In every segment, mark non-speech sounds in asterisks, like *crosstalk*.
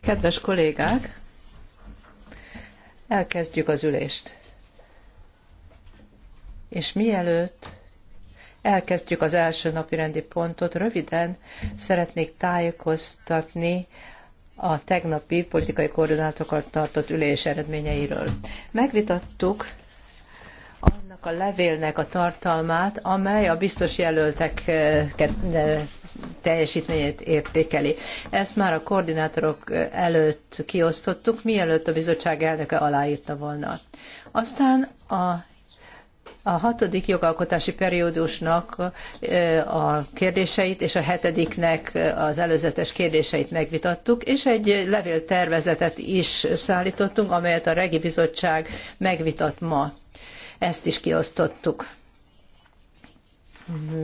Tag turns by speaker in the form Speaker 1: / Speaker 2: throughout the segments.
Speaker 1: Kedves kollégák, elkezdjük az ülést. És mielőtt elkezdjük az első napi rendi pontot, röviden szeretnék tájékoztatni a tegnapi politikai koordinátorokat tartott ülés eredményeiről. Megvitattuk a levélnek a tartalmát, amely a biztos jelöltek eh, teljesítményét értékeli. Ezt már a koordinátorok eh, előtt kiosztottuk, mielőtt a bizottság elnöke aláírta volna. Aztán a a hatodik jogalkotási periódusnak eh, a kérdéseit és a hetediknek az előzetes kérdéseit megvitattuk, és egy levéltervezetet is szállítottunk, amelyet a Regi Bizottság megvitat ma. Ezt is kiosztottuk,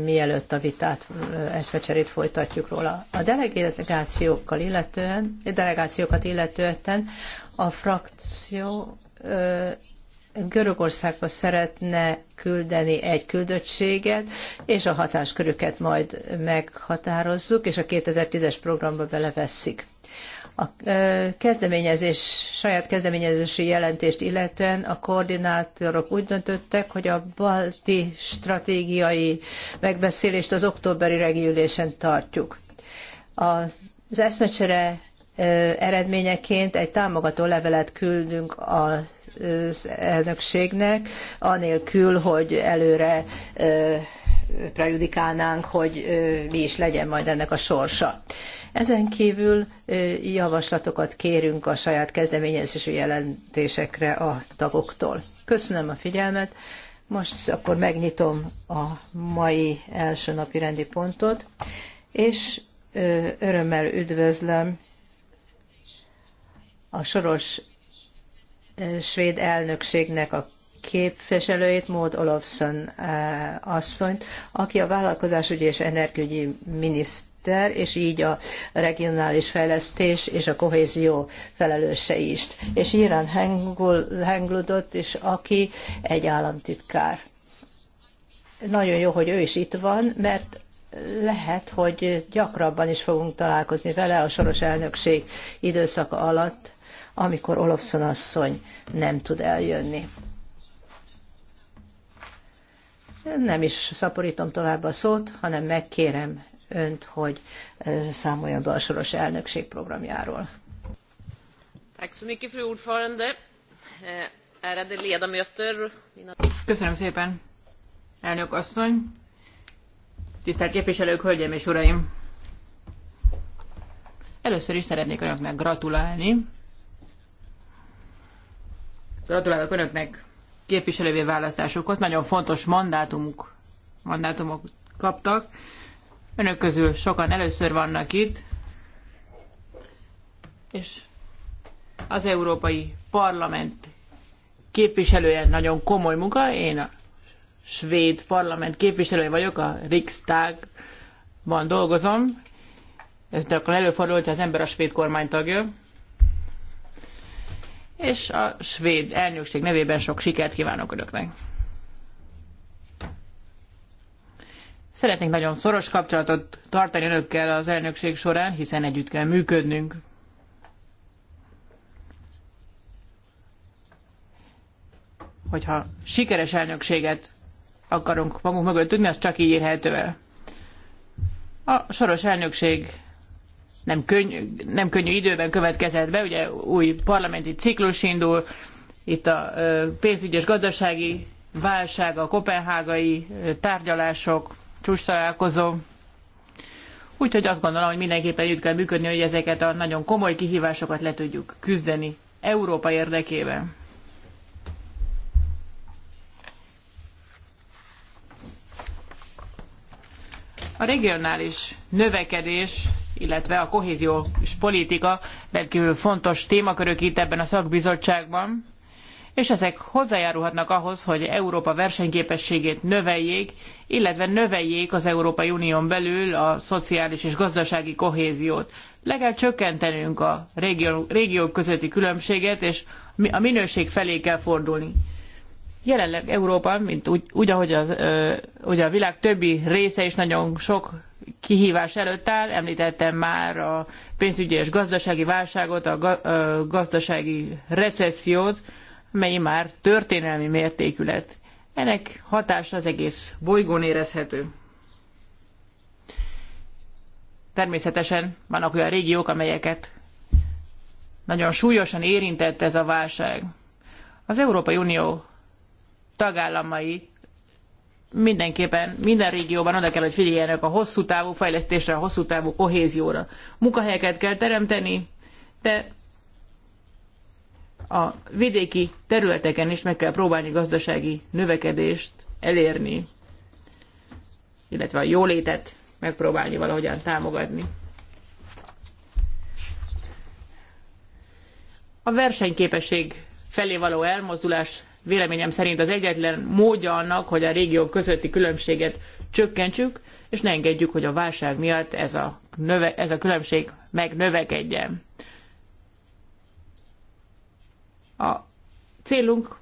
Speaker 1: mielőtt a vitát, eszmecserét folytatjuk róla. A delegációkkal illetően, delegációkat illetően a frakció Görögországba szeretne küldeni egy küldöttséget, és a hatáskörüket majd meghatározzuk, és a 2010-es programba belevesszük. A kezdeményezés, saját kezdeményezési jelentést illetően a koordinátorok úgy döntöttek, hogy a balti stratégiai megbeszélést az októberi regiülésen tartjuk. Az eszmecsere eredményeként egy támogató levelet küldünk a az elnökségnek, anélkül, hogy előre prejudikálnánk, hogy mi is legyen majd ennek a sorsa. Ezen kívül javaslatokat kérünk a saját kezdeményezésű jelentésekre a tagoktól. Köszönöm a figyelmet. Most akkor megnyitom a mai első napi rendi pontot, és örömmel üdvözlöm a soros svéd elnökségnek a képviselőjét, Maud Olofsson eh, asszonyt, aki a vállalkozásügyi és energiügyi miniszter, és így a regionális fejlesztés és a kohézió felelőse is. És Irán Hengludot is, aki egy államtitkár. Nagyon jó, hogy ő is itt van, mert lehet, hogy gyakrabban is fogunk találkozni vele a soros elnökség időszaka alatt, amikor Olofsson asszony nem tud eljönni. Nem is szaporítom tovább a szót, hanem megkérem önt, hogy számoljon be a soros elnökség programjáról.
Speaker 2: Eh, Köszönöm szépen, elnök asszony. Tisztelt képviselők, hölgyeim és uraim! Először is szeretnék önöknek gratulálni. Gratulálok önöknek képviselővé választásokhoz. Nagyon fontos mandátumuk, mandátumok kaptak. Önök közül sokan először vannak itt, és az Európai Parlament képviselője nagyon komoly munka. Én a svéd parlament képviselője vagyok, a Riksdagban dolgozom. Ez akkor előfordul, hogyha az ember a svéd kormány tagja és a svéd elnökség nevében sok sikert kívánok Önöknek. Szeretnénk nagyon szoros kapcsolatot tartani Önökkel az elnökség során, hiszen együtt kell működnünk. Hogyha sikeres elnökséget akarunk magunk mögött tudni, az csak így érhető el. A soros elnökség nem könnyű, nem könnyű időben következett be, ugye új parlamenti ciklus indul, itt a pénzügyes gazdasági válság, a kopenhágai tárgyalások, csúcstalálkozó. Úgyhogy azt gondolom, hogy mindenképpen együtt kell működni, hogy ezeket a nagyon komoly kihívásokat le tudjuk küzdeni Európa érdekében. A regionális növekedés illetve a kohéziós politika rendkívül fontos témakörök itt ebben a szakbizottságban, és ezek hozzájárulhatnak ahhoz, hogy Európa versenyképességét növeljék, illetve növeljék az Európai Unión belül a szociális és gazdasági kohéziót. Le kell csökkentenünk a régió, régiók közötti különbséget, és a minőség felé kell fordulni. Jelenleg Európa, mint úgy, úgy ahogy az, ö, ugye a világ többi része is nagyon sok kihívás előtt áll. Említettem már a pénzügyi és gazdasági válságot, a gazdasági recessziót, mely már történelmi mértékű lett. Ennek hatása az egész bolygón érezhető. Természetesen vannak olyan régiók, amelyeket nagyon súlyosan érintett ez a válság. Az Európai Unió tagállamai mindenképpen minden régióban oda kell, hogy figyeljenek a hosszú távú fejlesztésre, a hosszú távú kohézióra. Munkahelyeket kell teremteni, de a vidéki területeken is meg kell próbálni gazdasági növekedést elérni, illetve a jólétet megpróbálni valahogyan támogatni. A versenyképesség felé való elmozdulás véleményem szerint az egyetlen módja annak, hogy a régiók közötti különbséget csökkentsük, és ne engedjük, hogy a válság miatt ez a, növe, ez a különbség megnövekedjen. A célunk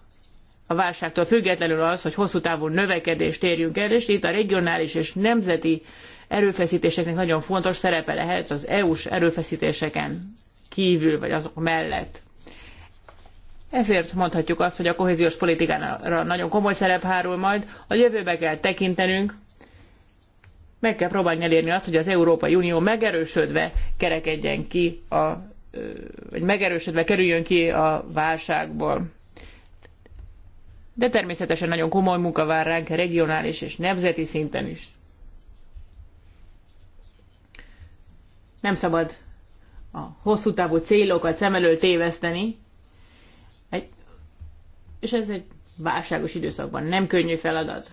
Speaker 2: a válságtól függetlenül az, hogy hosszú távú növekedést érjünk el, és itt a regionális és nemzeti erőfeszítéseknek nagyon fontos szerepe lehet az EU-s erőfeszítéseken kívül, vagy azok mellett. Ezért mondhatjuk azt, hogy a kohéziós politikára nagyon komoly szerep hárul majd, a jövőbe kell tekintenünk, meg kell próbálni elérni azt, hogy az Európai Unió megerősödve kerekedjen ki, a, vagy megerősödve kerüljön ki a válságból. De természetesen nagyon komoly munka vár ránk regionális és nemzeti szinten is. Nem szabad a hosszú távú célokat szem elől téveszteni, és ez egy válságos időszakban nem könnyű feladat.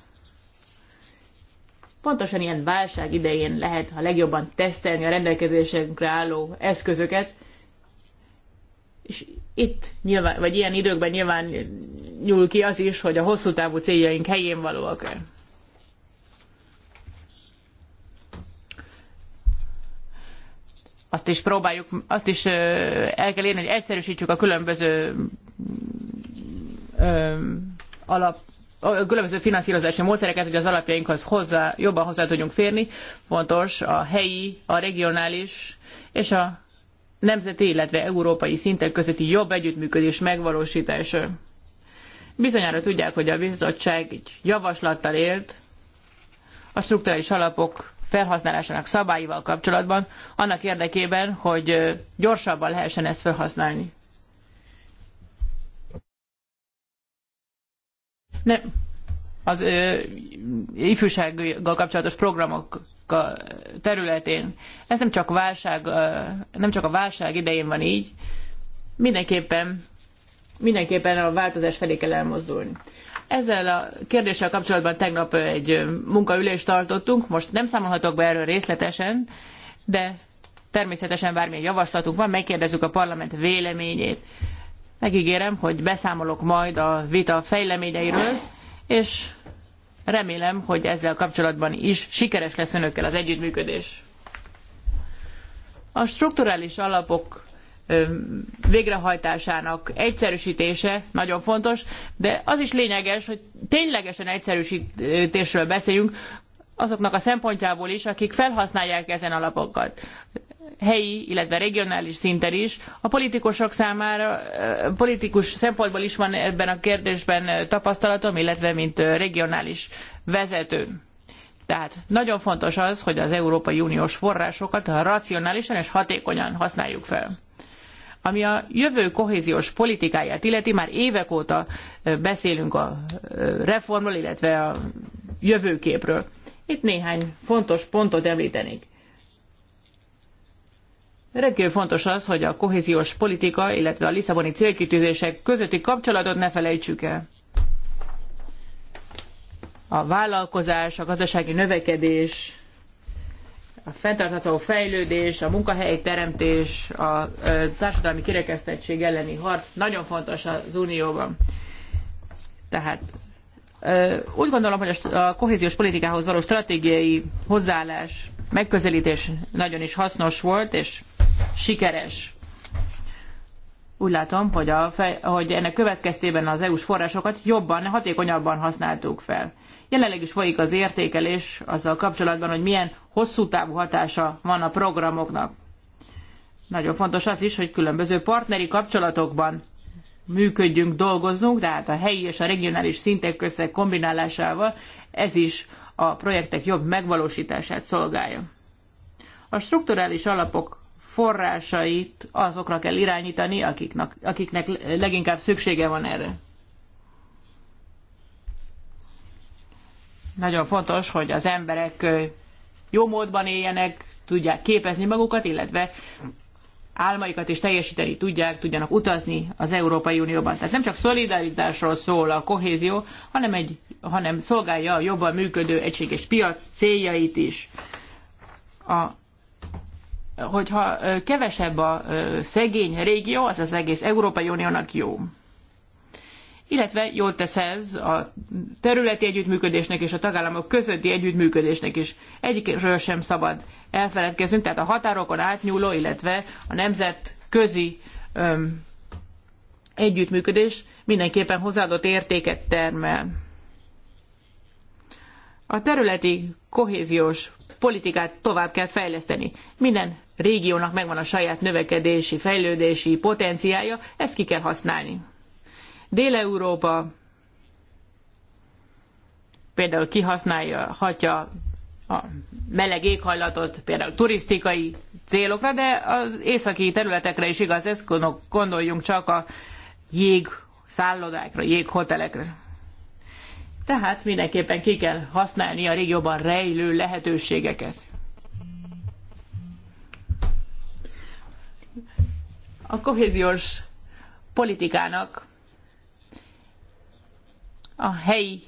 Speaker 2: Pontosan ilyen válság idején lehet a legjobban tesztelni a rendelkezésünkre álló eszközöket, és itt nyilván, vagy ilyen időkben nyilván nyúl ki az is, hogy a hosszú távú céljaink helyén valóak-e. azt is próbáljuk, azt is el kell érni, hogy egyszerűsítsük a különböző alap különböző finanszírozási módszereket, hogy az alapjainkhoz hozzá, jobban hozzá tudjunk férni. Fontos a helyi, a regionális és a nemzeti, illetve európai szinten közötti jobb együttműködés megvalósítása. Bizonyára tudják, hogy a bizottság egy javaslattal élt a strukturális alapok felhasználásának szabályival kapcsolatban, annak érdekében, hogy gyorsabban lehessen ezt felhasználni. Nem, az ö, ifjúsággal kapcsolatos programok területén. Ez nem csak, válság, ö, nem csak a válság idején van így, mindenképpen, mindenképpen a változás felé kell elmozdulni. Ezzel a kérdéssel kapcsolatban tegnap egy munkaülést tartottunk, most nem számolhatok be erről részletesen, de természetesen bármilyen javaslatunk van, megkérdezzük a parlament véleményét. Megígérem, hogy beszámolok majd a vita fejleményeiről, és remélem, hogy ezzel kapcsolatban is sikeres lesz önökkel az együttműködés. A strukturális alapok végrehajtásának egyszerűsítése nagyon fontos, de az is lényeges, hogy ténylegesen egyszerűsítésről beszéljünk, azoknak a szempontjából is, akik felhasználják ezen alapokat helyi, illetve regionális szinten is. A politikusok számára, eh, politikus szempontból is van ebben a kérdésben eh, tapasztalatom, illetve mint eh, regionális vezető. Tehát nagyon fontos az, hogy az Európai Uniós forrásokat racionálisan és hatékonyan használjuk fel. Ami a jövő kohéziós politikáját illeti, már évek óta beszélünk a reformról, illetve a jövőképről. Itt néhány fontos pontot említenék. Rendkívül fontos az, hogy a kohéziós politika, illetve a lisszaboni célkitűzések közötti kapcsolatot ne felejtsük el. A vállalkozás, a gazdasági növekedés, a fenntartható fejlődés, a teremtés, a társadalmi kirekesztettség elleni harc nagyon fontos az Unióban. Tehát úgy gondolom, hogy a kohéziós politikához való stratégiai hozzáállás, megközelítés nagyon is hasznos volt, és sikeres. Úgy látom, hogy, a fej, hogy ennek következtében az EU-s forrásokat jobban, hatékonyabban használtuk fel. Jelenleg is folyik az értékelés azzal kapcsolatban, hogy milyen hosszú távú hatása van a programoknak. Nagyon fontos az is, hogy különböző partneri kapcsolatokban működjünk, dolgozzunk, tehát a helyi és a regionális szintek össze kombinálásával ez is a projektek jobb megvalósítását szolgálja. A strukturális alapok forrásait azokra kell irányítani, akiknek, akiknek leginkább szüksége van erre. Nagyon fontos, hogy az emberek jó módban éljenek, tudják képezni magukat, illetve álmaikat is teljesíteni tudják, tudjanak utazni az Európai Unióban. Tehát nem csak szolidaritásról szól a kohézió, hanem, egy, hanem szolgálja a jobban működő egységes piac céljait is. A, hogyha kevesebb a szegény régió, az az egész Európai Uniónak jó illetve jól tesz ez a területi együttműködésnek és a tagállamok közötti együttműködésnek is. Egyikről sem szabad elfeledkeznünk, tehát a határokon átnyúló, illetve a nemzetközi öm, együttműködés mindenképpen hozzáadott értéket termel. A területi kohéziós politikát tovább kell fejleszteni. Minden régiónak megvan a saját növekedési, fejlődési potenciája, ezt ki kell használni. Dél-Európa például kihasználhatja a meleg éghajlatot, például turisztikai célokra, de az északi területekre is igaz, ezt gondoljunk csak a jég szállodákra, jéghotelekre. Tehát mindenképpen ki kell használni a régióban rejlő lehetőségeket. A kohéziós politikának a helyi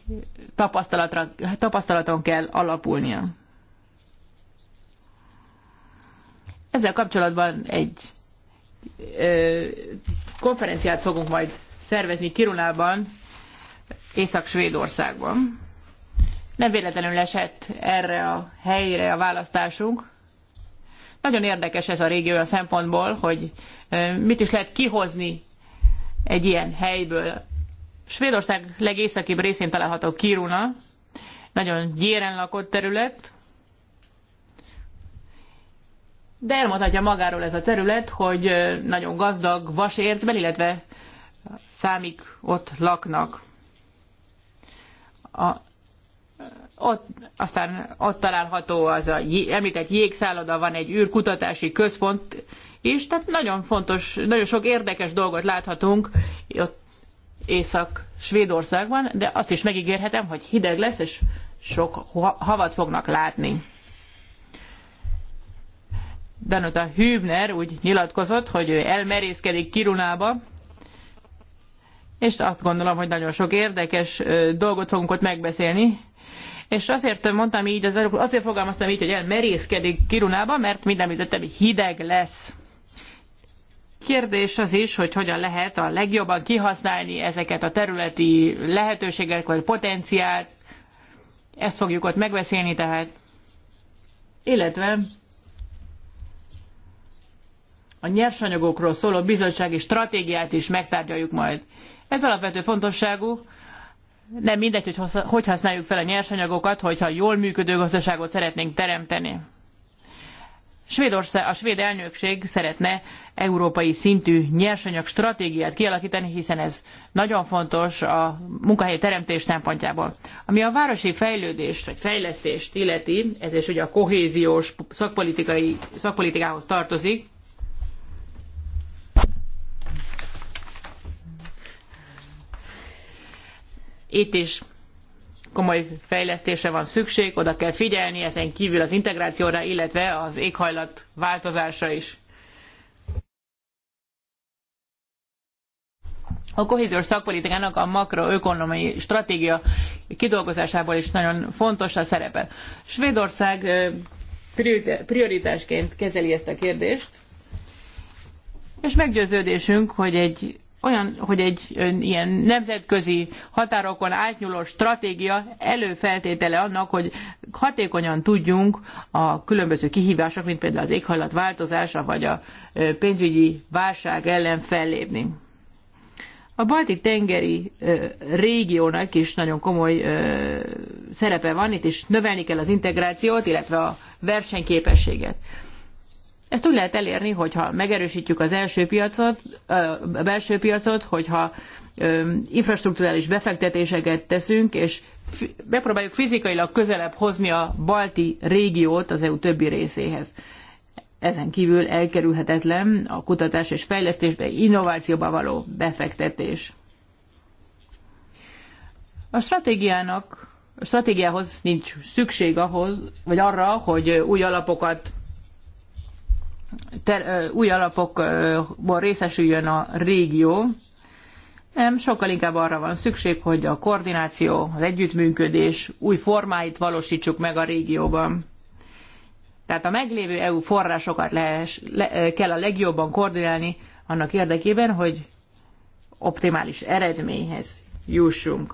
Speaker 2: tapasztalatra, tapasztalaton kell alapulnia. Ezzel kapcsolatban egy ö, konferenciát fogunk majd szervezni Kirunában, Észak-Svédországban. Nem véletlenül esett erre a helyre a választásunk. Nagyon érdekes ez a régió a szempontból, hogy mit is lehet kihozni egy ilyen helyből. Svédország legészakibb részén található Kiruna, nagyon gyéren lakott terület, de elmondhatja magáról ez a terület, hogy nagyon gazdag vasércben, illetve számik ott laknak. A, ott, aztán ott található az a említett jégszálloda, van egy űrkutatási központ is, tehát nagyon fontos, nagyon sok érdekes dolgot láthatunk ott Észak-Svédországban, de azt is megígérhetem, hogy hideg lesz, és sok havat fognak látni. Danuta Hübner úgy nyilatkozott, hogy ő elmerészkedik Kirunába, és azt gondolom, hogy nagyon sok érdekes dolgot fogunk ott megbeszélni. És azért mondtam így, azért fogalmaztam így, hogy elmerészkedik Kirunába, mert, mint említettem, hideg lesz. Kérdés az is, hogy hogyan lehet a legjobban kihasználni ezeket a területi lehetőségeket, vagy potenciált. Ezt fogjuk ott megbeszélni tehát. Illetve a nyersanyagokról szóló bizottsági stratégiát is megtárgyaljuk majd. Ez alapvető fontosságú, nem mindegy, hogy hogy használjuk fel a nyersanyagokat, hogyha jól működő gazdaságot szeretnénk teremteni. Svédország, a svéd elnökség szeretne európai szintű nyersanyag stratégiát kialakítani, hiszen ez nagyon fontos a munkahely teremtés szempontjából. Ami a városi fejlődést vagy fejlesztést illeti, ez is ugye a kohéziós szakpolitikai, szakpolitikához tartozik, itt is komoly fejlesztésre van szükség, oda kell figyelni ezen kívül az integrációra, illetve az éghajlat változásra is. A kohéziós szakpolitikának a makroökonomiai stratégia kidolgozásából is nagyon fontos a szerepe. Svédország prioritásként kezeli ezt a kérdést, és meggyőződésünk, hogy egy olyan, hogy egy ilyen nemzetközi határokon átnyúló stratégia előfeltétele annak, hogy hatékonyan tudjunk a különböző kihívások, mint például az éghajlat változása, vagy a pénzügyi válság ellen fellépni. A balti tengeri régiónak is nagyon komoly szerepe van, itt is növelni kell az integrációt, illetve a versenyképességet. Ezt úgy lehet elérni, hogyha megerősítjük az első piacot, a belső piacot, hogyha infrastruktúrális befektetéseket teszünk, és megpróbáljuk fizikailag közelebb hozni a balti régiót az EU többi részéhez. Ezen kívül elkerülhetetlen a kutatás és fejlesztésbe, innovációba való befektetés. A stratégiának, a stratégiához nincs szükség ahhoz, vagy arra, hogy új alapokat ter, új alapokból részesüljön a régió, nem, sokkal inkább arra van szükség, hogy a koordináció, az együttműködés új formáit valósítsuk meg a régióban. Tehát a meglévő EU forrásokat lehess, le, kell a legjobban koordinálni annak érdekében, hogy optimális eredményhez jussunk.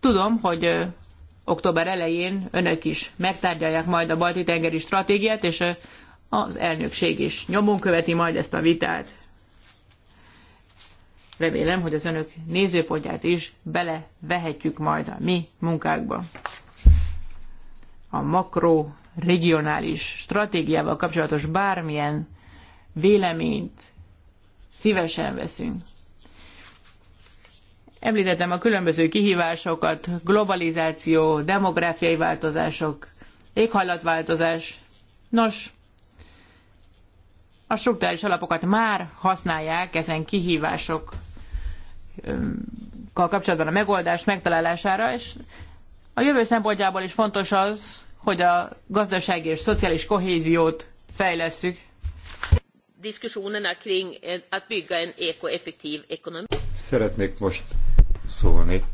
Speaker 2: Tudom, hogy október elején önök is megtárgyalják majd a balti tengeri stratégiát, és az elnökség is nyomon követi majd ezt a vitát. Remélem, hogy az önök nézőpontját is belevehetjük majd a mi munkákba. A makro regionális stratégiával kapcsolatos bármilyen véleményt szívesen veszünk. Említettem a különböző kihívásokat, globalizáció, demográfiai változások, éghajlatváltozás. Nos, a struktúrális alapokat már használják ezen kihívásokkal kapcsolatban a megoldás megtalálására, és a jövő szempontjából is fontos az, hogy a gazdasági és szociális kohéziót fejlesszük.
Speaker 3: Szeretnék most szólni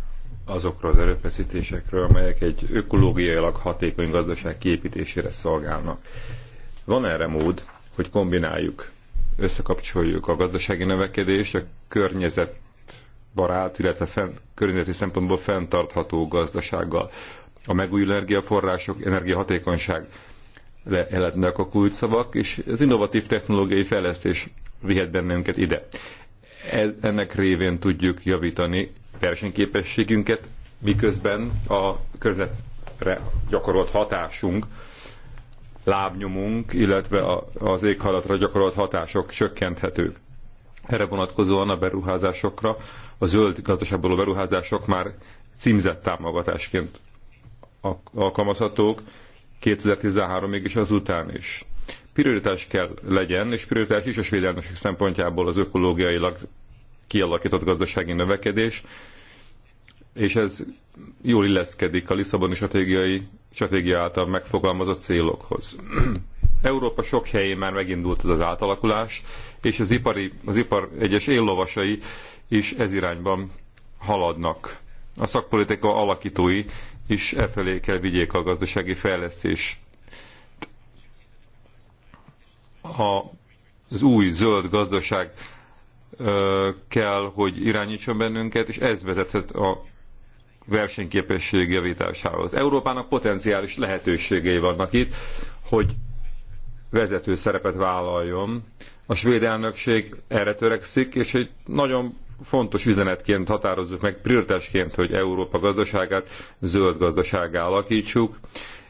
Speaker 3: azokról az erőfeszítésekről, amelyek egy ökológiailag hatékony gazdaság kiépítésére szolgálnak. Van erre mód, hogy kombináljuk, összekapcsoljuk a gazdasági növekedést, a környezet barát, illetve fenn, környezeti szempontból fenntartható gazdasággal. A megújuló energiaforrások, energiahatékonyság lehetnek a kulcsszavak, és az innovatív technológiai fejlesztés vihet bennünket ide. E, ennek révén tudjuk javítani versenyképességünket, miközben a környezetre gyakorolt hatásunk lábnyomunk, illetve az éghajlatra gyakorolt hatások csökkenthetők. Erre vonatkozóan a beruházásokra, a zöld gazdaságból a beruházások már címzett támogatásként alkalmazhatók 2013-ig és azután is. Prioritás kell legyen, és prioritás is a svéd szempontjából az ökológiailag kialakított gazdasági növekedés, és ez jól illeszkedik a Lisszaboni stratégiai, stratégia által megfogalmazott célokhoz. *clears throat* Európa sok helyén már megindult ez az átalakulás, és az, ipari, az ipar egyes éllovasai is ez irányban haladnak. A szakpolitika alakítói is e felé kell vigyék a gazdasági fejlesztés. A, az új zöld gazdaság ö, kell, hogy irányítson bennünket, és ez vezethet a versenyképesség javításához. Európának potenciális lehetőségei vannak itt, hogy vezető szerepet vállaljon. A svéd elnökség erre törekszik, és egy nagyon fontos üzenetként határozzuk meg, prioritásként, hogy Európa gazdaságát zöld gazdasággá alakítsuk.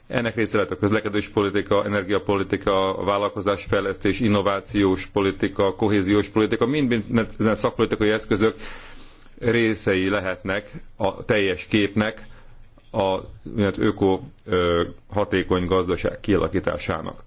Speaker 3: Ennek része lehet a közlekedés politika, energiapolitika, vállalkozásfejlesztés, innovációs politika, kohéziós politika, mind-mind szakpolitikai eszközök, részei lehetnek a teljes képnek a öko hatékony gazdaság kialakításának.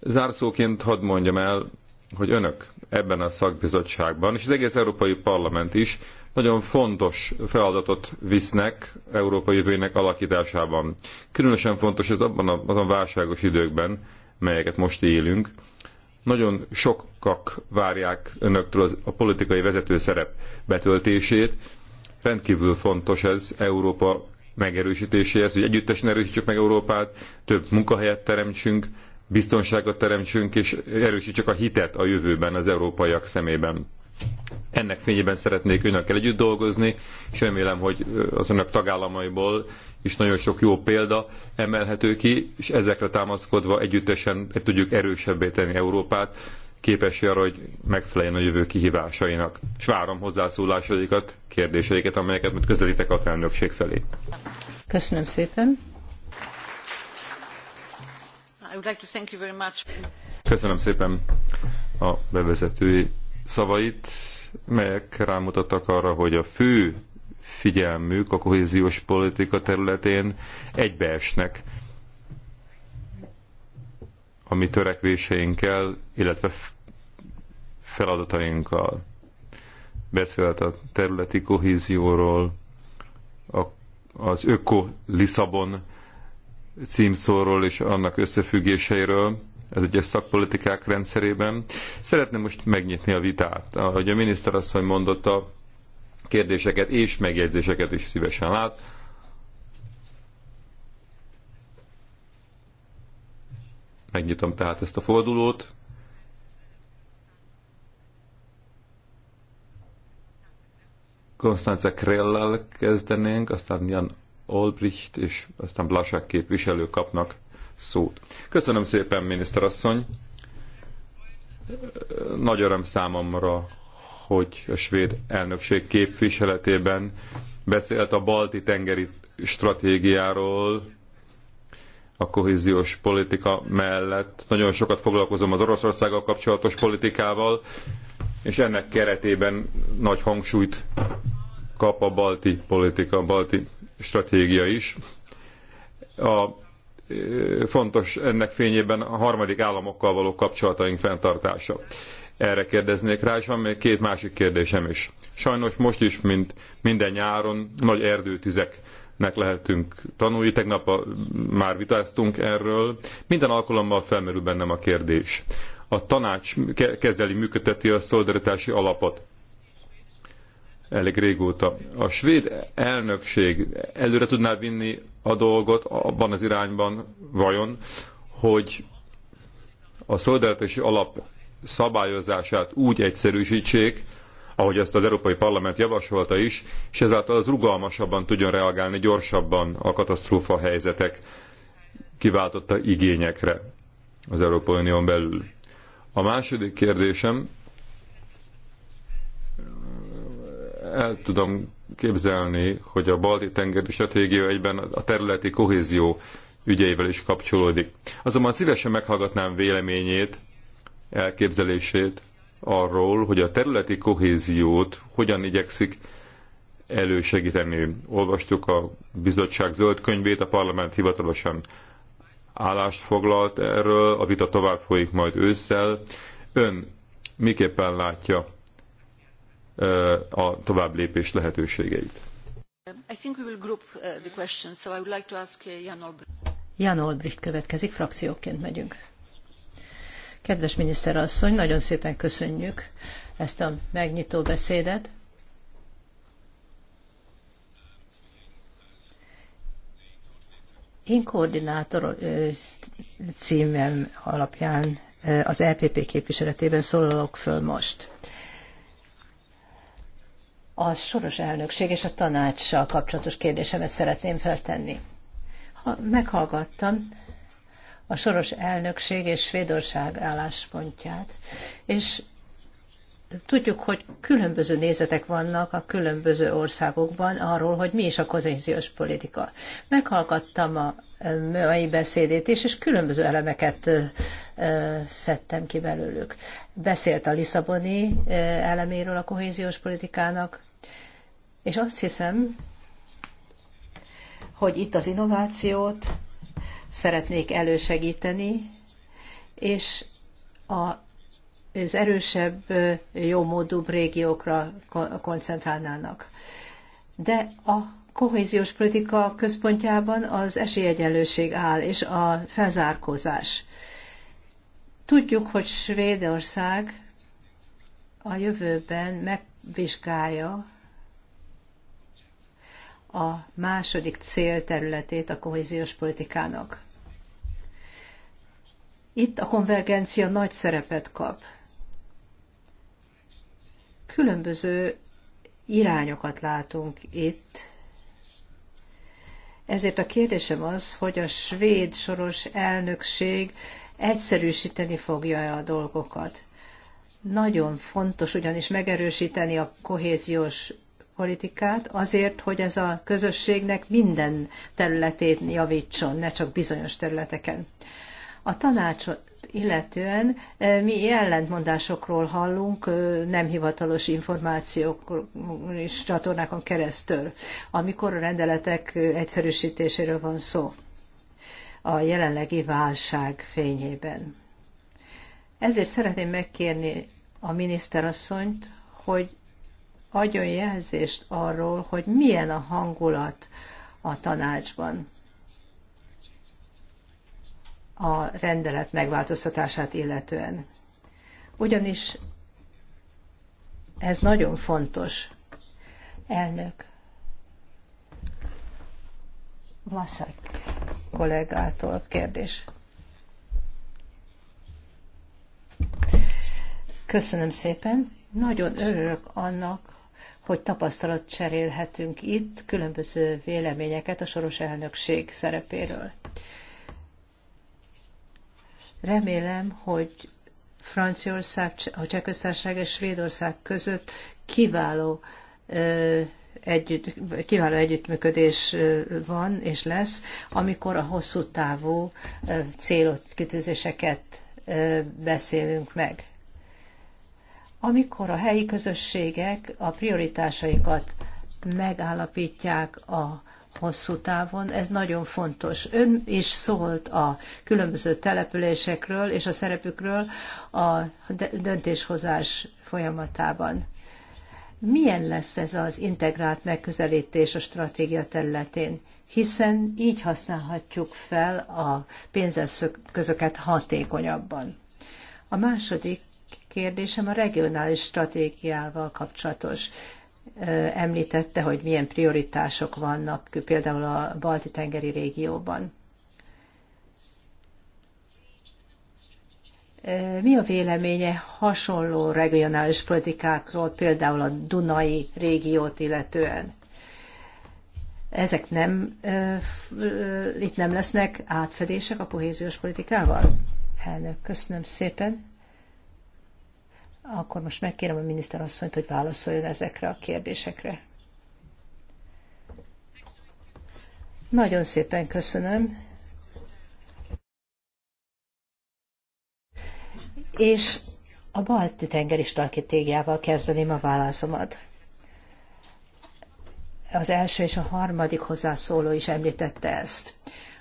Speaker 3: Zárszóként hadd mondjam el, hogy önök ebben a szakbizottságban, és az egész Európai Parlament is nagyon fontos feladatot visznek európai jövőjének alakításában. Különösen fontos ez abban a, azon válságos időkben, melyeket most élünk, nagyon sokak várják önöktől az, a politikai vezető szerep betöltését. Rendkívül fontos ez Európa megerősítéséhez, hogy együttesen erősítsük meg Európát, több munkahelyet teremtsünk, biztonságot teremtsünk, és erősítsük a hitet a jövőben az európaiak szemében. Ennek fényében szeretnék önökkel együtt dolgozni, és remélem, hogy az önök tagállamaiból is nagyon sok jó példa emelhető ki, és ezekre támaszkodva együttesen tudjuk erősebbé tenni Európát, képes arra, hogy megfeleljen a jövő kihívásainak. És várom hozzászólásaikat, kérdéseiket, amelyeket majd közelítek a elnökség felé.
Speaker 1: Köszönöm szépen.
Speaker 3: Köszönöm szépen a bevezetői szavait, melyek rámutattak arra, hogy a fő figyelmük a kohéziós politika területén egybeesnek a mi törekvéseinkkel, illetve feladatainkkal. Beszélt a területi kohézióról, a, az Öko Lisszabon címszóról és annak összefüggéseiről, ez ugye szakpolitikák rendszerében. Szeretném most megnyitni a vitát. Ahogy a miniszter asszony mondotta, kérdéseket és megjegyzéseket is szívesen lát. Megnyitom tehát ezt a fordulót. Konstanze Krellel kezdenénk, aztán Jan Olbricht és aztán Blasák képviselő kapnak szót. Köszönöm szépen, miniszterasszony! Nagy öröm számomra, hogy a svéd elnökség képviseletében beszélt a balti tengeri stratégiáról, a kohéziós politika mellett. Nagyon sokat foglalkozom az Oroszországgal kapcsolatos politikával, és ennek keretében nagy hangsúlyt kap a balti politika, a balti stratégia is. A, e, fontos ennek fényében a harmadik államokkal való kapcsolataink fenntartása. Erre kérdeznék rá, és van még két másik kérdésem is. Sajnos most is, mint minden nyáron, nagy erdőtüzeknek lehetünk tanulni. Tegnap a, már vitáztunk erről. Minden alkalommal felmerül bennem a kérdés. A tanács kezeli, működteti a szolidaritási alapot elég régóta. A svéd elnökség előre tudná vinni a dolgot abban az irányban, vajon, hogy a szolidaritási alap szabályozását úgy egyszerűsítsék, ahogy ezt az Európai Parlament javasolta is, és ezáltal az rugalmasabban tudjon reagálni gyorsabban a katasztrófa helyzetek kiváltotta igényekre az Európai Unión belül. A második kérdésem, el tudom képzelni, hogy a balti tengeri stratégia egyben a területi kohézió ügyeivel is kapcsolódik. Azonban szívesen meghallgatnám véleményét elképzelését arról, hogy a területi kohéziót hogyan igyekszik elősegíteni. Olvastuk a bizottság zöld könyvét, a parlament hivatalosan állást foglalt erről, a vita tovább folyik majd ősszel. Ön miképpen látja a tovább lépés lehetőségeit?
Speaker 1: Uh, uh, Jan Olbricht következik, frakcióként megyünk. Kedves miniszterasszony, nagyon szépen köszönjük ezt a megnyitó beszédet. Én koordinátor címem alapján az EPP képviseletében szólalok föl most. A soros elnökség és a tanácssal kapcsolatos kérdésemet szeretném feltenni. Ha meghallgattam a soros elnökség és Svédország álláspontját. És tudjuk, hogy különböző nézetek vannak a különböző országokban arról, hogy mi is a kohéziós politika. Meghallgattam a mai beszédét is, és különböző elemeket szedtem ki belőlük. Beszélt a Lisszaboni eleméről a kohéziós politikának, és azt hiszem, hogy itt az innovációt, szeretnék elősegíteni, és a, az erősebb, jómódúbb régiókra koncentrálnának. De a kohéziós politika központjában az esélyegyenlőség áll, és a felzárkózás. Tudjuk, hogy Svédország a jövőben megvizsgálja a második célterületét a kohéziós politikának. Itt a konvergencia nagy szerepet kap. Különböző irányokat látunk itt, ezért a kérdésem az, hogy a svéd soros elnökség egyszerűsíteni fogja-e a dolgokat. Nagyon fontos ugyanis megerősíteni a kohéziós politikát azért, hogy ez a közösségnek minden területét javítson, ne csak bizonyos területeken. A tanácsot illetően e, mi ellentmondásokról hallunk nem hivatalos információk és csatornákon keresztül, amikor a rendeletek egyszerűsítéséről van szó a jelenlegi válság fényében. Ezért szeretném megkérni a miniszterasszonyt, hogy adjon jelzést arról, hogy milyen a hangulat a tanácsban a rendelet megváltoztatását illetően. Ugyanis ez nagyon fontos. Elnök Vlaszak kollégától kérdés. Köszönöm szépen. Nagyon örülök annak, hogy tapasztalat cserélhetünk itt különböző véleményeket a soros elnökség szerepéről. Remélem, hogy Franciaország, a Csehköztárság és Svédország között kiváló együtt, kiváló együttműködés van és lesz, amikor a hosszú távú célot, kitűzéseket beszélünk meg. Amikor a helyi közösségek a prioritásaikat megállapítják a hosszú távon, ez nagyon fontos. Ön is szólt a különböző településekről és a szerepükről a döntéshozás folyamatában. Milyen lesz ez az integrált megközelítés a stratégia területén? Hiszen így használhatjuk fel a pénzeszközöket hatékonyabban. A második kérdésem a regionális stratégiával kapcsolatos. Említette, hogy milyen prioritások vannak például a Balti-tengeri régióban. Mi a véleménye hasonló regionális politikákról, például a Dunai régiót illetően? Ezek nem, itt nem lesznek átfedések a kohéziós politikával? Elnök, köszönöm szépen. Akkor most megkérem a miniszter asszonyt, hogy válaszoljon ezekre a kérdésekre. Nagyon szépen köszönöm. És a balti tengeri stratégiával kezdeném a válaszomat. Az első és a harmadik hozzászóló is említette ezt.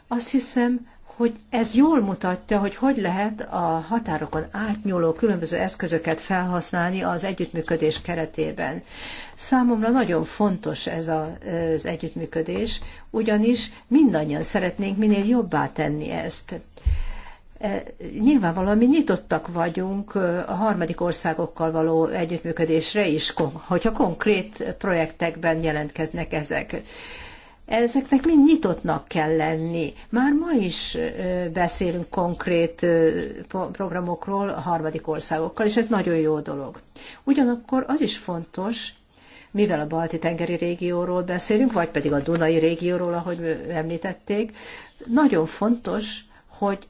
Speaker 1: Azt hiszem, hogy ez jól mutatja, hogy hogy lehet a határokon átnyúló különböző eszközöket felhasználni az együttműködés keretében. Számomra nagyon fontos ez az együttműködés, ugyanis mindannyian szeretnénk minél jobbá tenni ezt. E, nyilvánvalóan mi nyitottak vagyunk a harmadik országokkal való együttműködésre is, hogyha konkrét projektekben jelentkeznek ezek. Ezeknek mind nyitottnak kell lenni. Már ma is beszélünk konkrét programokról a harmadik országokkal, és ez nagyon jó dolog. Ugyanakkor az is fontos, mivel a Balti-tengeri régióról beszélünk, vagy pedig a Dunai régióról, ahogy említették, nagyon fontos, hogy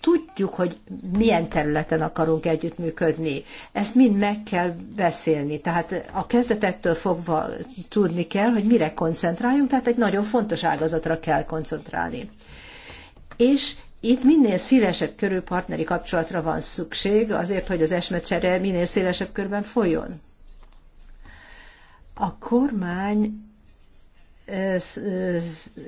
Speaker 1: tudjuk, hogy milyen területen akarunk együttműködni. Ezt mind meg kell beszélni. Tehát a kezdetektől fogva tudni kell, hogy mire koncentráljunk, tehát egy nagyon fontos ágazatra kell koncentrálni. És itt minél szélesebb körű partneri kapcsolatra van szükség, azért, hogy az esmecsere minél szélesebb körben folyjon. A kormány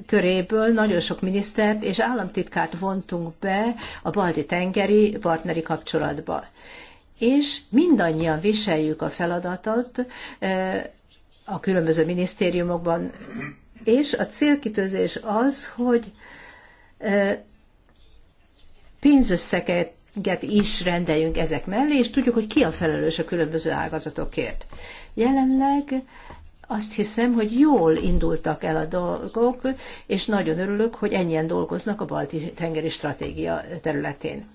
Speaker 1: köréből nagyon sok minisztert és államtitkárt vontunk be a balti tengeri partneri kapcsolatba. És mindannyian viseljük a feladatot a különböző minisztériumokban, és a célkitőzés az, hogy pénzösszeget is rendeljünk ezek mellé, és tudjuk, hogy ki a felelős a különböző ágazatokért. Jelenleg azt hiszem, hogy jól indultak el a dolgok, és nagyon örülök, hogy ennyien dolgoznak a balti tengeri stratégia területén.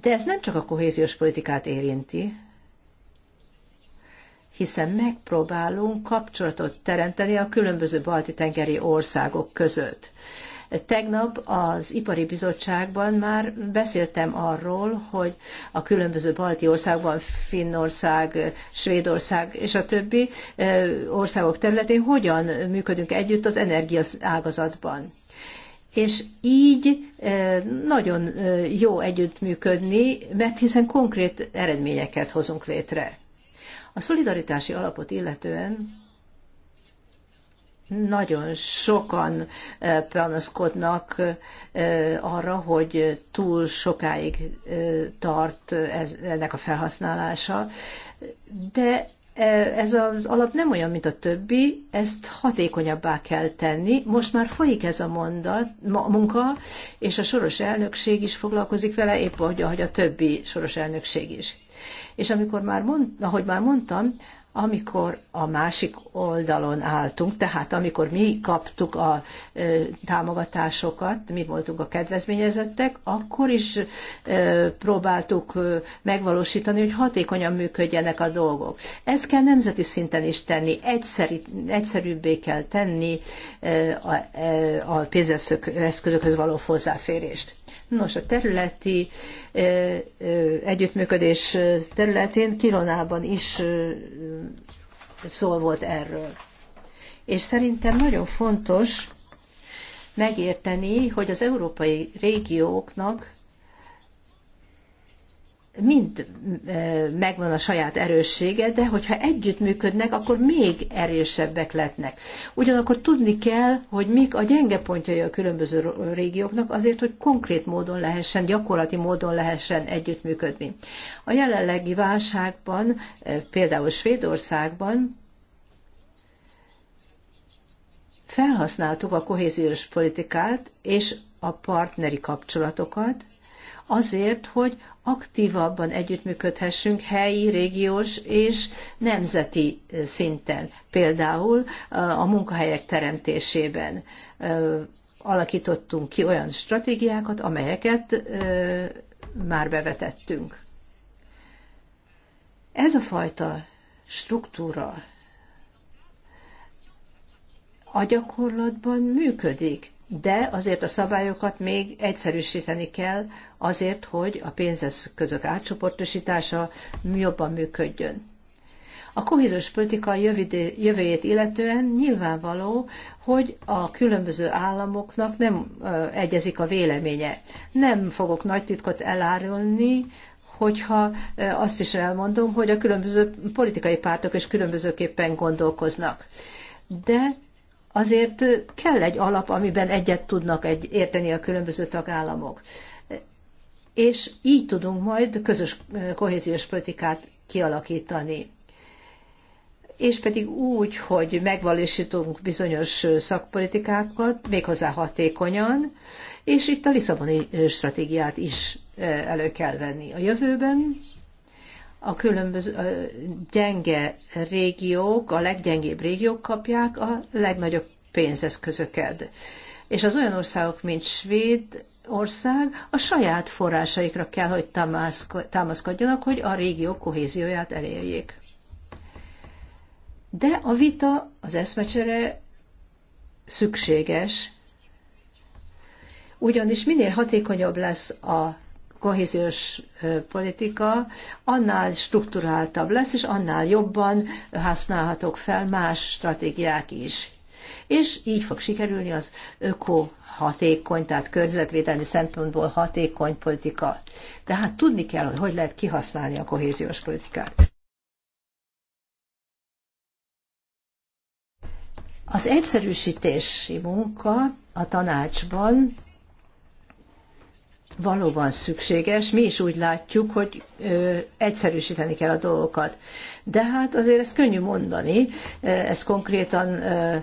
Speaker 1: De ez nem csak a kohéziós politikát érinti, hiszen megpróbálunk kapcsolatot teremteni a különböző balti tengeri országok között Tegnap az Ipari Bizottságban már beszéltem arról, hogy a különböző balti országban, Finnország, Svédország és a többi országok területén hogyan működünk együtt az energiaágazatban és így nagyon jó együttműködni, mert hiszen konkrét eredményeket hozunk létre. A szolidaritási alapot illetően nagyon sokan eh, panaszkodnak eh, arra, hogy túl sokáig eh, tart ez, ennek a felhasználása, de ez az alap nem olyan, mint a többi, ezt hatékonyabbá kell tenni. Most már folyik ez a mondat, ma, munka, és a soros elnökség is foglalkozik vele, épp ahogy a többi soros elnökség is. És amikor már mond, ahogy már mondtam, amikor a másik oldalon álltunk, tehát amikor mi kaptuk a támogatásokat, mi voltunk a kedvezményezettek, akkor is próbáltuk megvalósítani, hogy hatékonyan működjenek a dolgok. Ezt kell nemzeti szinten is tenni, egyszerű, egyszerűbbé kell tenni a pénzeszközökhöz való hozzáférést. Nos, a területi együttműködés területén Kironában is szó volt erről. És szerintem nagyon fontos megérteni, hogy az európai régióknak mind megvan a saját erőssége, de hogyha együttműködnek, akkor még erősebbek letnek. Ugyanakkor tudni kell, hogy mik a gyenge pontjai a különböző régióknak, azért, hogy konkrét módon lehessen, gyakorlati módon lehessen együttműködni. A jelenlegi válságban, például Svédországban, felhasználtuk a kohéziós politikát és a partneri kapcsolatokat, azért, hogy aktívabban együttműködhessünk helyi, régiós és nemzeti szinten, például a munkahelyek teremtésében. Alakítottunk ki olyan stratégiákat, amelyeket már bevetettünk. Ez a fajta struktúra a gyakorlatban működik de azért a szabályokat még egyszerűsíteni kell azért, hogy a pénzeszközök átcsoportosítása jobban működjön. A kohéziós politika jövőjét illetően nyilvánvaló, hogy a különböző államoknak nem egyezik a véleménye. Nem fogok nagy titkot elárulni, hogyha azt is elmondom, hogy a különböző politikai pártok is különbözőképpen gondolkoznak. De azért kell egy alap, amiben egyet tudnak egy, érteni a különböző tagállamok. És így tudunk majd közös kohéziós politikát kialakítani. És pedig úgy, hogy megvalósítunk bizonyos szakpolitikákat, méghozzá hatékonyan, és itt a Lisszaboni stratégiát is elő kell venni a jövőben, a különböző a gyenge régiók, a leggyengébb régiók kapják a legnagyobb pénzeszközöket. És az olyan országok, mint Svéd, ország a saját forrásaikra kell, hogy támaszkodjanak, hogy a régió kohézióját elérjék. De a vita, az eszmecsere szükséges, ugyanis minél hatékonyabb lesz a kohéziós politika annál strukturáltabb lesz, és annál jobban használhatok fel más stratégiák is. És így fog sikerülni az öko hatékony, tehát környezetvédelmi szempontból hatékony politika. Tehát tudni kell, hogy hogy lehet kihasználni a kohéziós politikát. Az egyszerűsítési munka a tanácsban valóban szükséges. Mi is úgy látjuk, hogy ö, egyszerűsíteni kell a dolgokat. De hát azért ez könnyű mondani, ez konkrétan ö,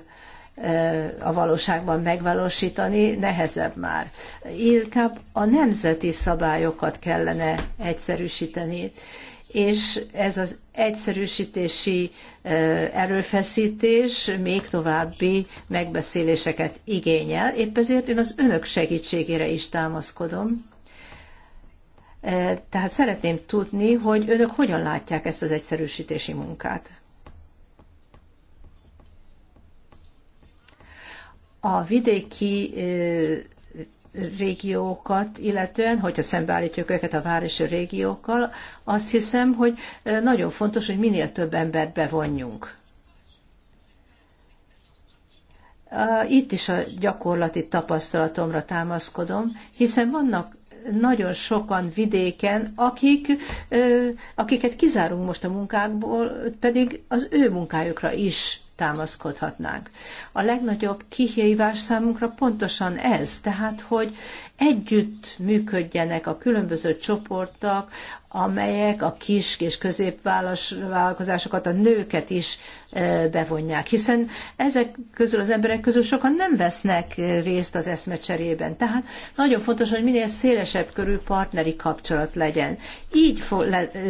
Speaker 1: ö, a valóságban megvalósítani nehezebb már. Inkább a nemzeti szabályokat kellene egyszerűsíteni, és ez az egyszerűsítési erőfeszítés még további megbeszéléseket igényel. Épp ezért én az önök segítségére is támaszkodom, E, tehát szeretném tudni, hogy önök hogyan látják ezt az egyszerűsítési munkát. A vidéki e, régiókat, illetően, hogyha szembeállítjuk őket a városi régiókkal, azt hiszem, hogy e, nagyon fontos, hogy minél több embert bevonjunk. Itt is a gyakorlati tapasztalatomra támaszkodom, hiszen vannak nagyon sokan vidéken, akik, akiket kizárunk most a munkákból, pedig az ő munkájukra is támaszkodhatnánk. A legnagyobb kihívás számunkra pontosan ez, tehát hogy együtt működjenek a különböző csoportok, amelyek a kis és középvállalkozásokat, a nőket is e, bevonják, hiszen ezek közül az emberek közül sokan nem vesznek részt az eszmecserében. Tehát nagyon fontos, hogy minél szélesebb körű partneri kapcsolat legyen. Így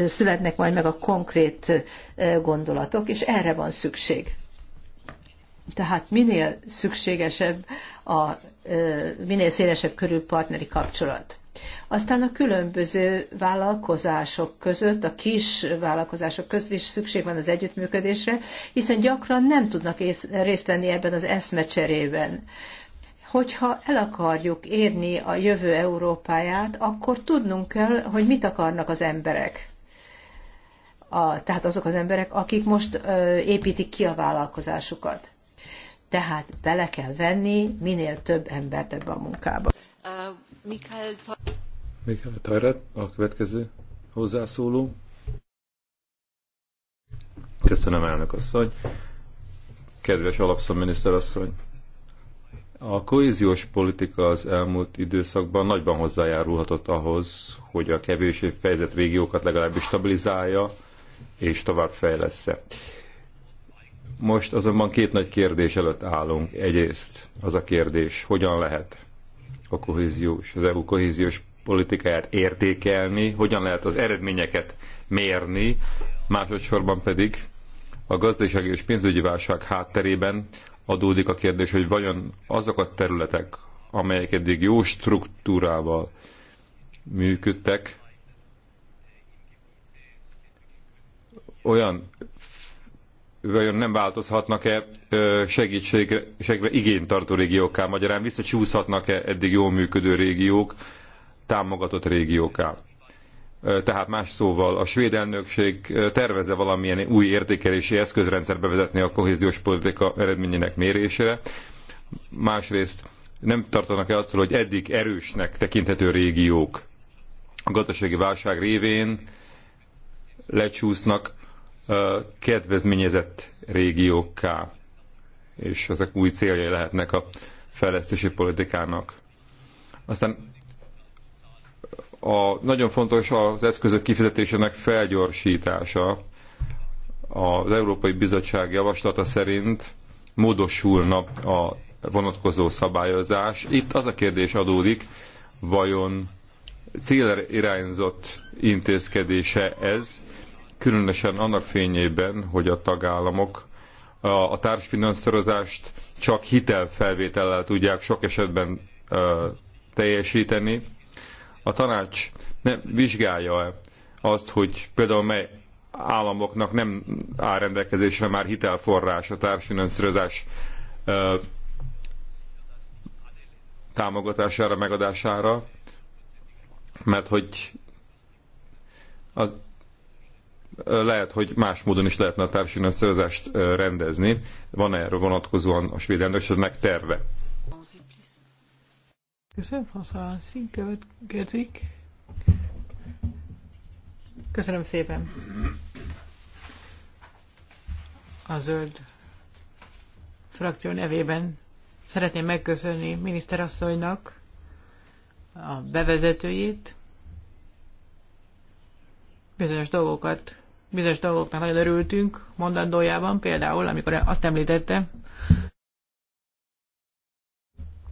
Speaker 1: születnek majd meg a konkrét e, gondolatok, és erre van szükség. Tehát minél szükségesebb, a, minél szélesebb körű partneri kapcsolat. Aztán a különböző vállalkozások között, a kis vállalkozások között is szükség van az együttműködésre, hiszen gyakran nem tudnak ész, részt venni ebben az eszmecserében. Hogyha el akarjuk érni a jövő Európáját, akkor tudnunk kell, hogy mit akarnak az emberek. A, tehát azok az emberek, akik most ö, építik ki a vállalkozásukat tehát bele kell venni minél több embert ebbe a munkába. Uh,
Speaker 3: Mikael, Tajrat, a következő hozzászóló. Köszönöm, elnök asszony. Kedves alapszabminiszter asszony, a kohéziós politika az elmúlt időszakban nagyban hozzájárulhatott ahhoz, hogy a kevésbé fejezett régiókat legalábbis stabilizálja és tovább fejlesz most azonban két nagy kérdés előtt állunk. Egyrészt az a kérdés, hogyan lehet a kohéziós, az EU kohéziós politikáját értékelni, hogyan lehet az eredményeket mérni, másodszorban pedig a gazdasági és pénzügyi válság hátterében adódik a kérdés, hogy vajon azok a területek, amelyek eddig jó struktúrával működtek, olyan vajon nem változhatnak-e segítségre, segítségre igénytartó régiókká, magyarán visszacsúszhatnak-e eddig jól működő régiók, támogatott régióká. Tehát más szóval a svéd elnökség terveze valamilyen új értékelési eszközrendszer bevezetni a kohéziós politika eredményének mérésére. Másrészt nem tartanak el attól, hogy eddig erősnek tekinthető régiók a gazdasági válság révén lecsúsznak kedvezményezett régiókká, és ezek új céljai lehetnek a fejlesztési politikának. Aztán a, nagyon fontos az eszközök kifizetésének felgyorsítása. Az Európai Bizottság javaslata szerint módosulna a vonatkozó szabályozás. Itt az a kérdés adódik, vajon célirányzott intézkedése ez, különösen annak fényében, hogy a tagállamok a társfinanszírozást csak hitelfelvétellel tudják sok esetben teljesíteni. A tanács nem vizsgálja -e azt, hogy például mely államoknak nem áll rendelkezésre már hitelforrás a társfinanszírozás támogatására, megadására, mert hogy az lehet, hogy más módon is lehetne a társfinanszírozást rendezni. Van -e erre vonatkozóan a svéd elnökségnek terve?
Speaker 4: Köszönöm, Faszalszín következik.
Speaker 2: Köszönöm szépen. A zöld frakció nevében szeretném megköszönni miniszterasszonynak a bevezetőjét, bizonyos dolgokat bizonyos dolgoknak nagyon örültünk mondandójában, például amikor azt említette,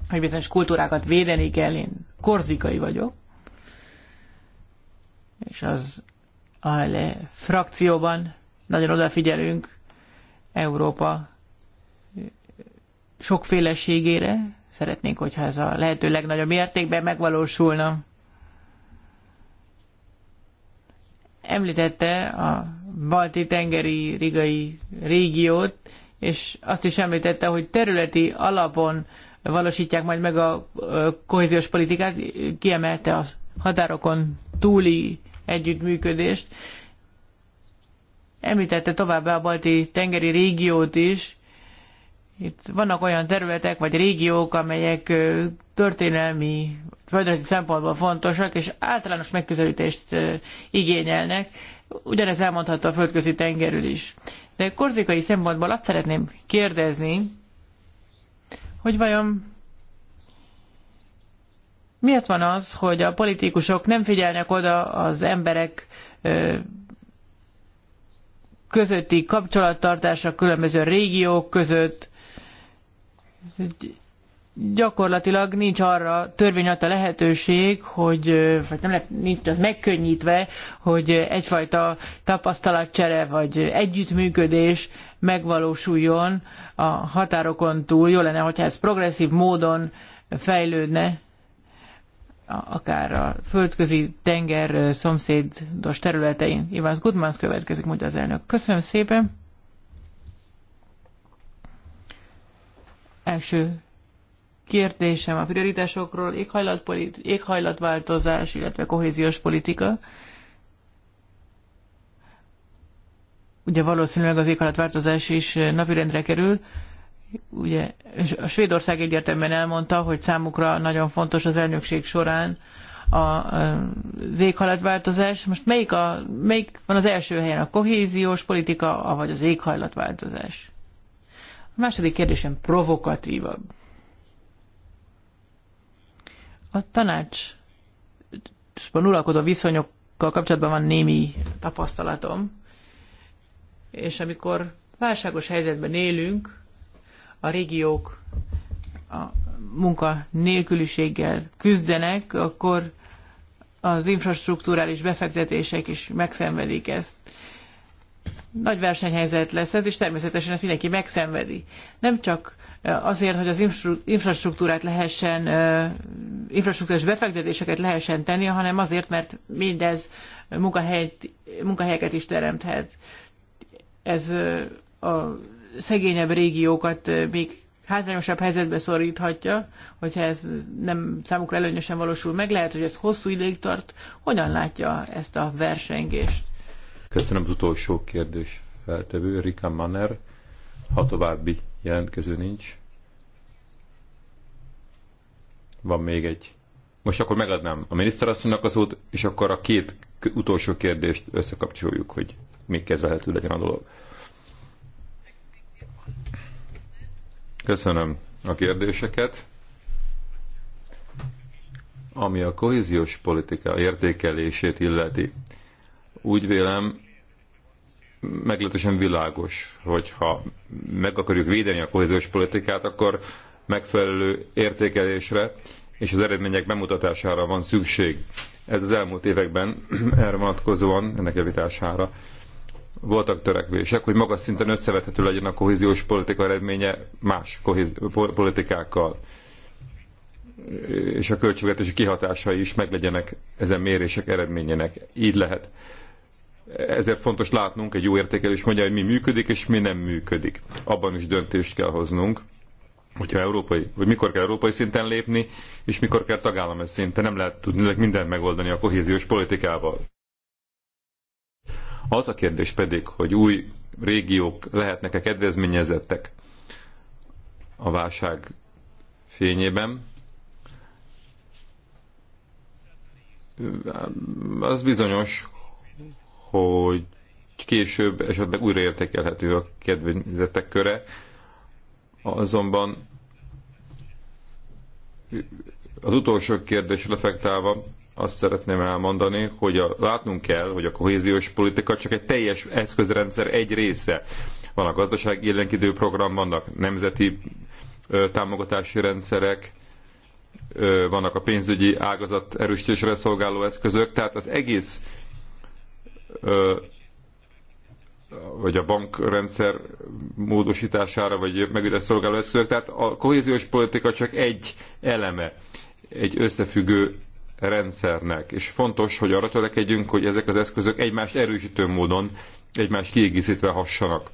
Speaker 2: hogy bizonyos kultúrákat védeni kell, én korzikai vagyok, és az a e frakcióban nagyon odafigyelünk Európa sokféleségére, szeretnénk, hogyha ez a lehető legnagyobb mértékben megvalósulna. Említette a balti tengeri rigai régiót, és azt is említette, hogy területi alapon valósítják majd meg a kohéziós politikát, kiemelte a határokon túli együttműködést. Említette továbbá a balti tengeri régiót is, itt vannak olyan területek vagy régiók, amelyek történelmi, földrajzi szempontból fontosak, és általános megközelítést igényelnek. Ugyanez elmondható a földközi tengerül is. De korzikai szempontból azt szeretném kérdezni, hogy vajon miért van az, hogy a politikusok nem figyelnek oda az emberek közötti kapcsolattartása különböző régiók között, gyakorlatilag nincs arra törvény adta lehetőség, hogy, vagy nem lehet, nincs az megkönnyítve, hogy egyfajta tapasztalatcsere vagy együttműködés megvalósuljon a határokon túl. Jó lenne, hogyha ez progresszív módon fejlődne, akár a földközi tenger szomszédos területein. Iván Gudmans következik, mondja az elnök. Köszönöm szépen! Első kérdésem a prioritásokról, éghajlatpolit- éghajlatváltozás, illetve kohéziós politika. Ugye valószínűleg az éghajlatváltozás is napirendre kerül. Ugye a Svédország egyértelműen elmondta, hogy számukra nagyon fontos az elnökség során a, az éghajlatváltozás. Most melyik, a, melyik van az első helyen, a kohéziós politika, vagy az éghajlatváltozás? A második kérdésem provokatívabb. A tanács szóval uralkodó viszonyokkal kapcsolatban van némi tapasztalatom, és amikor válságos helyzetben élünk, a régiók a munka nélküliséggel küzdenek, akkor az infrastruktúrális befektetések is megszenvedik ezt nagy versenyhelyzet lesz ez, és természetesen ezt mindenki megszenvedi. Nem csak azért, hogy az infrastruktúrát lehessen, infrastruktúrás befektetéseket lehessen tenni, hanem azért, mert mindez munkahelyeket is teremthet. Ez a szegényebb régiókat még hátrányosabb helyzetbe szoríthatja, hogyha ez nem számukra előnyösen valósul meg, lehet, hogy ez hosszú ideig tart. Hogyan látja ezt a
Speaker 3: versengést? Köszönöm az utolsó kérdés feltevő, Rika Manner. Ha további jelentkező nincs. Van még egy. Most akkor megadnám a miniszterasszonynak az szót, és akkor a két utolsó kérdést összekapcsoljuk, hogy még kezelhető legyen a dolog. Köszönöm a kérdéseket. Ami a kohéziós politika értékelését illeti, úgy vélem, meglehetősen világos, hogyha meg akarjuk védeni a kohéziós politikát, akkor megfelelő értékelésre és az eredmények bemutatására van szükség. Ez az elmúlt években *clears throat* erre vonatkozóan, ennek javítására voltak törekvések, hogy magas szinten összevethető legyen a kohéziós politika eredménye más kohéz, politikákkal, és a költségvetési kihatásai is meglegyenek ezen mérések eredményének. Így lehet ezért fontos látnunk egy jó értékelés mondja, hogy mi működik és mi nem működik. Abban is döntést kell hoznunk, hogyha európai, hogy mikor kell európai szinten lépni, és mikor kell tagállami szinten. Nem lehet tudni mindent megoldani a kohéziós politikával. Az a kérdés pedig, hogy új régiók lehetnek-e kedvezményezettek a válság fényében, az bizonyos, hogy később esetleg újraértékelhető a kedvezetek köre, azonban az utolsó kérdés lefektálva azt szeretném elmondani, hogy a, látnunk kell, hogy a kohéziós politika csak egy teljes eszközrendszer egy része. Van a gazdaság élenkidő program, vannak nemzeti ö, támogatási rendszerek, ö, vannak a pénzügyi ágazat erősítésre szolgáló eszközök, tehát az egész vagy a bankrendszer módosítására, vagy megügyes szolgáló eszközök. Tehát a kohéziós politika csak egy eleme egy összefüggő rendszernek. És fontos, hogy arra törekedjünk, hogy ezek az eszközök egymást erősítő módon, egymást kiegészítve hassanak.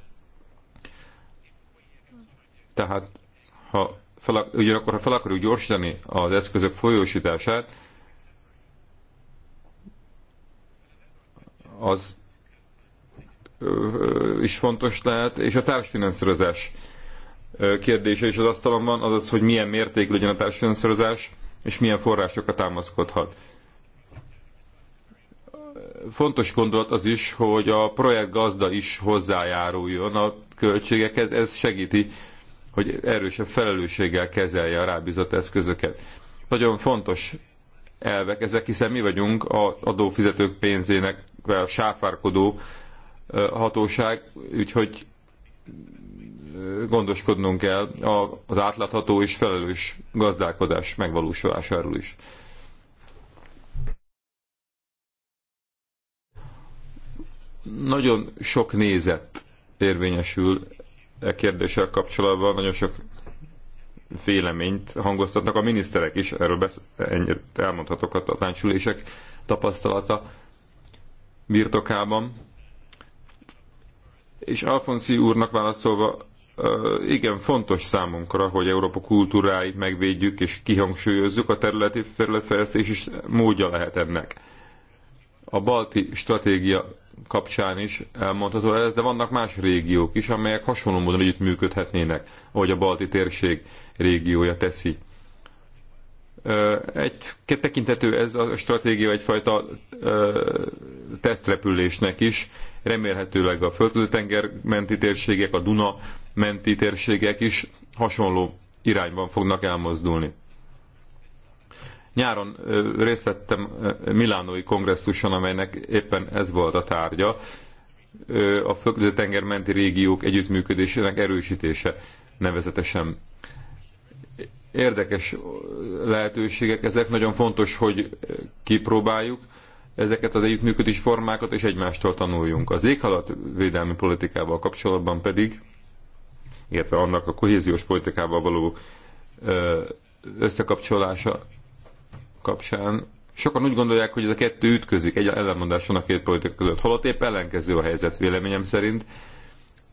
Speaker 3: Tehát, ha fel, ugyanakkor, ha fel akarjuk gyorsítani az eszközök folyósítását, az is fontos lehet, és a társfinanszírozás kérdése is az asztalon van, azaz, hogy milyen mértékű legyen a társfinanszírozás, és milyen forrásokra támaszkodhat. Fontos gondolat az is, hogy a projekt gazda is hozzájáruljon a költségekhez, ez segíti, hogy erősebb felelősséggel kezelje a rábízott eszközöket. Nagyon fontos elvek ezek, hiszen mi vagyunk a adófizetők pénzének sáfárkodó hatóság, úgyhogy gondoskodnunk kell az átlátható és felelős gazdálkodás megvalósulásáról is. Nagyon sok nézet érvényesül e kérdéssel kapcsolatban, nagyon sok véleményt hangoztatnak a miniszterek is, erről besz- ennyit elmondhatok a tanácsülések tapasztalata birtokában. És Alfonszi úrnak válaszolva, igen, fontos számunkra, hogy Európa kultúráit megvédjük és kihangsúlyozzuk, a területi területfejlesztés is módja lehet ennek. A balti stratégia kapcsán is elmondható ez, de vannak más régiók is, amelyek hasonló módon együtt működhetnének, ahogy a balti térség régiója teszi. Egy, tekintető ez a stratégia egyfajta ö, tesztrepülésnek is, remélhetőleg a földközi tenger menti térségek, a Duna menti térségek is hasonló irányban fognak elmozdulni. Nyáron részt vettem Milánói kongresszuson, amelynek éppen ez volt a tárgya, a földközi tenger menti régiók együttműködésének erősítése nevezetesen. Érdekes lehetőségek, ezek nagyon fontos, hogy kipróbáljuk ezeket az együttműködés formákat, és egymástól tanuljunk. Az védelmi politikával kapcsolatban pedig, illetve annak a kohéziós politikával való összekapcsolása kapcsán sokan úgy gondolják, hogy ez a kettő ütközik, egy ellenmondáson a két politika között. Holott épp ellenkező a helyzet véleményem szerint.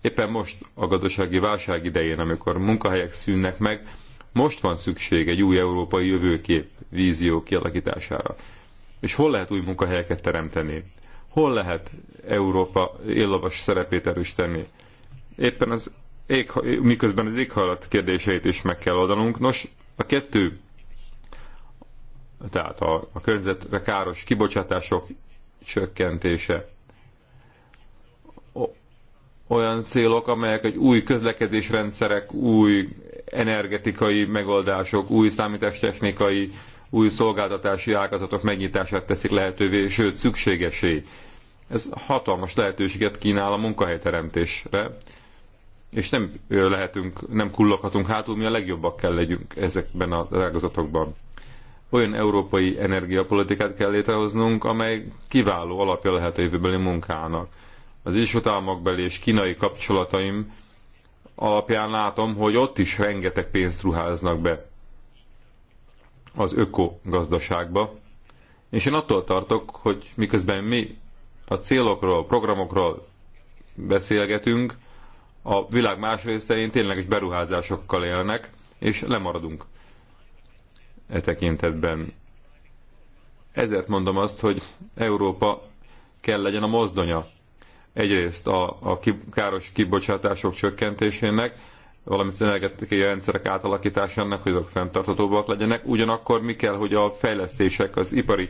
Speaker 3: Éppen most a gazdasági válság idején, amikor munkahelyek szűnnek meg, most van szükség egy új európai jövőkép vízió kialakítására. És hol lehet új munkahelyeket teremteni? Hol lehet Európa éllavas szerepét erősíteni? Éppen az ég, miközben az éghajlat kérdéseit is meg kell oldanunk. Nos, a kettő, tehát a, a környezetre káros kibocsátások csökkentése olyan célok, amelyek egy új közlekedésrendszerek, új energetikai megoldások, új számítástechnikai, új szolgáltatási ágazatok megnyitását teszik lehetővé, sőt szükségesé. Ez hatalmas lehetőséget kínál a munkahelyteremtésre, és nem lehetünk, nem kullakhatunk hátul, mi a legjobbak kell legyünk ezekben az ágazatokban. Olyan európai energiapolitikát kell létrehoznunk, amely kiváló alapja lehet a jövőbeli munkának az Egyesült és kínai kapcsolataim alapján látom, hogy ott is rengeteg pénzt ruháznak be az ökogazdaságba, és én attól tartok, hogy miközben mi a célokról, a programokról beszélgetünk, a világ más részein tényleges beruházásokkal élnek, és lemaradunk e tekintetben. Ezért mondom azt, hogy Európa kell legyen a mozdonya egyrészt a, a káros kibocsátások csökkentésének, valamint az energetikai rendszerek átalakításának, hogy azok fenntarthatóbbak legyenek. Ugyanakkor mi kell, hogy a fejlesztések, az ipari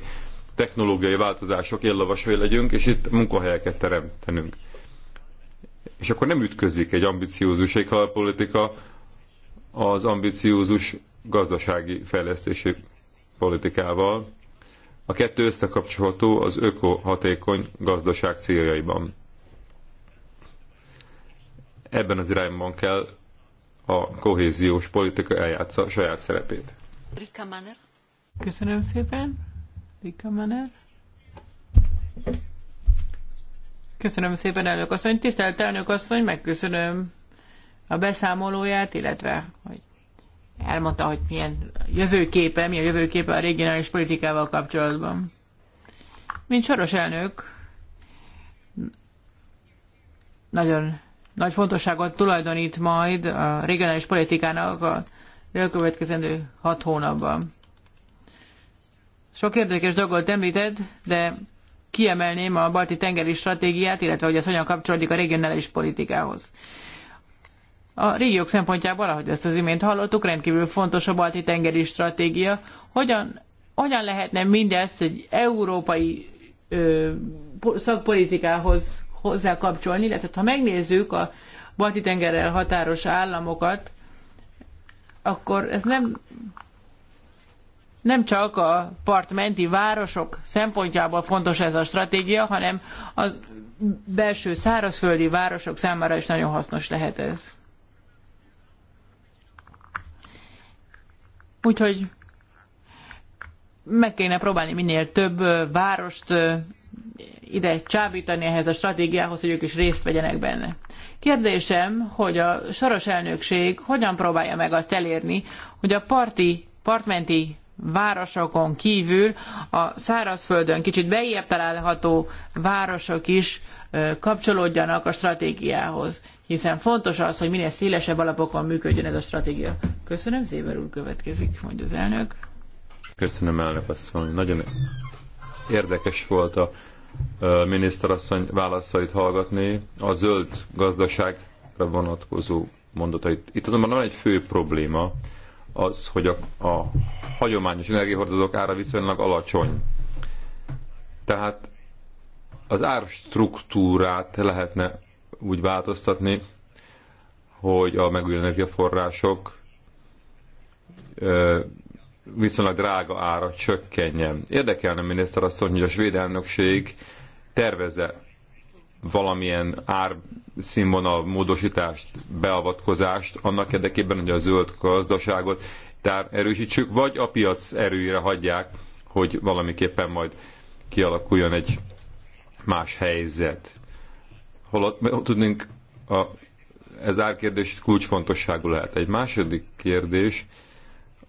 Speaker 3: technológiai változások éllavasai legyünk, és itt munkahelyeket teremtenünk. És akkor nem ütközik egy ambiciózus éghajlatpolitika az ambiciózus gazdasági fejlesztési politikával. A kettő összekapcsolható az ökohatékony gazdaság céljaiban. Ebben az irányban kell a kohéziós politika eljátsza a saját szerepét.
Speaker 2: Rika Manner. Köszönöm szépen. Rika Manner. Köszönöm szépen, elnök asszony. Tisztelt elnök asszony, megköszönöm a beszámolóját, illetve hogy elmondta, hogy milyen jövőképe, mi a jövőképe a regionális politikával kapcsolatban. Mint soros elnök, nagyon nagy fontosságot tulajdonít majd a regionális politikának a elkövetkezendő hat hónapban. Sok érdekes dolgot említed, de kiemelném a balti tengeri stratégiát, illetve hogy ez hogyan kapcsolódik a regionális politikához. A régiók szempontjából, ahogy ezt az imént hallottuk, rendkívül fontos a balti tengeri stratégia. Hogyan, hogyan lehetne mindezt egy európai ö, szakpolitikához hozzá kapcsolni, illetve ha megnézzük a balti tengerrel határos államokat, akkor ez nem, nem csak a partmenti városok szempontjából fontos ez a stratégia, hanem az belső szárazföldi városok számára is nagyon hasznos lehet ez. Úgyhogy meg kéne próbálni minél több várost ide csábítani ehhez a stratégiához, hogy ők is részt vegyenek benne. Kérdésem, hogy a soros elnökség hogyan próbálja meg azt elérni, hogy a parti, partmenti városokon kívül a szárazföldön kicsit beébb található városok is kapcsolódjanak a stratégiához, hiszen fontos az, hogy minél szélesebb alapokon működjön ez a stratégia. Köszönöm, Zéber úr következik, mondja az elnök.
Speaker 3: Köszönöm, elnök asszony. Nagyon érdekes volt a miniszterasszony válaszait hallgatni, a zöld gazdaságra vonatkozó mondatait. Itt azonban van egy fő probléma, az, hogy a, a hagyományos energiahordozók ára viszonylag alacsony. Tehát az árstruktúrát lehetne úgy változtatni, hogy a megújuló energiaforrások viszonylag drága ára csökkenjen. Érdekelne miniszter asszony, hogy a svéd elnökség terveze valamilyen árszínvonal módosítást, beavatkozást annak érdekében, hogy a zöld gazdaságot tár erősítsük, vagy a piac erőire hagyják, hogy valamiképpen majd kialakuljon egy más helyzet. Holott tudnénk, a, ez árkérdés kulcsfontosságú lehet. Egy második kérdés,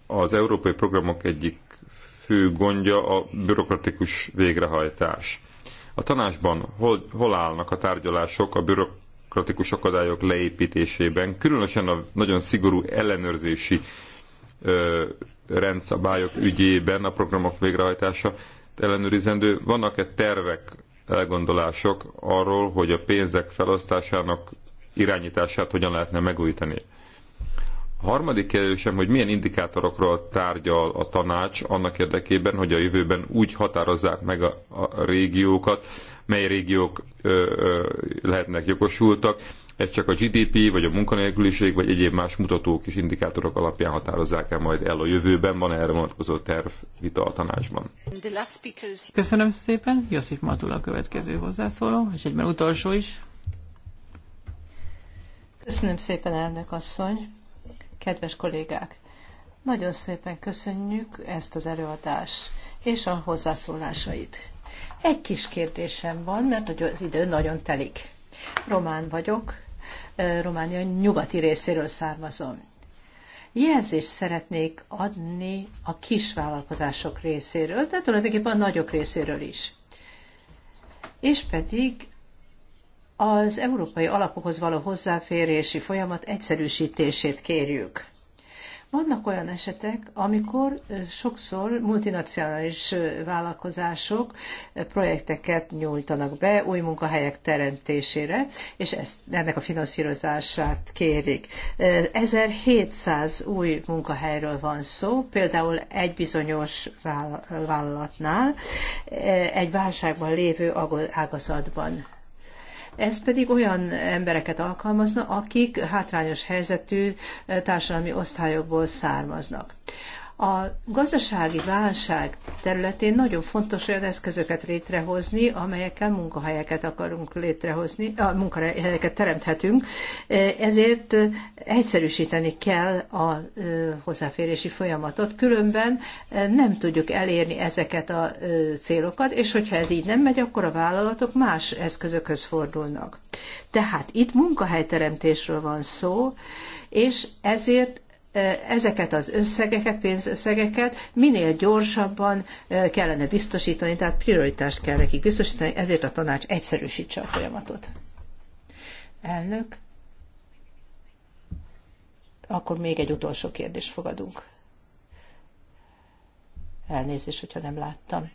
Speaker 3: az európai programok egyik fő gondja a bürokratikus végrehajtás. A tanácsban hol, hol állnak a tárgyalások a bürokratikus akadályok leépítésében, különösen a nagyon szigorú ellenőrzési ö, rendszabályok ügyében a programok végrehajtása ellenőrizendő. Vannak-e tervek, elgondolások arról, hogy a pénzek felosztásának irányítását hogyan lehetne megújítani? harmadik kérdésem, hogy milyen indikátorokról tárgyal a tanács annak érdekében, hogy a jövőben úgy határozzák meg a, a régiókat, mely régiók ö, ö, lehetnek jogosultak, ez csak a GDP, vagy a munkanélküliség, vagy egyéb más mutatók és indikátorok alapján határozzák el majd el a jövőben. Van -e erre vonatkozó terv vita a tanácsban.
Speaker 1: Köszönöm
Speaker 2: szépen. Josip Matula következő hozzászóló, és egyben utolsó is.
Speaker 1: Köszönöm szépen, elnök asszony. Kedves kollégák, nagyon szépen köszönjük ezt az előadást és a hozzászólásait. Egy kis kérdésem van, mert az idő nagyon telik. Román vagyok, Románia nyugati részéről származom. Jelzést szeretnék adni a kisvállalkozások részéről, de tulajdonképpen a nagyok részéről is. És pedig az európai alapokhoz való hozzáférési folyamat egyszerűsítését kérjük. Vannak olyan esetek, amikor sokszor multinacionális vállalkozások projekteket nyújtanak be új munkahelyek teremtésére, és ezt, ennek a finanszírozását kérik. 1700 új munkahelyről van szó, például egy bizonyos vállalatnál, egy válságban lévő ágazatban. Ez pedig olyan embereket alkalmazna, akik hátrányos helyzetű eh, társadalmi osztályokból származnak. A gazdasági válság területén nagyon fontos olyan eszközöket létrehozni, amelyekkel munkahelyeket akarunk létrehozni, a munkahelyeket teremthetünk, ezért egyszerűsíteni kell a hozzáférési folyamatot, különben nem tudjuk elérni ezeket a célokat, és hogyha ez így nem megy, akkor a vállalatok más eszközökhöz fordulnak. Tehát itt munkahelyteremtésről van szó, és ezért ezeket az összegeket, pénzösszegeket minél gyorsabban kellene biztosítani, tehát prioritást kell nekik biztosítani, ezért a tanács egyszerűsítse a folyamatot. Elnök. Akkor még egy utolsó kérdést fogadunk. Elnézést, hogyha nem láttam.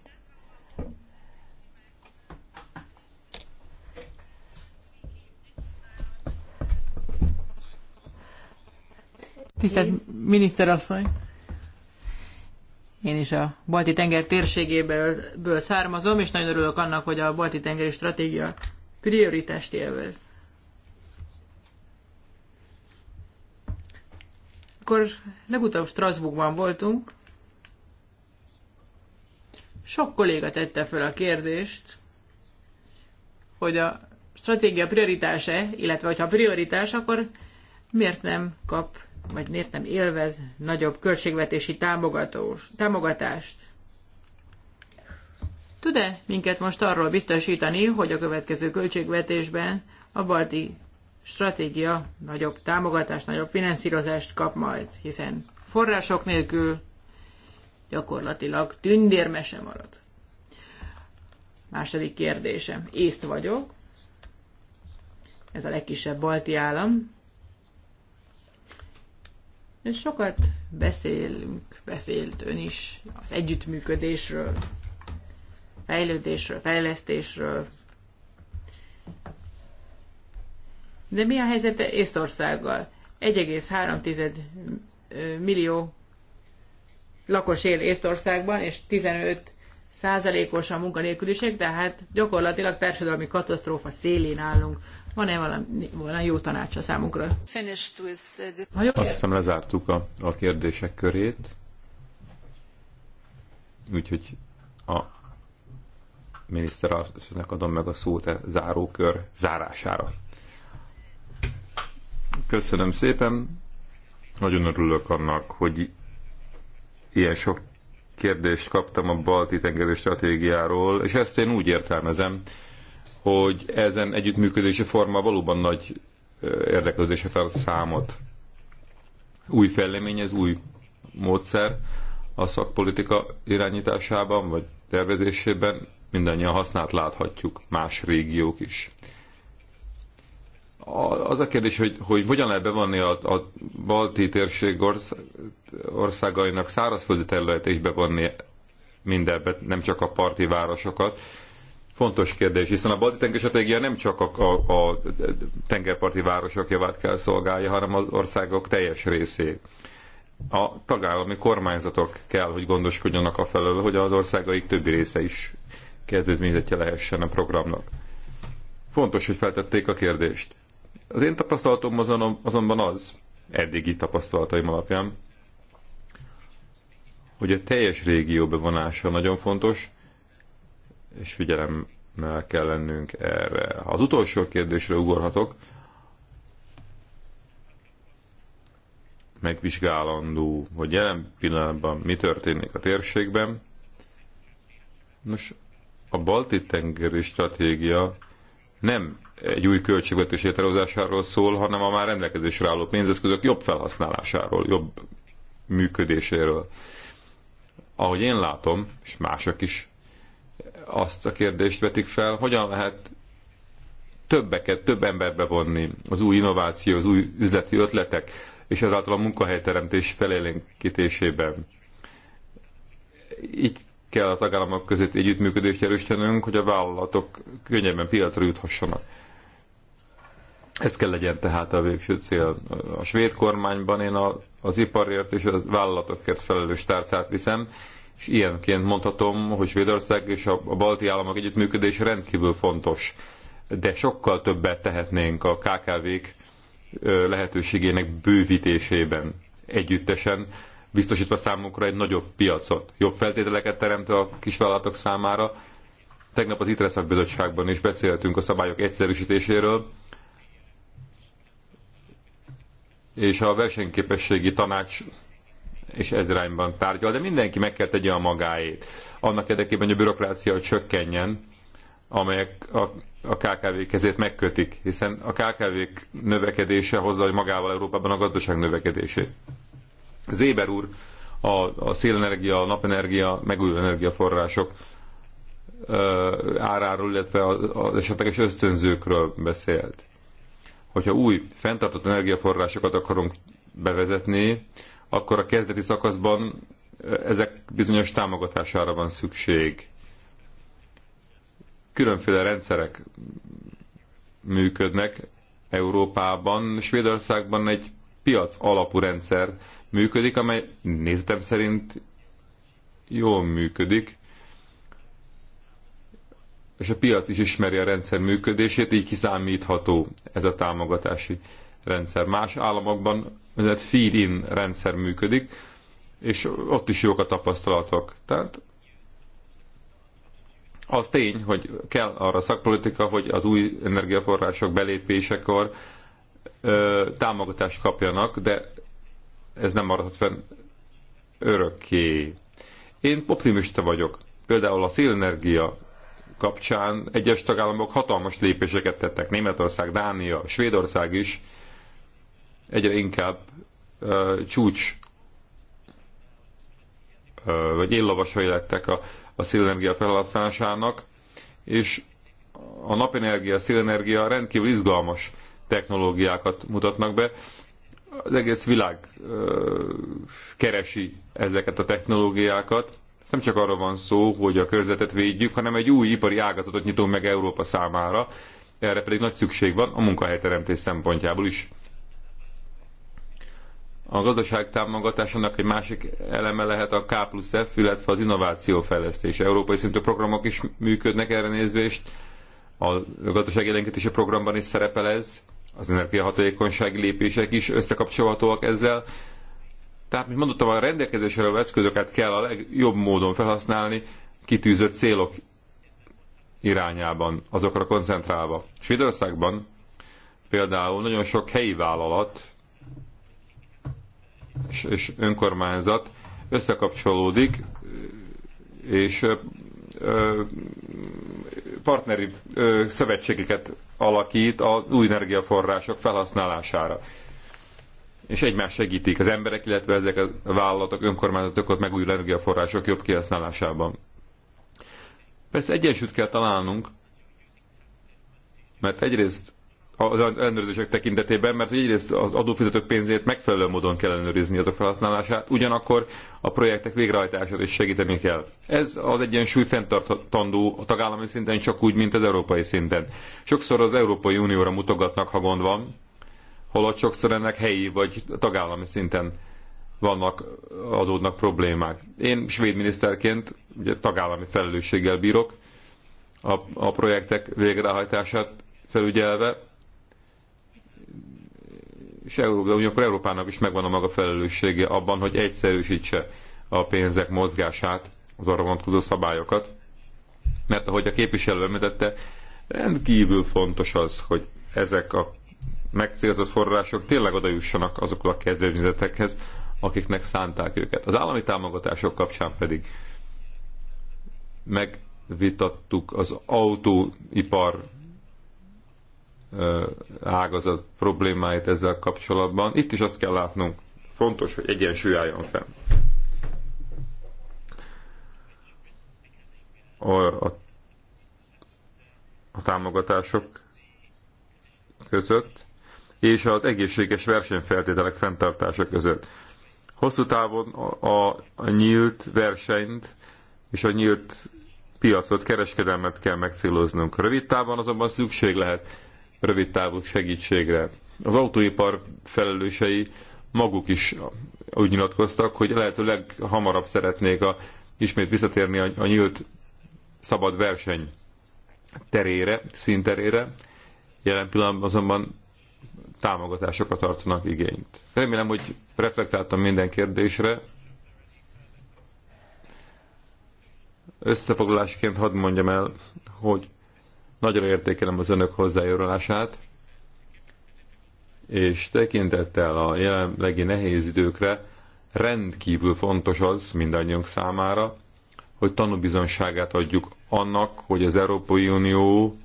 Speaker 2: Tisztelt miniszterasszony! Én is a balti tenger térségéből származom, és nagyon örülök annak, hogy a balti tengeri stratégia prioritást élvez. Akkor legutóbb Strasbourgban voltunk. Sok kolléga tette fel a kérdést, hogy a stratégia prioritása, illetve hogyha prioritás, akkor miért nem kap vagy miért nem élvez nagyobb költségvetési támogatós, támogatást? Tud-e minket most arról biztosítani, hogy a következő költségvetésben a balti stratégia nagyobb támogatást, nagyobb finanszírozást kap majd, hiszen források nélkül gyakorlatilag tündérme sem marad. Második kérdésem. Észt vagyok. Ez a legkisebb balti állam. Sokat beszélünk, beszélt ön is az együttműködésről, fejlődésről, fejlesztésről. De mi a helyzete Észtországgal? 1,3 millió lakos él Észtországban, és 15 százalékos a munkanélküliség, de hát gyakorlatilag társadalmi katasztrófa szélén állunk. Van-e valami, valami jó tanács a számunkra? Uh, ha jó, Azt
Speaker 3: hiszem lezártuk a, a kérdések körét, úgyhogy a miniszter asszonynak adom meg a szót a e zárókör zárására. Köszönöm szépen, nagyon örülök annak, hogy ilyen sok kérdést kaptam a balti tengeri stratégiáról, és ezt én úgy értelmezem, hogy ezen együttműködési forma valóban nagy érdeklődésre tart számot. Új fejlemény, ez új módszer a szakpolitika irányításában, vagy tervezésében mindannyian hasznát láthatjuk, más régiók is. Az a kérdés, hogy, hogy hogyan lehet bevonni a, a balti térség országainak szárazföldi területe is bevonni mindebbet, nem csak a parti városokat, fontos kérdés, hiszen a balti tenger stratégia nem csak a, a, a tengerparti városok javát kell szolgálja, hanem az országok teljes részé. A tagállami kormányzatok kell, hogy gondoskodjanak a felől, hogy az országaik többi része is kezdődményezetje lehessen a programnak. Fontos, hogy feltették a kérdést. Az én tapasztalatom azon, azonban az, eddigi tapasztalataim alapján, hogy a teljes régió bevonása nagyon fontos, és figyelemmel kell lennünk erre. Ha az utolsó kérdésre ugorhatok, megvizsgálandó, hogy jelen pillanatban mi történik a térségben. Nos, a Balti-tengeri stratégia nem egy új költségvetés létrehozásáról szól, hanem a már rendelkezésre álló pénzeszközök jobb felhasználásáról, jobb működéséről. Ahogy én látom, és mások is azt a kérdést vetik fel, hogyan lehet többeket, több embert bevonni az új innováció, az új üzleti ötletek, és ezáltal a munkahelyteremtés felélénkítésében. Így kell a tagállamok között együttműködést erősítenünk, hogy a vállalatok könnyebben piacra juthassanak. Ez kell legyen tehát a végső cél. A svéd kormányban én a, az iparért és a vállalatokért felelős tárcát viszem, és ilyenként mondhatom, hogy Svédország és a balti államok együttműködés rendkívül fontos, de sokkal többet tehetnénk a KKV-k lehetőségének bővítésében együttesen, biztosítva számukra egy nagyobb piacot, jobb feltételeket teremtve a kisvállalatok számára. Tegnap az ITRE szakbizottságban is beszéltünk a szabályok egyszerűsítéséről, és a versenyképességi tanács és ez irányban tárgyal, de mindenki meg kell tegye a magáét. Annak érdekében, hogy a bürokrácia csökkenjen, amelyek a, a KKV kezét megkötik, hiszen a KKV növekedése hozza magával Európában a gazdaság növekedését. Zéber úr a, a szélenergia, a napenergia, megújuló energiaforrások áráról, illetve az esetleges ösztönzőkről beszélt. Hogyha új, fenntartott energiaforrásokat akarunk bevezetni, akkor a kezdeti szakaszban ezek bizonyos támogatására van szükség. Különféle rendszerek működnek Európában. Svédországban egy piac alapú rendszer működik, amely nézetem szerint jól működik, és a piac is ismeri a rendszer működését, így kiszámítható ez a támogatási rendszer. Más államokban ez egy feed-in rendszer működik, és ott is jók a tapasztalatok. Tehát az tény, hogy kell arra szakpolitika, hogy az új energiaforrások belépésekor ö, támogatást kapjanak, de ez nem maradhat fenn örökké. Én optimista vagyok. Például a szélenergia kapcsán egyes tagállamok hatalmas lépéseket tettek. Németország, Dánia, Svédország is egyre inkább uh, csúcs uh, vagy éllavasai lettek a, a szélenergia felhasználásának, és a napenergia, a szélenergia rendkívül izgalmas technológiákat mutatnak be. Az egész világ ö, keresi ezeket a technológiákat. Ez nem csak arra van szó, hogy a körzetet védjük, hanem egy új ipari ágazatot nyitunk meg Európa számára. Erre pedig nagy szükség van a munkahelyteremtés szempontjából is. A gazdaság támogatásának egy másik eleme lehet a K plusz F, illetve az innovációfejlesztés. Európai szintű programok is működnek erre nézvést. A gazdasági élénkítési programban is szerepel ez. Az energiahatékonysági lépések is összekapcsolhatóak ezzel. Tehát, mint mondottam, a rendelkezésre álló eszközöket kell a legjobb módon felhasználni, kitűzött célok irányában, azokra koncentrálva. Svédországban például nagyon sok helyi vállalat és önkormányzat összekapcsolódik, és partneri szövetségeket alakít az új energiaforrások felhasználására. És egymás segítik az emberek, illetve ezek a vállalatok, önkormányzatokat megújuló energiaforrások jobb kihasználásában. Persze egyensúlyt kell találnunk, mert egyrészt az ellenőrzések tekintetében, mert egyrészt az adófizetők pénzét megfelelő módon kell ellenőrizni azok felhasználását, ugyanakkor a projektek végrehajtását is segíteni kell. Ez az egyensúly fenntartandó a tagállami szinten csak úgy, mint az európai szinten. Sokszor az Európai Unióra mutogatnak, ha gond van, holott sokszor ennek helyi vagy tagállami szinten vannak, adódnak problémák. Én svéd miniszterként ugye tagállami felelősséggel bírok a, a projektek végrehajtását felügyelve, és Európa, ugyanakkor Európának is megvan a maga felelőssége abban, hogy egyszerűsítse a pénzek mozgását, az arra vonatkozó szabályokat. Mert ahogy a képviselő említette, rendkívül fontos az, hogy ezek a megcélzott források tényleg oda jussanak a kezdeményezetekhez, akiknek szánták őket. Az állami támogatások kapcsán pedig megvitattuk az autóipar ágazat problémáit ezzel kapcsolatban. Itt is azt kell látnunk, fontos, hogy egyensúly álljon fenn. A, a, a támogatások között és az egészséges versenyfeltételek fenntartása között. Hosszú távon a, a nyílt versenyt és a nyílt piacot, kereskedelmet kell megcéloznunk. Rövid távon azonban szükség lehet rövid távú segítségre. Az autóipar felelősei maguk is úgy nyilatkoztak, hogy lehető leghamarabb szeretnék a, ismét visszatérni a, a nyílt szabad verseny terére, színterére. Jelen pillanatban azonban támogatásokra tartanak igényt. Remélem, hogy reflektáltam minden kérdésre. Összefoglalásként hadd mondjam el, hogy Nagyra értékelem az önök hozzájárulását, és tekintettel a jelenlegi nehéz időkre rendkívül fontos az mindannyiunk számára, hogy tanúbizonságát adjuk annak, hogy az Európai Unió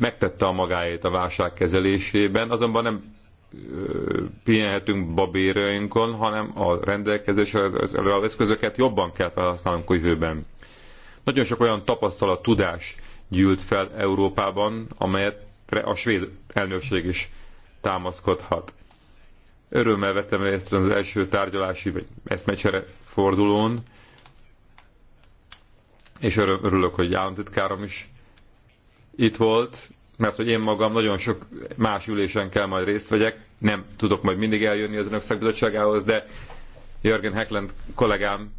Speaker 3: megtette a magáét a válság kezelésében, azonban nem pihenhetünk babérjainkon, hanem a rendelkezésre az eszközöket jobban kell felhasználnunk a jövőben. Nagyon sok olyan tapasztalat, tudás gyűlt fel Európában, amelyet a svéd elnökség is támaszkodhat. Örömmel vettem részt az első tárgyalási vagy eszmecsere fordulón, és örülök, hogy államtitkárom is itt volt, mert hogy én magam nagyon sok más ülésen kell majd részt vegyek, nem tudok majd mindig eljönni az önök szakbizottságához, de Jörgen Heckland kollégám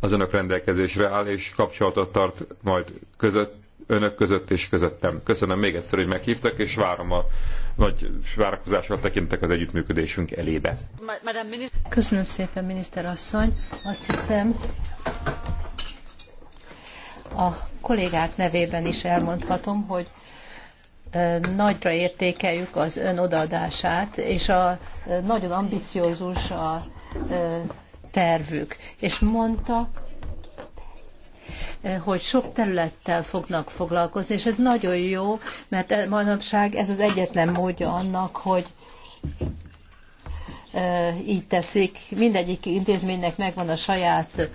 Speaker 3: az önök rendelkezésre áll, és kapcsolatot tart majd között önök között és közöttem. Köszönöm még egyszer, hogy meghívtak, és várom a nagy várakozással tekintek az együttműködésünk elébe.
Speaker 1: Köszönöm szépen, miniszter asszony. Azt hiszem, a kollégák nevében is elmondhatom, hogy nagyra értékeljük az ön odaadását, és a nagyon ambiciózus a tervük. És mondta, Eh, hogy sok területtel fognak foglalkozni, és ez nagyon jó, mert eh, manapság ez az egyetlen módja annak, hogy eh, így teszik. Mindegyik intézménynek megvan a saját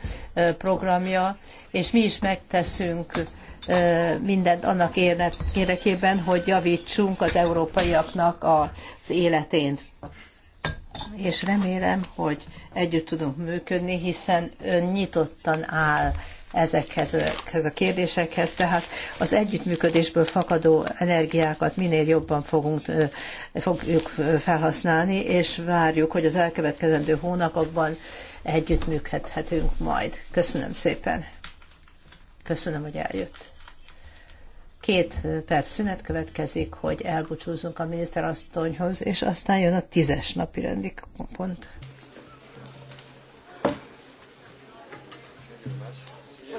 Speaker 1: programja, és mi is megteszünk mindent annak érdekében, hogy javítsunk az európaiaknak az életén. És remélem, hogy együtt tudunk működni, hiszen ön nyitottan áll ezekhez, a kérdésekhez. Tehát az együttműködésből fakadó energiákat minél jobban fogunk, fogjuk felhasználni, és várjuk, hogy az elkövetkezendő hónapokban együttműködhetünk majd. Köszönöm szépen. Köszönöm, hogy eljött. Két perc szünet következik, hogy elbúcsúzzunk a miniszter miniszterasszonyhoz, és aztán jön a tízes napi rendi pont.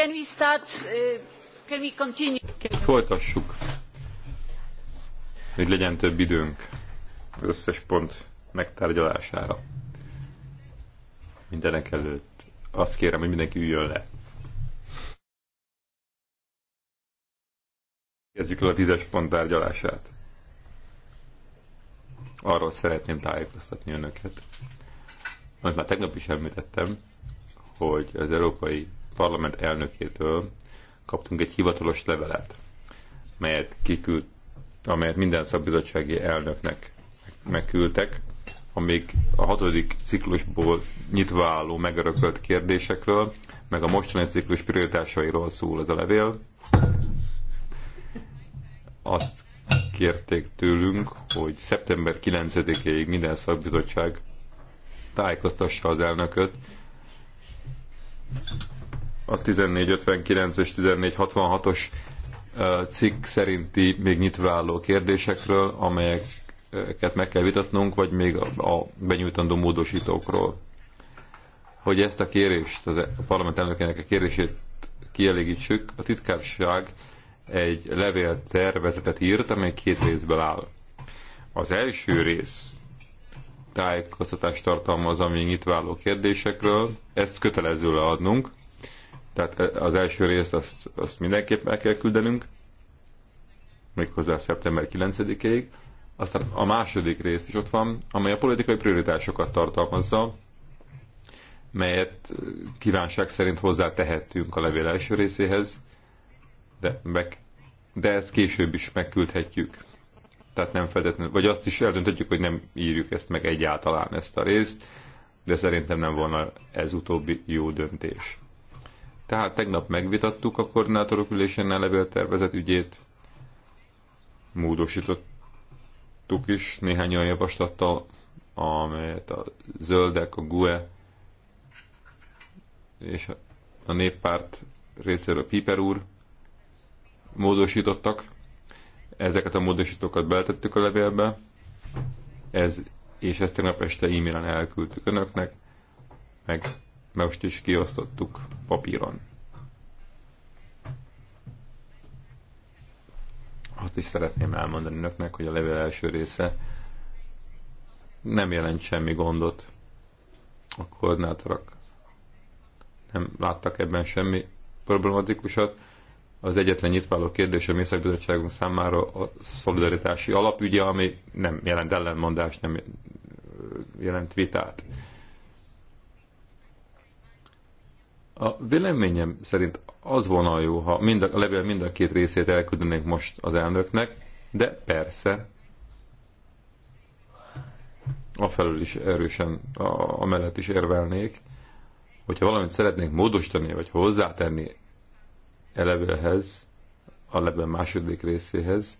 Speaker 2: Can we start, uh, can we continue?
Speaker 3: Folytassuk, hogy legyen több időnk az összes pont megtárgyalására. Mindenek előtt azt kérem, hogy mindenki üljön le. Kezdjük el a tízes pont tárgyalását. Arról szeretném tájékoztatni önöket. Most már tegnap is említettem, hogy az Európai Parlament elnökétől kaptunk egy hivatalos levelet, melyet kiküld, amelyet minden szakbizottsági elnöknek megküldtek, amíg a hatodik ciklusból nyitva álló megörökölt kérdésekről, meg a mostani ciklus prioritásairól szól ez a levél. Azt kérték tőlünk, hogy szeptember 9 éig minden szakbizottság tájékoztassa az elnököt a 1459 és 1466-os cikk szerinti még álló kérdésekről, amelyeket meg kell vitatnunk, vagy még a benyújtandó módosítókról. Hogy ezt a kérést, e- a parlament elnökének a kérését kielégítsük, a titkárság egy levél tervezetet írt, amely két részből áll. Az első rész tájékoztatást tartalmaz a nyitváló kérdésekről, ezt kötelező leadnunk, tehát e, az első részt azt, azt mindenképp el kell küldenünk, méghozzá szeptember 9-ig. Aztán a második rész is ott van, amely a politikai prioritásokat tartalmazza, melyet e, kívánság szerint hozzá tehetünk a levél első részéhez, de, meg, de ezt később is megküldhetjük. Tehát nem feltétlenül, vagy azt is eldönthetjük, hogy nem írjuk ezt meg egyáltalán ezt a részt, de szerintem nem volna ez utóbbi jó döntés. Tehát tegnap megvitattuk a koordinátorok ülésén levél tervezett ügyét, módosítottuk is néhány olyan javaslattal, amelyet a zöldek, a GUE és a néppárt részéről Piper úr módosítottak. Ezeket a módosítókat beletettük a levélbe, ez, és ezt tegnap este e-mailen elküldtük önöknek, meg mert most is kiosztottuk papíron. Azt is szeretném elmondani önöknek, hogy a levél első része nem jelent semmi gondot. A koordinátorok nem láttak ebben semmi problematikusat. Az egyetlen nyitváló kérdés a Mészakbizottságunk számára a szolidaritási alapügye, ami nem jelent ellenmondást, nem jelent vitát. A véleményem szerint az volna jó, ha mind a, a levél mind a két részét elküldenénk most az elnöknek, de persze a felül is erősen, a, mellett is érvelnék, hogyha valamit szeretnénk módosítani, vagy hozzátenni e levélhez, a levél második részéhez,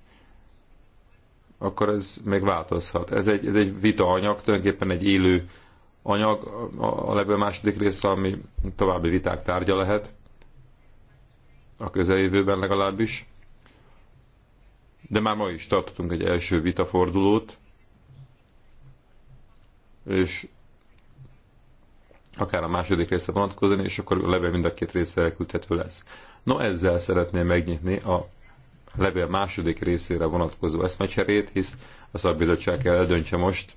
Speaker 3: akkor ez még változhat. Ez egy, ez egy vita anyag tulajdonképpen egy élő anyag, a levél második része, ami további viták tárgya lehet, a közeljövőben legalábbis. De már ma is tartottunk egy első vitafordulót, és akár a második része vonatkozni, és akkor a levél mind a két része elküldhető lesz. No, ezzel szeretném megnyitni a levél második részére vonatkozó eszmecserét, hisz a szabbizottság kell eldöntse most,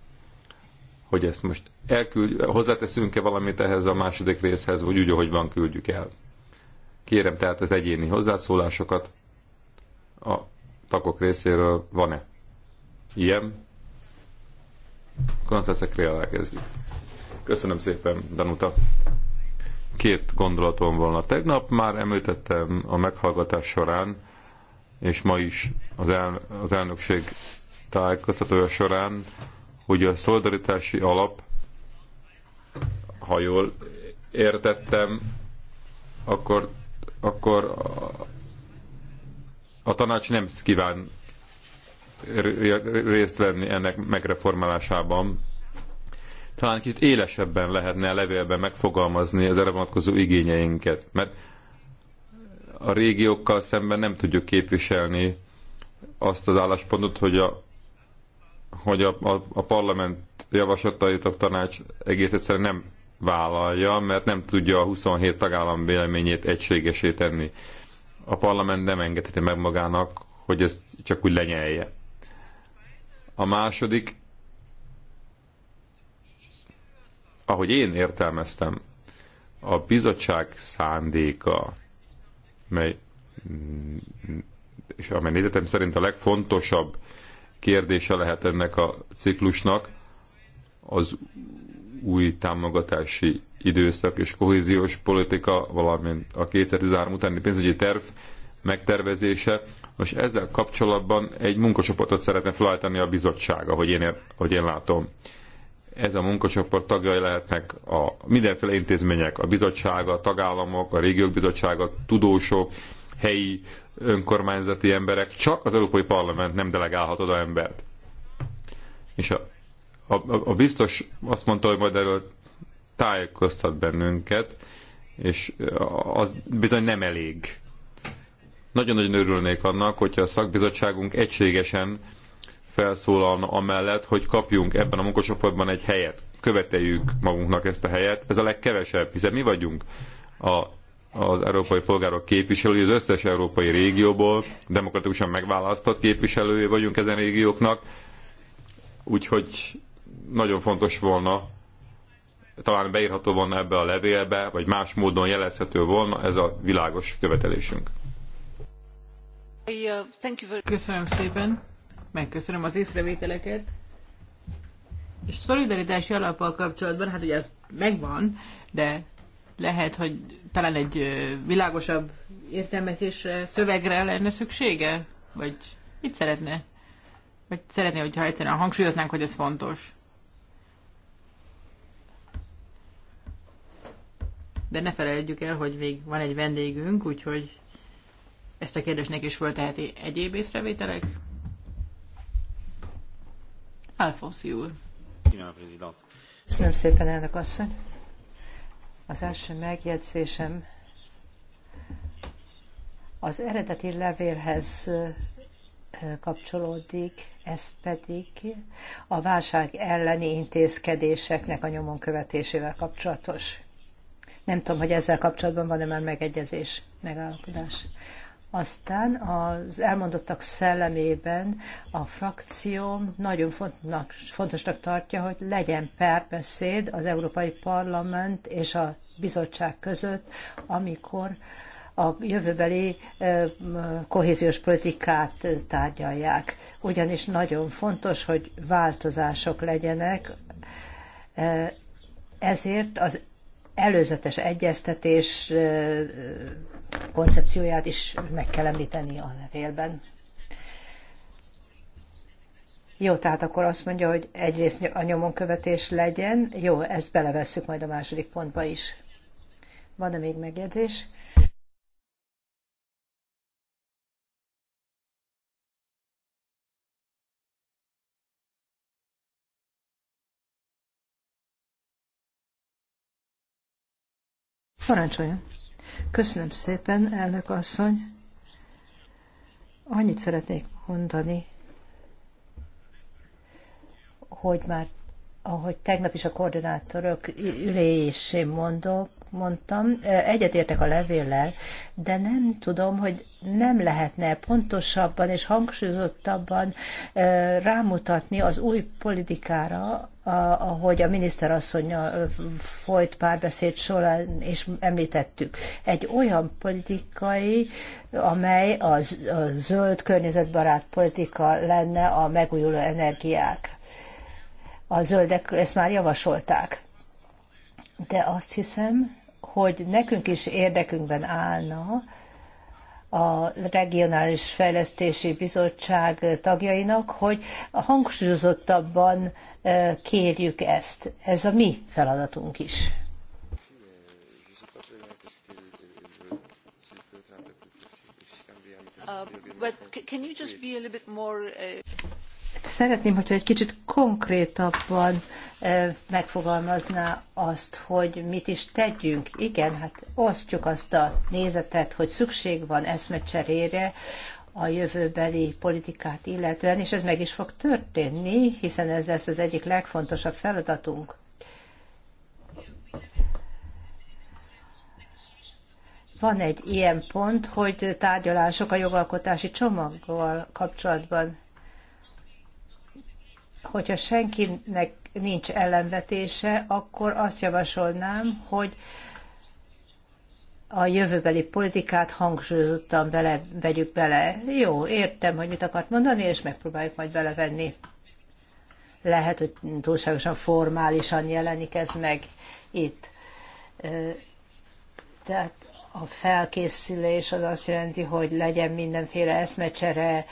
Speaker 3: hogy ezt most elküld, hozzáteszünk-e valamit ehhez a második részhez, vagy úgy, ahogy van, küldjük el. Kérem tehát az egyéni hozzászólásokat a tagok részéről van-e? Ilyen? Konstantin elkezdjük. Köszönöm szépen, Danuta. Két gondolatom volna. Tegnap már említettem a meghallgatás során, és ma is az, el, az elnökség tájékoztatója során, hogy a szolidaritási alap ha jól értettem, akkor, akkor a, tanács nem kíván részt venni ennek megreformálásában. Talán kicsit élesebben lehetne a levélben megfogalmazni az erre vonatkozó igényeinket, mert a régiókkal szemben nem tudjuk képviselni azt az álláspontot, hogy a, hogy a, a, a parlament javaslatait a tanács egész egyszerűen nem vállalja, mert nem tudja a 27 tagállam véleményét egységesé tenni. A parlament nem engedheti meg magának, hogy ezt csak úgy lenyelje. A második, ahogy én értelmeztem, a bizottság szándéka, mely, és amely nézetem szerint a legfontosabb kérdése lehet ennek a ciklusnak, az új támogatási időszak és kohéziós politika, valamint a 2013 utáni pénzügyi terv megtervezése. Most ezzel kapcsolatban egy munkacsoportot szeretne felállítani a bizottság, ahogy én, ahogy én látom. Ez a munkacsoport tagjai lehetnek a mindenféle intézmények, a bizottsága, a tagállamok, a régiók bizottsága, tudósok, helyi önkormányzati emberek, csak az Európai Parlament nem delegálhat oda embert. És a a, a, a biztos azt mondta, hogy majd erről tájékoztat bennünket, és az bizony nem elég. Nagyon-nagyon örülnék annak, hogyha a szakbizottságunk egységesen felszólalna amellett, hogy kapjunk ebben a munkacsoportban egy helyet. Követeljük magunknak ezt a helyet. Ez a legkevesebb, hiszen mi vagyunk a, az európai polgárok képviselői, az összes európai régióból demokratikusan megválasztott képviselői vagyunk ezen régióknak. Úgyhogy nagyon fontos volna, talán beírható volna ebbe a levélbe, vagy más módon jelezhető volna ez a világos követelésünk.
Speaker 2: Köszönöm szépen, megköszönöm az észrevételeket. És szolidaritási alappal kapcsolatban, hát ugye ez megvan, de lehet, hogy talán egy világosabb értelmezés szövegre lenne szüksége? Vagy mit szeretne? Vagy szeretné, hogyha egyszerűen hangsúlyoznánk, hogy ez fontos? de ne felejtjük el, hogy még van egy vendégünk, úgyhogy ezt a kérdésnek is fölteheti egyéb észrevételek.
Speaker 1: Alfonszi úr. Köszönöm szépen, elnök asszony. Az első megjegyzésem az eredeti levélhez kapcsolódik, ez pedig a válság elleni intézkedéseknek a nyomon követésével kapcsolatos. Nem tudom, hogy ezzel kapcsolatban van-e már megegyezés, megállapodás. Aztán az elmondottak szellemében a frakció nagyon fontnak, fontosnak tartja, hogy legyen párbeszéd az Európai Parlament és a bizottság között, amikor a jövőbeli kohéziós politikát tárgyalják. Ugyanis nagyon fontos, hogy változások legyenek, ezért az előzetes egyeztetés koncepcióját is meg kell említeni a levélben. Jó, tehát akkor azt mondja, hogy egyrészt a nyomonkövetés legyen. Jó, ezt belevesszük majd a második pontba is. Van-e még megjegyzés? Parancsoljon. Köszönöm szépen, elnök asszony. Annyit szeretnék mondani, hogy már ahogy tegnap is a koordinátorok ülésén mondok, mondtam, egyetértek a levéllel, de nem tudom, hogy nem lehetne pontosabban és hangsúlyozottabban rámutatni az új politikára, ahogy a miniszterasszonynal folyt párbeszéd során és említettük. Egy olyan politikai, amely a zöld környezetbarát politika lenne a megújuló energiák a zöldek ezt már javasolták. De azt hiszem, hogy nekünk is érdekünkben állna a Regionális Fejlesztési Bizottság tagjainak, hogy hangsúlyozottabban kérjük ezt. Ez a mi feladatunk is. Uh, but can you just be a little bit more uh... Szeretném, hogyha egy kicsit konkrétabban megfogalmazná azt, hogy mit is tegyünk. Igen, hát osztjuk azt a nézetet, hogy szükség van eszmecserére a jövőbeli politikát illetően, és ez meg is fog történni, hiszen ez lesz az egyik legfontosabb feladatunk. van egy ilyen pont, hogy tárgyalások a jogalkotási csomaggal kapcsolatban. Hogyha senkinek nincs ellenvetése, akkor azt javasolnám, hogy a jövőbeli politikát hangsúlyozottan bele, vegyük bele. Jó, értem, hogy mit akart mondani, és megpróbáljuk majd belevenni. Lehet, hogy túlságosan formálisan jelenik ez meg itt. Tehát a felkészülés az azt jelenti, hogy legyen mindenféle eszmecsere,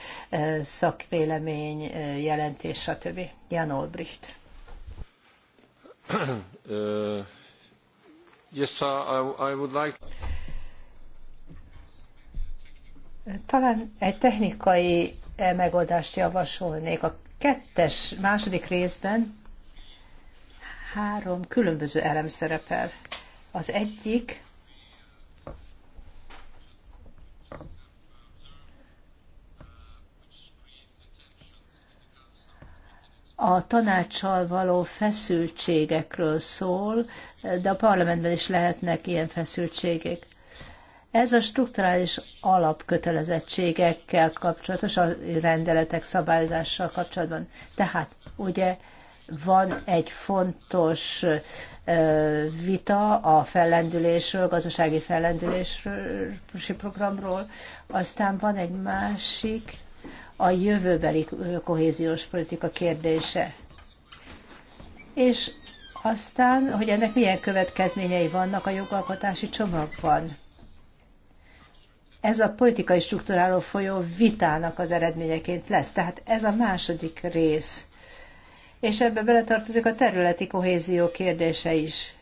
Speaker 1: szakvélemény, jelentés, stb. Jan Olbricht.
Speaker 4: yes, sir, I, I would like...
Speaker 1: Talán egy technikai e, megoldást javasolnék. A kettes, második részben három különböző elem szerepel. Az egyik a tanácssal való feszültségekről szól, de a parlamentben is lehetnek ilyen feszültségek. Ez a strukturális alapkötelezettségekkel kapcsolatos, a rendeletek szabályozással kapcsolatban. Tehát ugye van egy fontos vita a fellendülésről, gazdasági fellendülésről, programról, aztán van egy másik a jövőbeli kohéziós politika kérdése. És aztán, hogy ennek milyen következményei vannak a jogalkotási csomagban. Ez a politikai struktúráló folyó vitának az eredményeként lesz. Tehát ez a második rész. És ebbe beletartozik a területi kohézió kérdése is.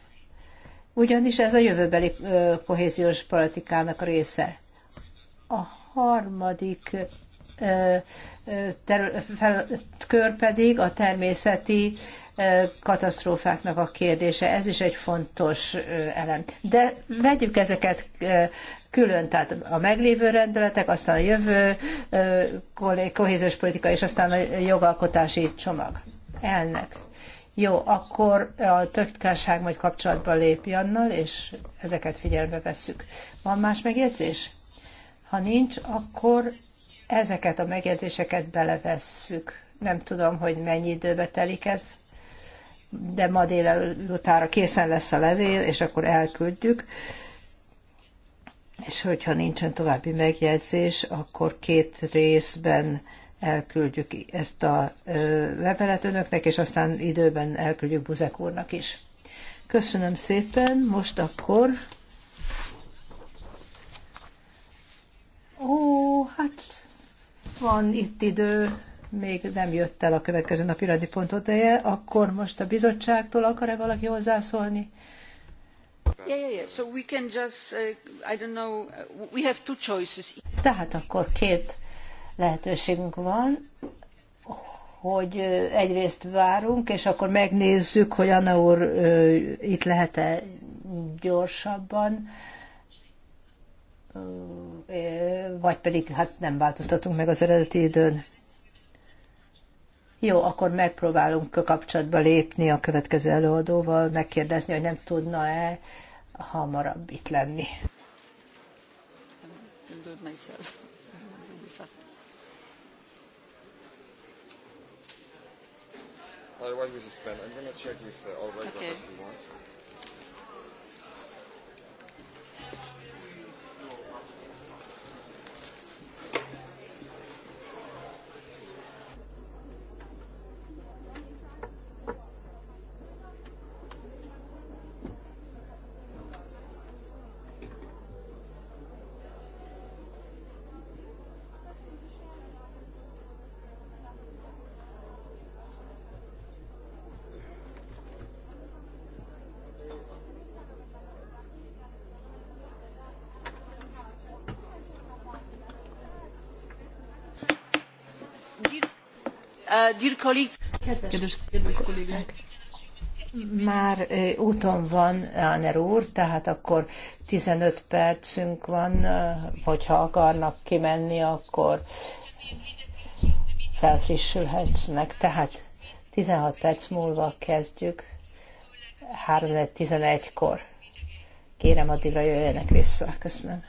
Speaker 1: Ugyanis ez a jövőbeli kohéziós politikának része. A harmadik kör pedig a természeti katasztrófáknak a kérdése. Ez is egy fontos elem. De vegyük ezeket külön, tehát a meglévő rendeletek, aztán a jövő kohéziós politika, és aztán a jogalkotási csomag. elnek. Jó, akkor a tökkárság majd kapcsolatba lép Jannal, és ezeket figyelme vesszük. Van más megjegyzés? Ha nincs, akkor Ezeket a megjegyzéseket belevesszük. Nem tudom, hogy mennyi időbe telik ez, de ma délelőtára készen lesz a levél, és akkor elküldjük. És hogyha nincsen további megjegyzés, akkor két részben elküldjük ezt a levelet önöknek, és aztán időben elküldjük Buzek úrnak is. Köszönöm szépen, most akkor... Ó, hát van itt idő, még nem jött el a következő napi rendi pont odaje, akkor most a bizottságtól akar-e valaki hozzászólni? Tehát akkor két lehetőségünk van, hogy uh, egyrészt várunk, és akkor megnézzük, hogy Anna úr uh, itt lehet-e gyorsabban, vagy pedig hát nem változtatunk meg az eredeti időn. Jó, akkor megpróbálunk kapcsolatba lépni a következő előadóval, megkérdezni, hogy nem tudna-e hamarabb itt lenni.
Speaker 4: okay.
Speaker 2: Kedves, kollégák!
Speaker 1: Már úton van Áner úr, tehát akkor 15 percünk van, hogyha akarnak kimenni, akkor felfrissülhetnek. Tehát 16 perc múlva kezdjük, 3 3.11-kor. Kérem, addigra jöjjenek vissza. Köszönöm.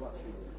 Speaker 4: vasúti.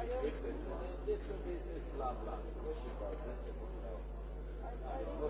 Speaker 4: Different business, blah, blah. Of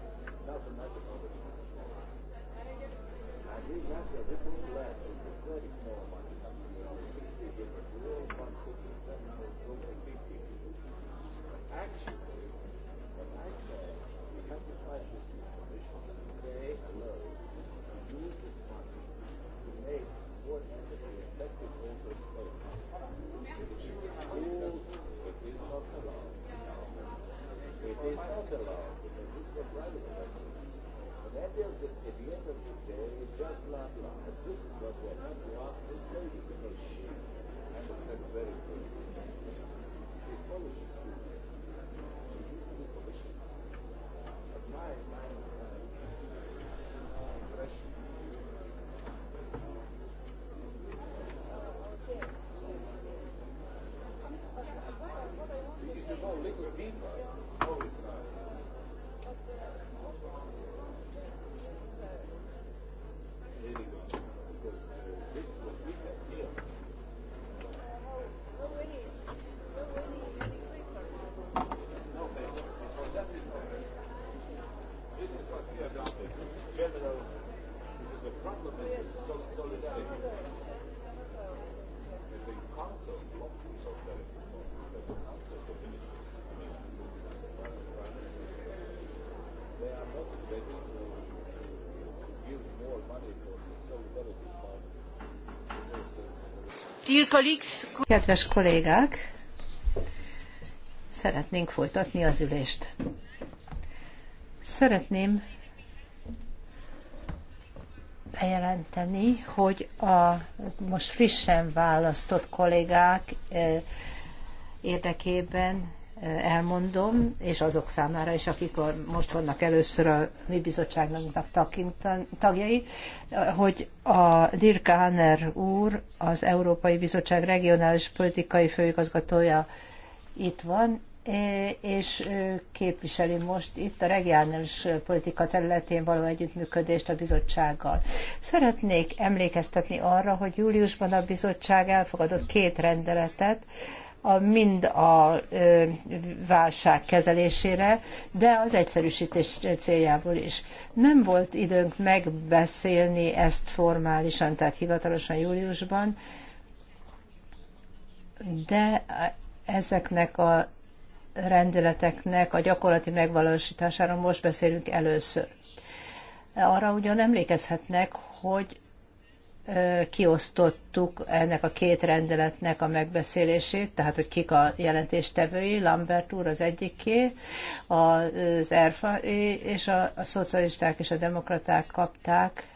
Speaker 4: Gracias.
Speaker 1: Kedves kollégák, szeretnénk folytatni az ülést. Szeretném bejelenteni, hogy a most frissen választott kollégák eh, érdekében elmondom, és azok számára is, akik most vannak először a mi bizottságnak tagjai, hogy a Dirk Hanner úr, az Európai Bizottság regionális politikai főigazgatója itt van, és képviseli most itt a regionális politika területén való együttműködést a bizottsággal. Szeretnék emlékeztetni arra, hogy júliusban a bizottság elfogadott két rendeletet, a, mind a ö, válság kezelésére, de az egyszerűsítés céljából is. Nem volt időnk megbeszélni ezt formálisan, tehát hivatalosan júliusban, de ezeknek a rendeleteknek a gyakorlati megvalósítására most beszélünk először. Arra ugyan emlékezhetnek, hogy kiosztottuk ennek a két rendeletnek a megbeszélését, tehát hogy kik a jelentéstevői, Lambert úr az egyiké, az ERFA és a, a szocialisták és a demokraták kapták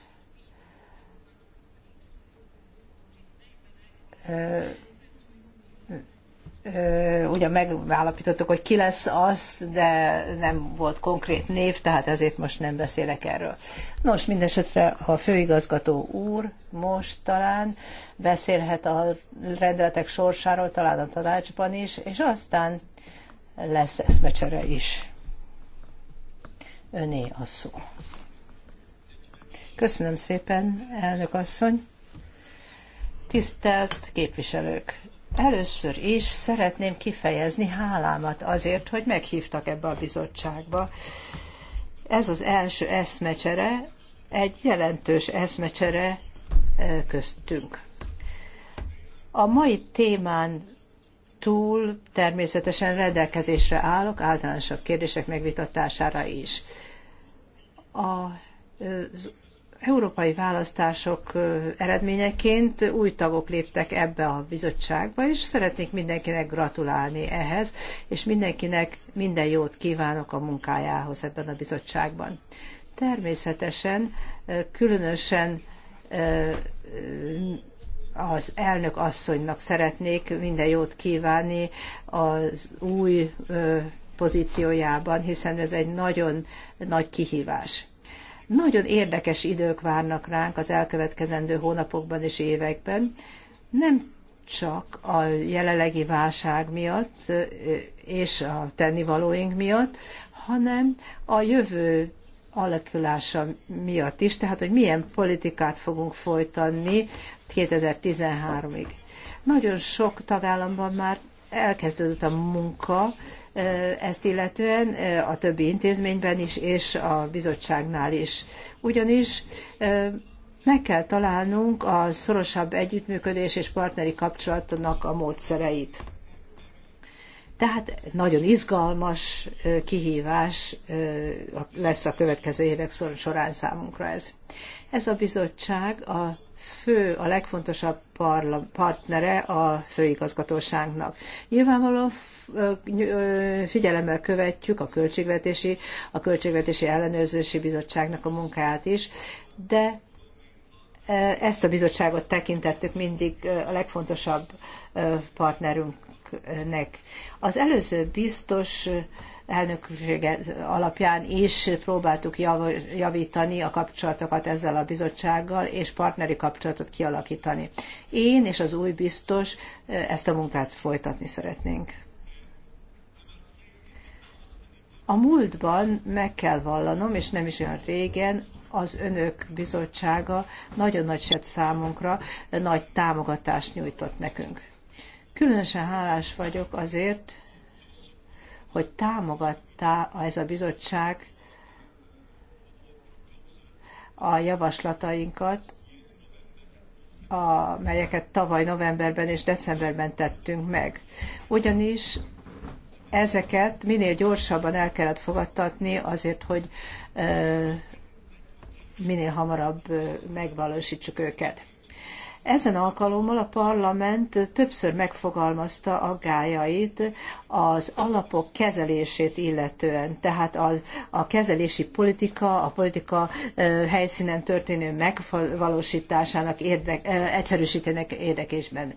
Speaker 1: ugyan megállapítottuk, hogy ki lesz az, de nem volt konkrét név, tehát ezért most nem beszélek erről. Nos, mindesetre a főigazgató úr most talán beszélhet a rendeletek sorsáról, talán a tanácsban is, és aztán lesz eszmecsere is. Öné a szó. Köszönöm szépen, elnök asszony. Tisztelt képviselők! Először is szeretném kifejezni hálámat azért, hogy meghívtak ebbe a bizottságba. Ez az első eszmecsere, egy jelentős eszmecsere e, köztünk. A mai témán túl természetesen rendelkezésre állok általánosabb kérdések megvitatására is. Az e, európai választások eredményeként új tagok léptek ebbe a bizottságba, és szeretnék mindenkinek gratulálni ehhez, és mindenkinek minden jót kívánok a munkájához ebben a bizottságban. Természetesen különösen az elnök asszonynak szeretnék minden jót kívánni az új pozíciójában, hiszen ez egy nagyon nagy kihívás. Nagyon érdekes idők várnak ránk az elkövetkezendő hónapokban és években. Nem csak a jelenlegi válság miatt és a tennivalóink miatt, hanem a jövő alakulása miatt is, tehát hogy milyen politikát fogunk folytatni 2013-ig. Nagyon sok tagállamban már elkezdődött a munka eh, ezt illetően eh, a többi intézményben is, és a bizottságnál is. Ugyanis eh, meg kell találnunk a szorosabb együttműködés és partneri kapcsolatnak a módszereit. Tehát nagyon izgalmas kihívás lesz a következő évek során számunkra ez. Ez a bizottság a fő, a legfontosabb partnere a főigazgatóságnak. Nyilvánvalóan figyelemmel követjük a költségvetési, a költségvetési ellenőrzési bizottságnak a munkáját is, de ezt a bizottságot tekintettük mindig a legfontosabb partnerünknek. Az előző biztos elnöksége alapján is próbáltuk javítani a kapcsolatokat ezzel a bizottsággal, és partneri kapcsolatot kialakítani. Én és az új biztos ezt a munkát folytatni szeretnénk. A múltban meg kell vallanom, és nem is olyan régen, az önök bizottsága nagyon nagy sett számunkra, nagy támogatást nyújtott nekünk. Különösen hálás vagyok azért, hogy támogatta ez a bizottság a javaslatainkat, a, melyeket tavaly novemberben és decemberben tettünk meg. Ugyanis ezeket minél gyorsabban el kellett fogadtatni azért, hogy minél hamarabb megvalósítsuk őket. Ezen alkalommal a parlament többször megfogalmazta aggájait az alapok kezelését illetően, tehát a, a kezelési politika, a politika helyszínen történő megvalósításának érdek, egyszerűsítenek érdekésben.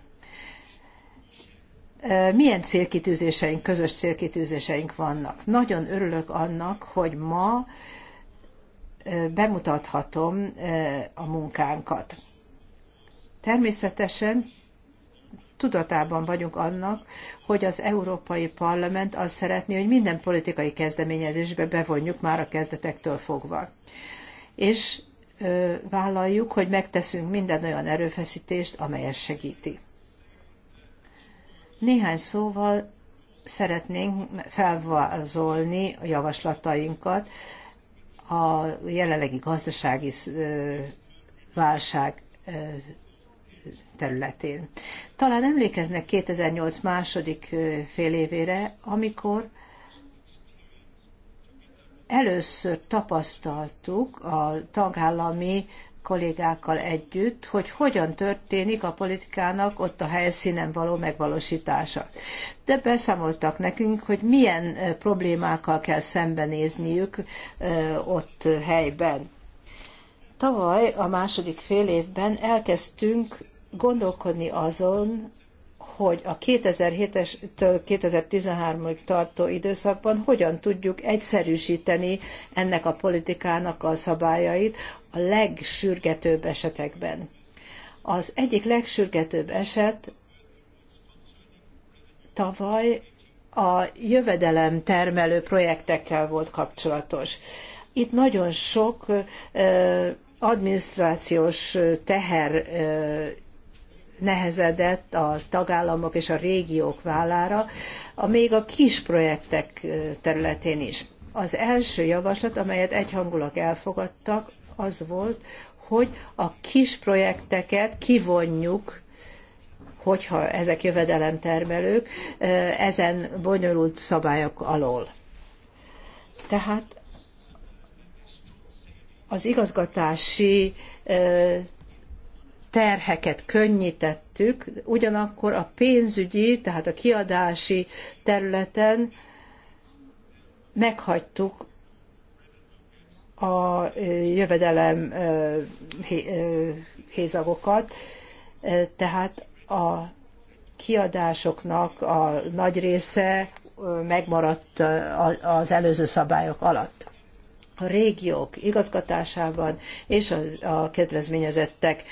Speaker 1: Milyen célkitűzéseink, közös célkitűzéseink vannak? Nagyon örülök annak, hogy ma bemutathatom a munkánkat Természetesen tudatában vagyunk annak, hogy az Európai Parlament azt szeretné, hogy minden politikai kezdeményezésbe bevonjuk már a kezdetektől fogva. És ö, vállaljuk, hogy megteszünk minden olyan erőfeszítést, amelyet segíti. Néhány szóval szeretnénk felvázolni a javaslatainkat a jelenlegi gazdasági válság területén. Talán emlékeznek 2008 második fél évére, amikor először tapasztaltuk a tagállami kollégákkal együtt, hogy hogyan történik a politikának ott a helyszínen való megvalósítása. De beszámoltak nekünk, hogy milyen problémákkal kell szembenézniük ott helyben. Tavaly a második fél évben elkezdtünk gondolkodni azon, hogy a 2007-től 2013-ig tartó időszakban hogyan tudjuk egyszerűsíteni ennek a politikának a szabályait a legsürgetőbb esetekben. Az egyik legsürgetőbb eset tavaly a jövedelem termelő projektekkel volt kapcsolatos. Itt nagyon sok ö, adminisztrációs teher nehezedett a tagállamok és a régiók vállára, a még a kis projektek területén is. Az első javaslat, amelyet egyhangulag elfogadtak, az volt, hogy a kis projekteket kivonjuk hogyha ezek jövedelemtermelők, ezen bonyolult szabályok alól. Tehát az igazgatási terheket könnyítettük, ugyanakkor a pénzügyi, tehát a kiadási területen meghagytuk a jövedelem hézagokat, tehát a kiadásoknak a nagy része megmaradt az előző szabályok alatt. A régiók igazgatásában és a kedvezményezettek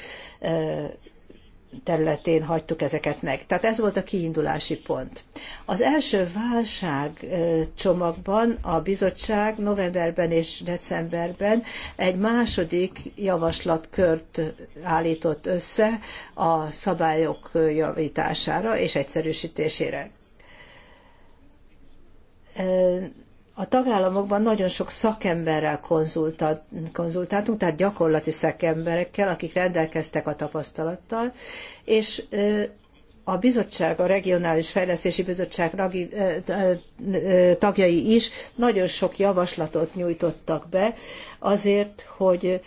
Speaker 1: területén hagytuk ezeket meg. Tehát ez volt a kiindulási pont. Az első válság csomagban a bizottság novemberben és decemberben egy második javaslatkört állított össze a szabályok javítására és egyszerűsítésére a tagállamokban nagyon sok szakemberrel konzultált, konzultáltunk, tehát gyakorlati szakemberekkel, akik rendelkeztek a tapasztalattal, és a bizottság, a Regionális Fejlesztési Bizottság tagjai is nagyon sok javaslatot nyújtottak be azért, hogy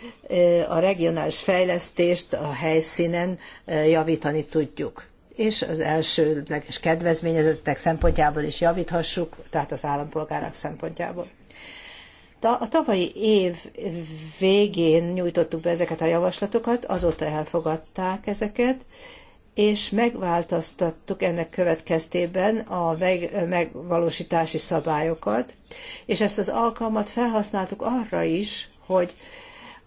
Speaker 1: a regionális fejlesztést a helyszínen javítani tudjuk és az elsődleges kedvezményezettek szempontjából is javíthassuk, tehát az állampolgárok szempontjából. A tavalyi év végén nyújtottuk be ezeket a javaslatokat, azóta elfogadták ezeket, és megváltoztattuk ennek következtében a megvalósítási szabályokat, és ezt az alkalmat felhasználtuk arra is, hogy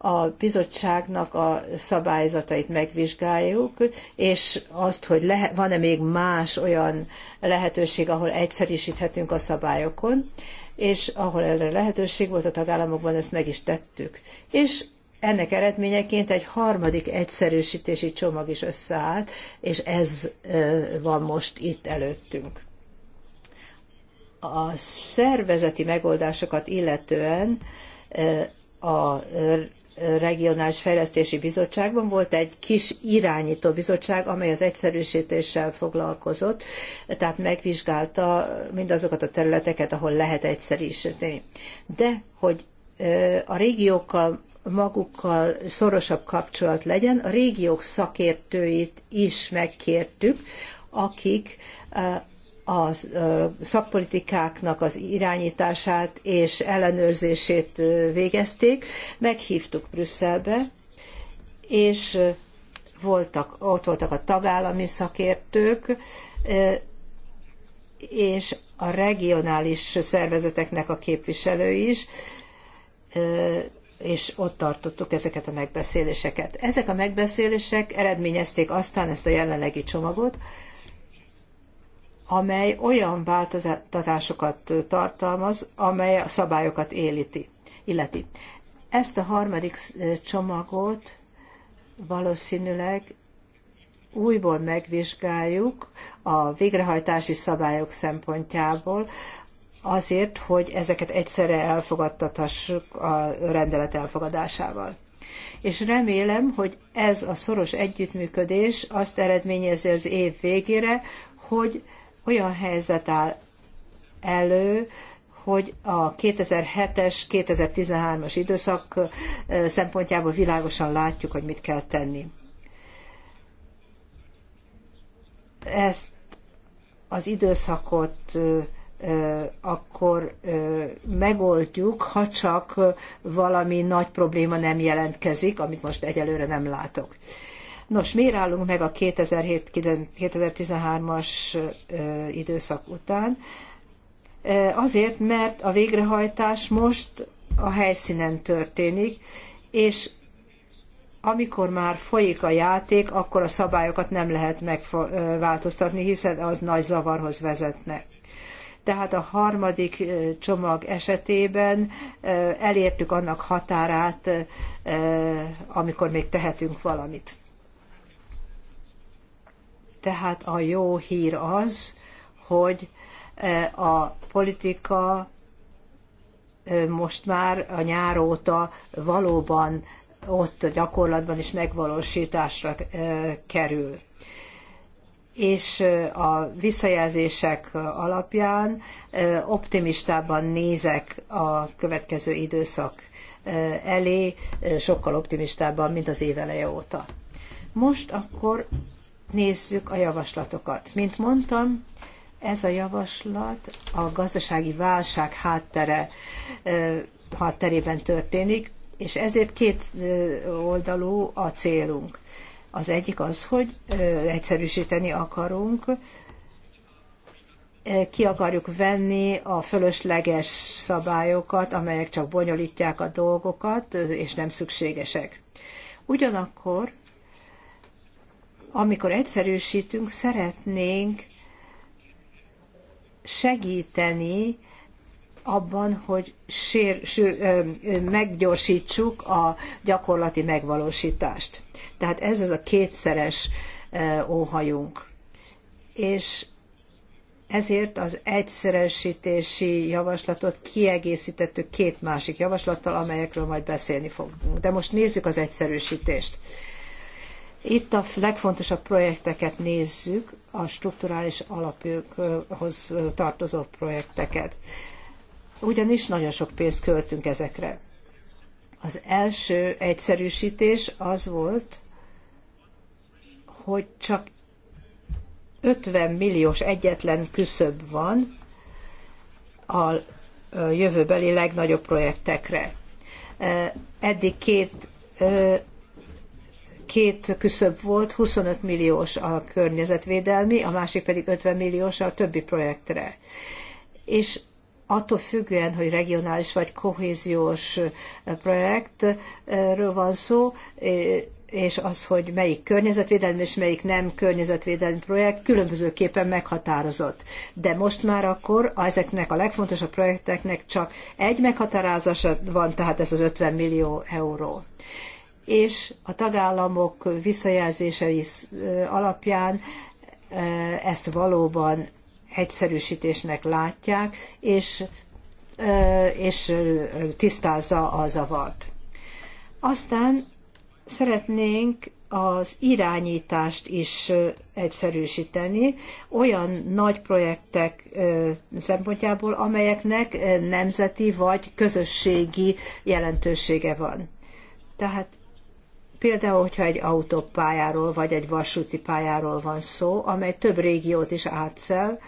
Speaker 1: a bizottságnak a szabályzatait megvizsgáljuk, és azt, hogy van-e még más olyan lehetőség, ahol egyszerűsíthetünk a szabályokon, és ahol erre lehetőség volt a tagállamokban, ezt meg is tettük. És ennek eredményeként egy harmadik egyszerűsítési csomag is összeállt, és ez van most itt előttünk. A szervezeti megoldásokat illetően a Regionális Fejlesztési Bizottságban volt egy kis irányító bizottság, amely az egyszerűsítéssel foglalkozott, tehát megvizsgálta mindazokat a területeket, ahol lehet egyszerűsíteni. De hogy a régiókkal magukkal szorosabb kapcsolat legyen, a régiók szakértőit is megkértük, akik a szakpolitikáknak az irányítását és ellenőrzését végezték. Meghívtuk Brüsszelbe, és voltak, ott voltak a tagállami szakértők, és a regionális szervezeteknek a képviselői is, és ott tartottuk ezeket a megbeszéléseket. Ezek a megbeszélések eredményezték aztán ezt a jelenlegi csomagot, amely olyan változtatásokat tartalmaz, amely a szabályokat éliti, illeti. Ezt a harmadik csomagot valószínűleg újból megvizsgáljuk a végrehajtási szabályok szempontjából, azért, hogy ezeket egyszerre elfogadtathassuk a rendelet elfogadásával. És remélem, hogy ez a szoros együttműködés azt eredményezi az év végére, hogy olyan helyzet áll elő, hogy a 2007-es, 2013-as időszak szempontjából világosan látjuk, hogy mit kell tenni. Ezt az időszakot akkor megoldjuk, ha csak valami nagy probléma nem jelentkezik, amit most egyelőre nem látok. Nos, miért állunk meg a 2007-2013-as időszak után? Azért, mert a végrehajtás most a helyszínen történik, és amikor már folyik a játék, akkor a szabályokat nem lehet megváltoztatni, hiszen az nagy zavarhoz vezetne. Tehát a harmadik csomag esetében elértük annak határát, amikor még tehetünk valamit. Tehát a jó hír az, hogy e, a politika e, most már a nyár óta valóban ott a gyakorlatban is megvalósításra e, kerül. És a visszajelzések alapján optimistában nézek a következő időszak elé, sokkal optimistában, mint az éveleje óta. Most akkor nézzük a javaslatokat. Mint mondtam, ez a javaslat a gazdasági válság háttere, hátterében történik, és ezért két oldalú a célunk. Az egyik az, hogy egyszerűsíteni akarunk, ki akarjuk venni a fölösleges szabályokat, amelyek csak bonyolítják a dolgokat, és nem szükségesek. Ugyanakkor amikor egyszerűsítünk, szeretnénk segíteni abban, hogy sér, sér, ö, meggyorsítsuk a gyakorlati megvalósítást. Tehát ez az a kétszeres ö, óhajunk. És ezért az egyszeresítési javaslatot kiegészítettük két másik javaslattal, amelyekről majd beszélni fogunk. De most nézzük az egyszerűsítést. Itt a legfontosabb projekteket nézzük, a strukturális alapokhoz tartozó projekteket. Ugyanis nagyon sok pénzt költünk ezekre. Az első egyszerűsítés az volt, hogy csak 50 milliós egyetlen küszöb van a jövőbeli legnagyobb projektekre. Eddig két két küszöb volt, 25 milliós a környezetvédelmi, a másik pedig 50 milliós a többi projektre. És attól függően, hogy regionális vagy kohéziós projektről van szó, és az, hogy melyik környezetvédelmi és melyik nem környezetvédelmi projekt különbözőképpen meghatározott. De most már akkor ezeknek a legfontosabb projekteknek csak egy meghatározása van, tehát ez az 50 millió euró és a tagállamok visszajelzései alapján ezt valóban egyszerűsítésnek látják, és, és tisztázza a zavart. Aztán szeretnénk az irányítást is egyszerűsíteni olyan nagy projektek szempontjából, amelyeknek nemzeti vagy közösségi jelentősége van. Tehát Például, hogyha egy autópályáról vagy egy vasúti pályáról van szó, amely több régiót is átszel,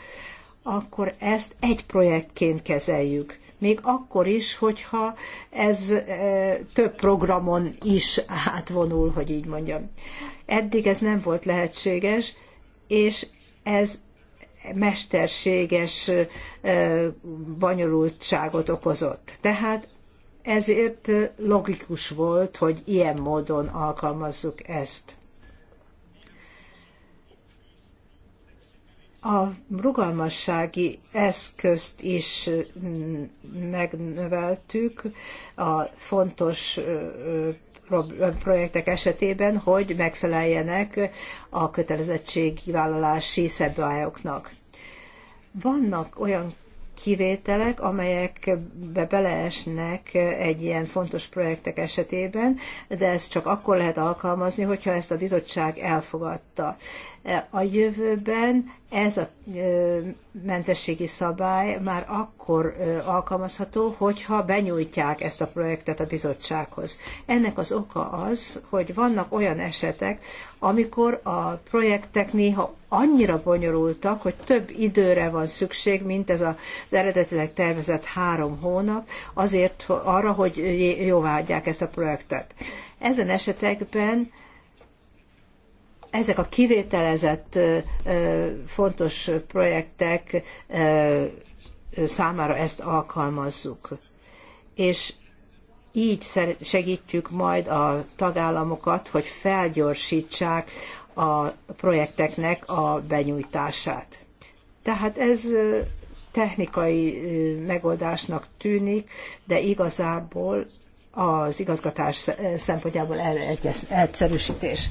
Speaker 1: akkor ezt egy projektként kezeljük. Még akkor is, hogyha ez e, több programon is átvonul, hogy így mondjam. Eddig ez nem volt lehetséges, és ez mesterséges e, bonyolultságot okozott. Tehát ezért logikus volt, hogy ilyen módon alkalmazzuk ezt. a rugalmassági eszközt is megnöveltük a fontos projektek esetében, hogy megfeleljenek a kötelezettségvállalási szabályoknak. Vannak olyan kivételek, amelyekbe beleesnek egy ilyen fontos projektek esetében, de ezt csak akkor lehet alkalmazni, hogyha ezt a bizottság elfogadta a jövőben ez a mentességi szabály már akkor alkalmazható, hogyha benyújtják ezt a projektet a bizottsághoz. Ennek az oka az, hogy vannak olyan esetek, amikor a projektek néha annyira bonyolultak, hogy több időre van szükség, mint ez az eredetileg tervezett három hónap, azért arra, hogy jóváhagyják ezt a projektet. Ezen esetekben ezek a kivételezett fontos projektek számára ezt alkalmazzuk. És így segítjük majd a tagállamokat, hogy felgyorsítsák a projekteknek a benyújtását. Tehát ez technikai megoldásnak tűnik, de igazából az igazgatás szempontjából erre egyszerűsítés.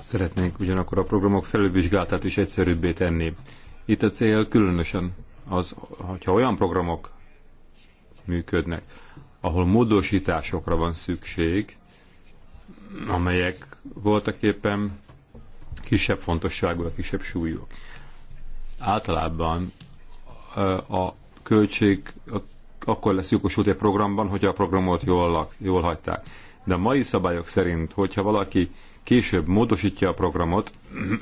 Speaker 3: Szeretnénk ugyanakkor a programok felülvizsgálatát is egyszerűbbé tenni. Itt a cél különösen az, hogyha olyan programok működnek, ahol módosításokra van szükség, amelyek voltak éppen kisebb fontosságúak, kisebb súlyúak. Általában a költség akkor lesz jogosult egy programban, hogyha a programot jól, jól hagyták. De a mai szabályok szerint, hogyha valaki később módosítja a programot,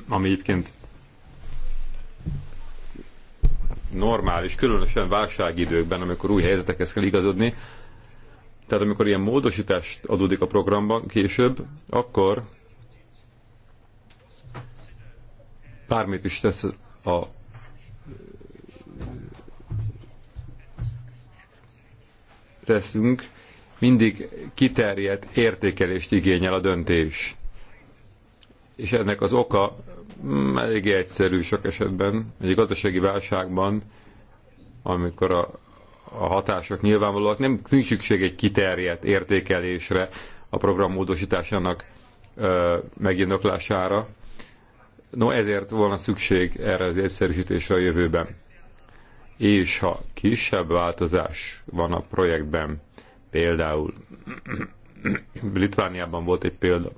Speaker 3: ami egyébként normális, különösen válságidőkben, amikor új helyzetekhez kell igazodni, tehát amikor ilyen módosítást adódik a programban később, akkor bármit is tesz a teszünk, mindig kiterjedt értékelést igényel a döntés és ennek az oka mm, elég egyszerű sok esetben, egy gazdasági válságban, amikor a, a hatások nyilvánvalóak, nem nincs szükség egy kiterjedt értékelésre, a program módosításának megindoklására. No, ezért volna szükség erre az egyszerűsítésre a jövőben. És ha kisebb változás van a projektben, például *clears throat* Litvániában volt egy példa,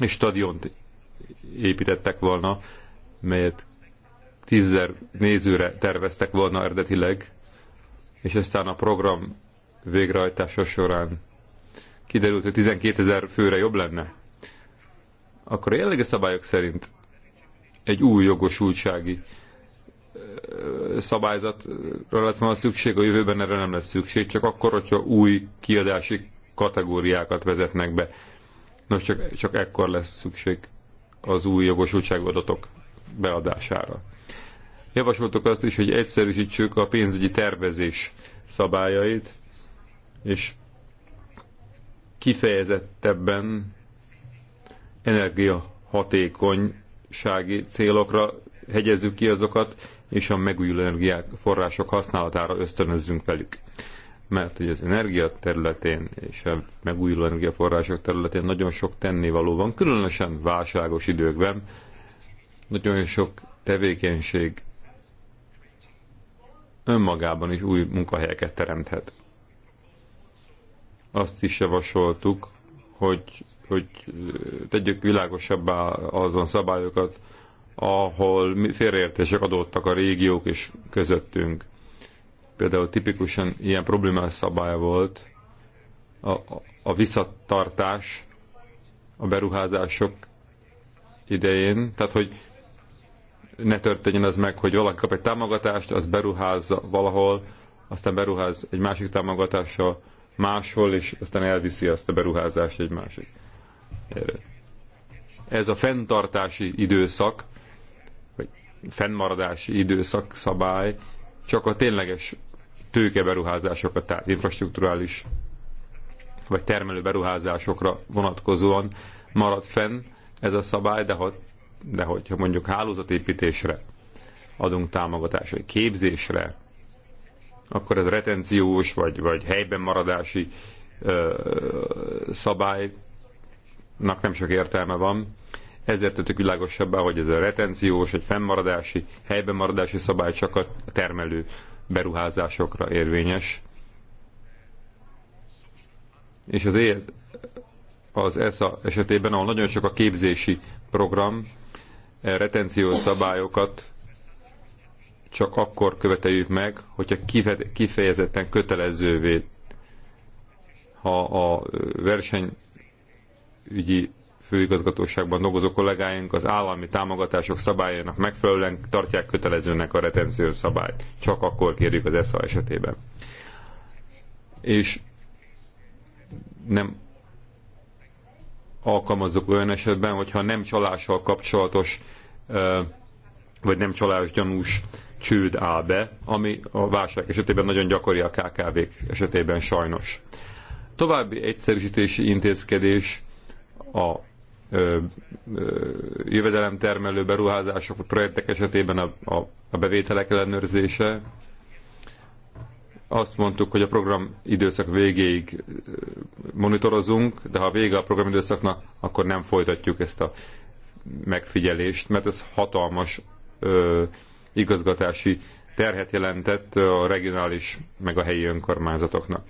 Speaker 3: és stadiont építettek volna, melyet tízzer nézőre terveztek volna eredetileg, és aztán a program végrehajtása során kiderült, hogy 12 ezer főre jobb lenne, akkor a jelenlegi szabályok szerint egy új jogosultsági szabályzatra lett volna szükség, a jövőben erre nem lesz szükség, csak akkor, hogyha új kiadási kategóriákat vezetnek be. Nos, csak, csak ekkor lesz szükség az új jogosultságú adatok beadására. Javasoltuk azt is, hogy egyszerűsítsük a pénzügyi tervezés szabályait, és kifejezettebben energiahatékonysági célokra hegyezzük ki azokat, és a megújuló energiák források használatára ösztönözzünk velük mert hogy az energia területén és a megújuló energiaforrások területén nagyon sok tennivaló van, különösen válságos időkben. Nagyon sok tevékenység önmagában is új munkahelyeket teremthet. Azt is javasoltuk, hogy, hogy tegyük világosabbá azon szabályokat, ahol félreértések adottak a régiók és közöttünk Például tipikusan ilyen problémás szabály volt a, a visszatartás a beruházások idején, tehát hogy ne történjen az meg, hogy valaki kap egy támogatást, az beruház valahol, aztán beruház egy másik támogatással máshol, és aztán elviszi azt a beruházást egy másik. Erre. Ez a fenntartási időszak, vagy fennmaradási időszak szabály csak a tényleges tőkeberuházásokat, tehát infrastruktúrális vagy termelő beruházásokra vonatkozóan marad fenn ez a szabály, de, ha, de hogyha mondjuk hálózatépítésre adunk támogatást, vagy képzésre, akkor ez retenciós vagy, vagy helyben maradási ö, szabálynak nem sok értelme van, ezért tettük világosabbá, hogy ez a retenciós, egy fennmaradási, helybemaradási szabály csak a termelő beruházásokra érvényes. És az azért az ESA esetében, ahol nagyon sok a képzési program, e retenciós szabályokat csak akkor követeljük meg, hogyha kifejezetten kötelezővé ha a versenyügyi főigazgatóságban dolgozó kollégáink az állami támogatások szabályának megfelelően tartják kötelezőnek a retenciós szabályt. Csak akkor kérjük az ESZA esetében. És nem alkalmazzuk olyan esetben, hogyha nem csalással kapcsolatos vagy nem csalás gyanús csőd áll be, ami a válság esetében nagyon gyakori a kkv esetében sajnos. További egyszerűsítési intézkedés a jövedelemtermelő beruházások vagy projektek esetében a, a, a bevételek ellenőrzése. Azt mondtuk, hogy a program időszak végéig monitorozunk, de ha vége a program időszaknak, akkor nem folytatjuk ezt a megfigyelést, mert ez hatalmas ö, igazgatási terhet jelentett a regionális meg a helyi önkormányzatoknak.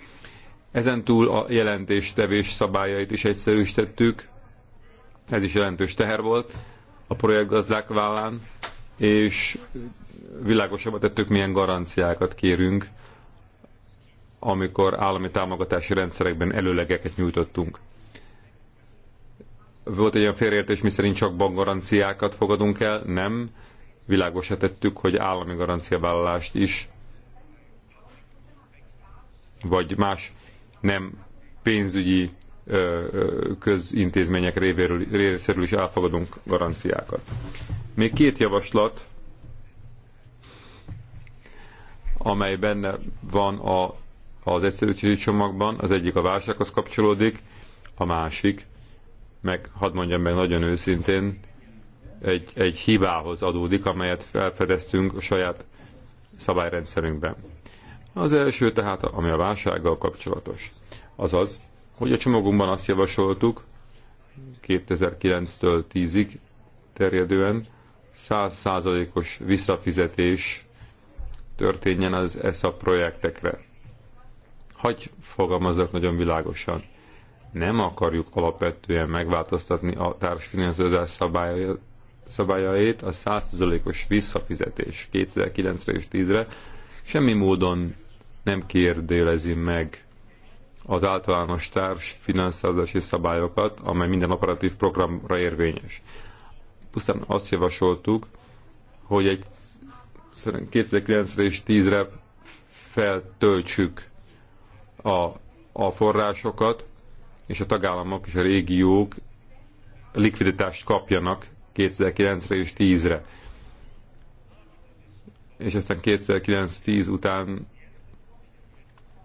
Speaker 3: Ezen túl a jelentéstevés szabályait is egyszerűsítettük, ez is jelentős teher volt a projektgazdák vállán, és világosabbat tettük, milyen garanciákat kérünk, amikor állami támogatási rendszerekben előlegeket nyújtottunk. Volt egy olyan félreértés, miszerint csak bankgaranciákat fogadunk el, nem. Világosat tettük, hogy állami garanciavállalást is, vagy más nem pénzügyi közintézmények részéről is elfogadunk garanciákat. Még két javaslat, amely benne van a, az egyszerűsítési csomagban, az egyik a válsághoz kapcsolódik, a másik, meg hadd mondjam meg nagyon őszintén, egy, egy hibához adódik, amelyet felfedeztünk a saját szabályrendszerünkben. Az első tehát, ami a válsággal kapcsolatos, azaz hogy a csomagunkban azt javasoltuk, 2009-től 10-ig terjedően 100%-os visszafizetés történjen az ESA projektekre. Hagy fogalmazok nagyon világosan. Nem akarjuk alapvetően megváltoztatni a társfinanszírozás szabályait, szabályait, a 100%-os visszafizetés 2009-re és 10-re semmi módon nem kérdélezi meg az általános társ finanszírozási szabályokat, amely minden operatív programra érvényes. Pusztán azt javasoltuk, hogy egy 2009-re és 10-re feltöltsük a, a forrásokat, és a tagállamok és a régiók likviditást kapjanak 2009-re és 10-re. És aztán 2009-10 után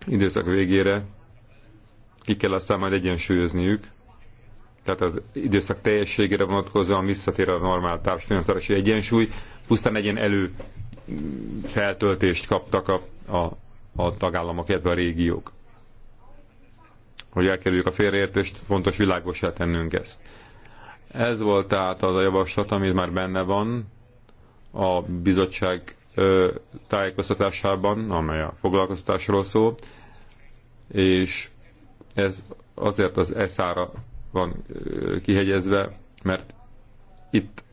Speaker 3: időszak végére ki kell aztán majd egyensúlyozniük, tehát az időszak teljességére vonatkozóan visszatér a normál társfinanszárosi egyensúly, pusztán egy ilyen elő feltöltést kaptak a, a, a tagállamok, illetve a régiók. Hogy elkerüljük a félreértést, fontos világosá tennünk ezt. Ez volt tehát az a javaslat, amit már benne van a bizottság ö, tájékoztatásában, amely a foglalkoztatásról szól, és ez azért az eszára ra van kihegyezve, mert itt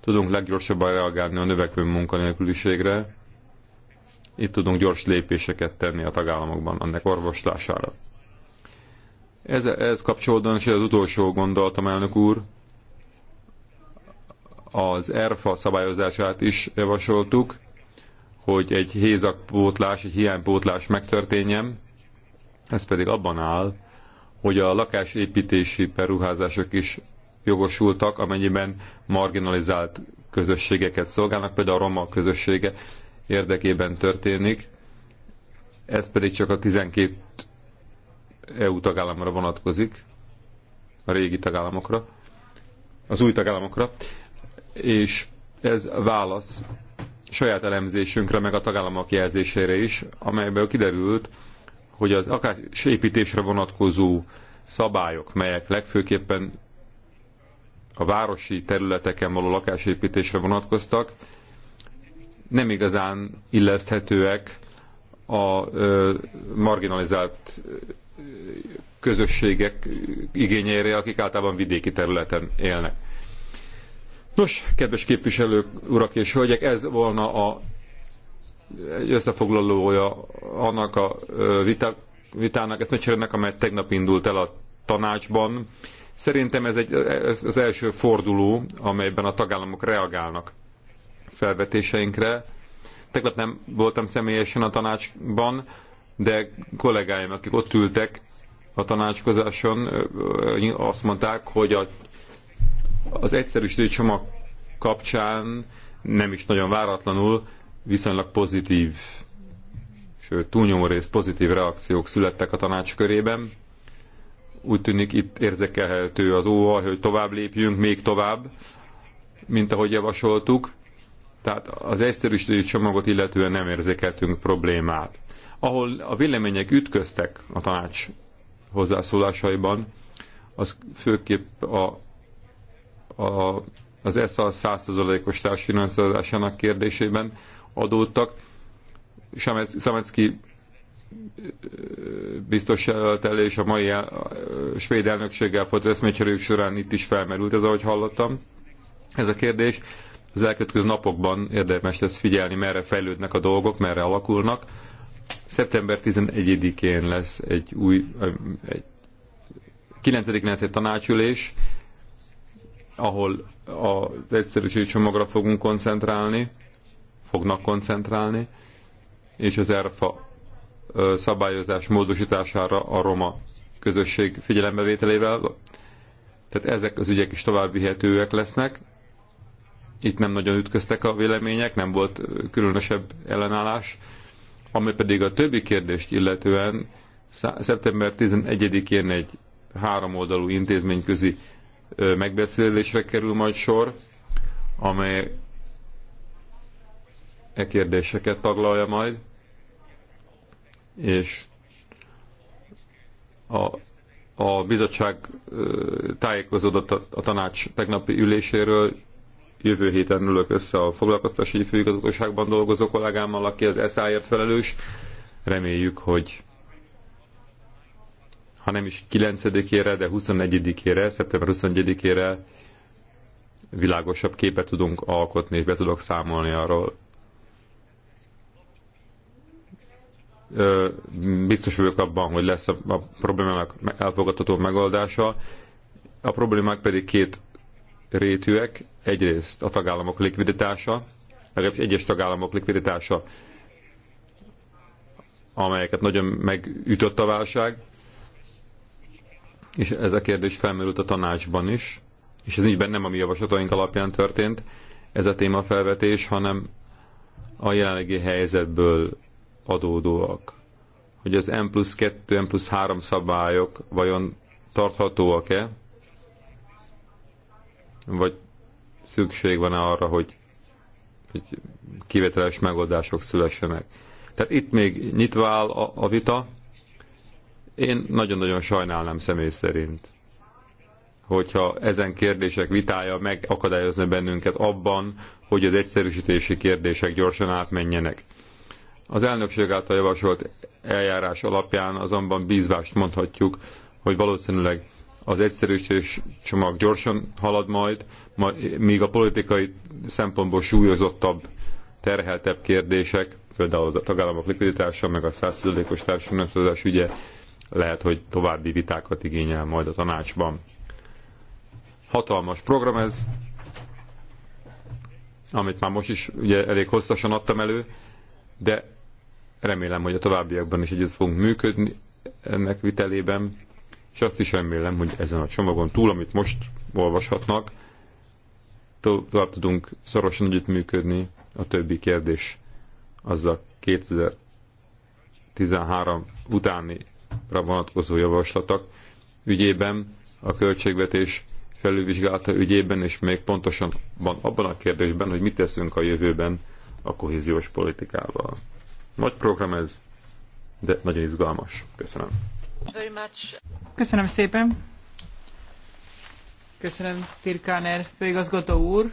Speaker 3: tudunk leggyorsabban reagálni a növekvő munkanélküliségre, itt tudunk gyors lépéseket tenni a tagállamokban annak orvoslására. Ez, ez kapcsolódóan is az utolsó gondolatom, elnök úr, az ERFA szabályozását is javasoltuk, hogy egy hézakpótlás, egy hiánypótlás megtörténjen. Ez pedig abban áll, hogy a lakásépítési peruházások is jogosultak, amennyiben marginalizált közösségeket szolgálnak, például a roma közössége érdekében történik. Ez pedig csak a 12 EU tagállamra vonatkozik, a régi tagállamokra, az új tagállamokra, és ez válasz saját elemzésünkre, meg a tagállamok jelzésére is, amelyből kiderült, hogy az akár építésre vonatkozó szabályok, melyek legfőképpen a városi területeken való lakásépítésre vonatkoztak, nem igazán illeszthetőek a ö, marginalizált ö, közösségek igényeire, akik általában vidéki területen élnek. Nos, kedves képviselők, urak és hölgyek, ez volna a egy összefoglalója annak a vita, vitának, megcsinálnak, amely tegnap indult el a tanácsban. Szerintem ez egy, ez az első forduló, amelyben a tagállamok reagálnak felvetéseinkre. Tegnap nem voltam személyesen a tanácsban, de kollégáim, akik ott ültek a tanácskozáson, azt mondták, hogy a, az egyszerűsítő csomag kapcsán nem is nagyon váratlanul viszonylag pozitív, sőt túlnyomó rész pozitív reakciók születtek a tanács körében. Úgy tűnik itt érzékelhető az óval, hogy tovább lépjünk, még tovább, mint ahogy javasoltuk. Tehát az egyszerűsítő csomagot illetően nem érzékeltünk problémát. Ahol a vélemények ütköztek a tanács hozzászólásaiban, az főképp a, a, az ESZA 100%-os társfinanszírozásának kérdésében, adódtak. Szamecki biztos jelöltel és a mai svéd elnökséggel folytatott eszmécseréjük során itt is felmerült ez, ahogy hallottam. Ez a kérdés az elkövetkező napokban érdemes lesz figyelni, merre fejlődnek a dolgok, merre alakulnak. Szeptember 11-én lesz egy új, egy 9 lesz egy tanácsülés, ahol az egyszerűségi csomagra fogunk koncentrálni, fognak koncentrálni, és az ERFA szabályozás módosítására a roma közösség figyelembevételével. Tehát ezek az ügyek is tovább vihetőek lesznek. Itt nem nagyon ütköztek a vélemények, nem volt különösebb ellenállás. Ami pedig a többi kérdést illetően, szeptember 11-én egy háromoldalú intézményközi megbeszélésre kerül majd sor, amely e kérdéseket taglalja majd, és a, a bizottság tájékozódott a, a tanács tegnapi üléséről, jövő héten ülök össze a foglalkoztatási főigazgatóságban dolgozó kollégámmal, aki az SZ-ért felelős. Reméljük, hogy ha nem is 9-ére, de 21-ére, szeptember 21-ére világosabb képet tudunk alkotni, és be tudok számolni arról, biztos vagyok abban, hogy lesz a problémának elfogadható megoldása. A problémák pedig két rétűek. Egyrészt a tagállamok likviditása, legalábbis egyes tagállamok likviditása, amelyeket nagyon megütött a válság, és ez a kérdés felmerült a tanácsban is, és ez nincs bennem a mi javaslataink alapján történt, ez a témafelvetés, hanem a jelenlegi helyzetből adódóak. Hogy az M plusz 2, M plusz 3 szabályok vajon tarthatóak-e, vagy szükség van -e arra, hogy, hogy kivételes megoldások szülessenek. Tehát itt még nyitva áll a, a vita. Én nagyon-nagyon sajnálnám személy szerint, hogyha ezen kérdések vitája megakadályozna bennünket abban, hogy az egyszerűsítési kérdések gyorsan átmenjenek. Az elnökség által javasolt eljárás alapján azonban bízvást mondhatjuk, hogy valószínűleg az egyszerűsítés csomag gyorsan halad majd, míg a politikai szempontból súlyozottabb, terheltebb kérdések, például a tagállamok likviditása, meg a 100%-os társadalmi ügye lehet, hogy további vitákat igényel majd a tanácsban. Hatalmas program ez, amit már most is ugye elég hosszasan adtam elő, de Remélem, hogy a továbbiakban is együtt fogunk működni ennek vitelében, és azt is remélem, hogy ezen a csomagon túl, amit most olvashatnak, tovább tudunk szorosan együttműködni a többi kérdés az a 2013 utáni vonatkozó javaslatok ügyében, a költségvetés felülvizsgálata ügyében, és még pontosan abban a kérdésben, hogy mit teszünk a jövőben a kohéziós politikával. Nagy program ez, de nagyon izgalmas. Köszönöm.
Speaker 2: Köszönöm szépen. Köszönöm, Tirkáner főigazgató úr.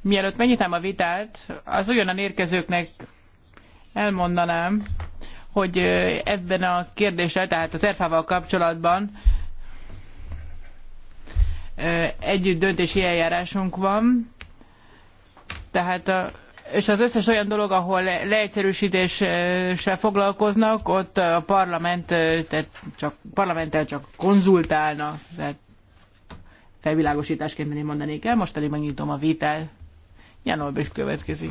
Speaker 2: Mielőtt megnyitám a vitát, az olyan érkezőknek elmondanám, hogy ebben a kérdéssel, tehát az erfával kapcsolatban együtt döntési eljárásunk van, tehát a és az összes olyan dolog, ahol leegyszerűsítéssel foglalkoznak, ott a parlament, tehát csak, parlamenttel csak konzultálna, tehát felvilágosításként nem mondanék el, most pedig megnyitom a vétel. Jan Olbricht következik.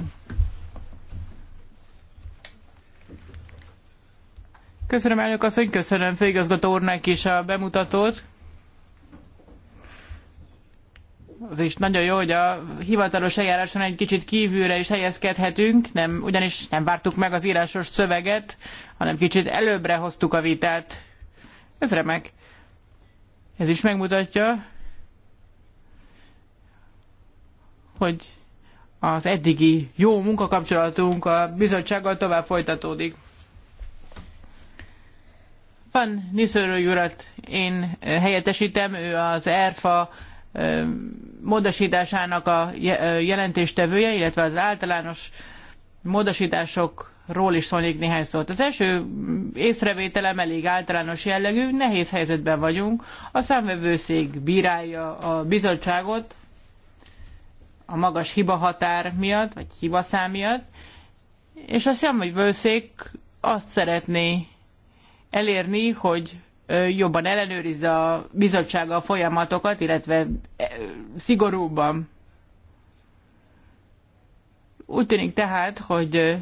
Speaker 2: Köszönöm elnök asszony, köszönöm főigazgató úrnak is a bemutatót. az is nagyon jó, hogy a hivatalos eljáráson egy kicsit kívülre is helyezkedhetünk, nem, ugyanis nem vártuk meg az írásos szöveget, hanem kicsit előbbre hoztuk a vitát. Ez remek. Ez is megmutatja, hogy az eddigi jó munkakapcsolatunk a bizottsággal tovább folytatódik. Van Niszörő urat én helyettesítem, ő az ERFA módosításának a jelentéstevője, illetve az általános módosításokról is szólnék néhány szót. Az első észrevételem elég általános jellegű, nehéz helyzetben vagyunk. A számvevőszék bírálja a bizottságot a magas hibahatár miatt, vagy hibaszám miatt, és a számvevőszék azt szeretné elérni, hogy jobban ellenőrizze a bizottság a folyamatokat, illetve szigorúbban. Úgy tűnik tehát, hogy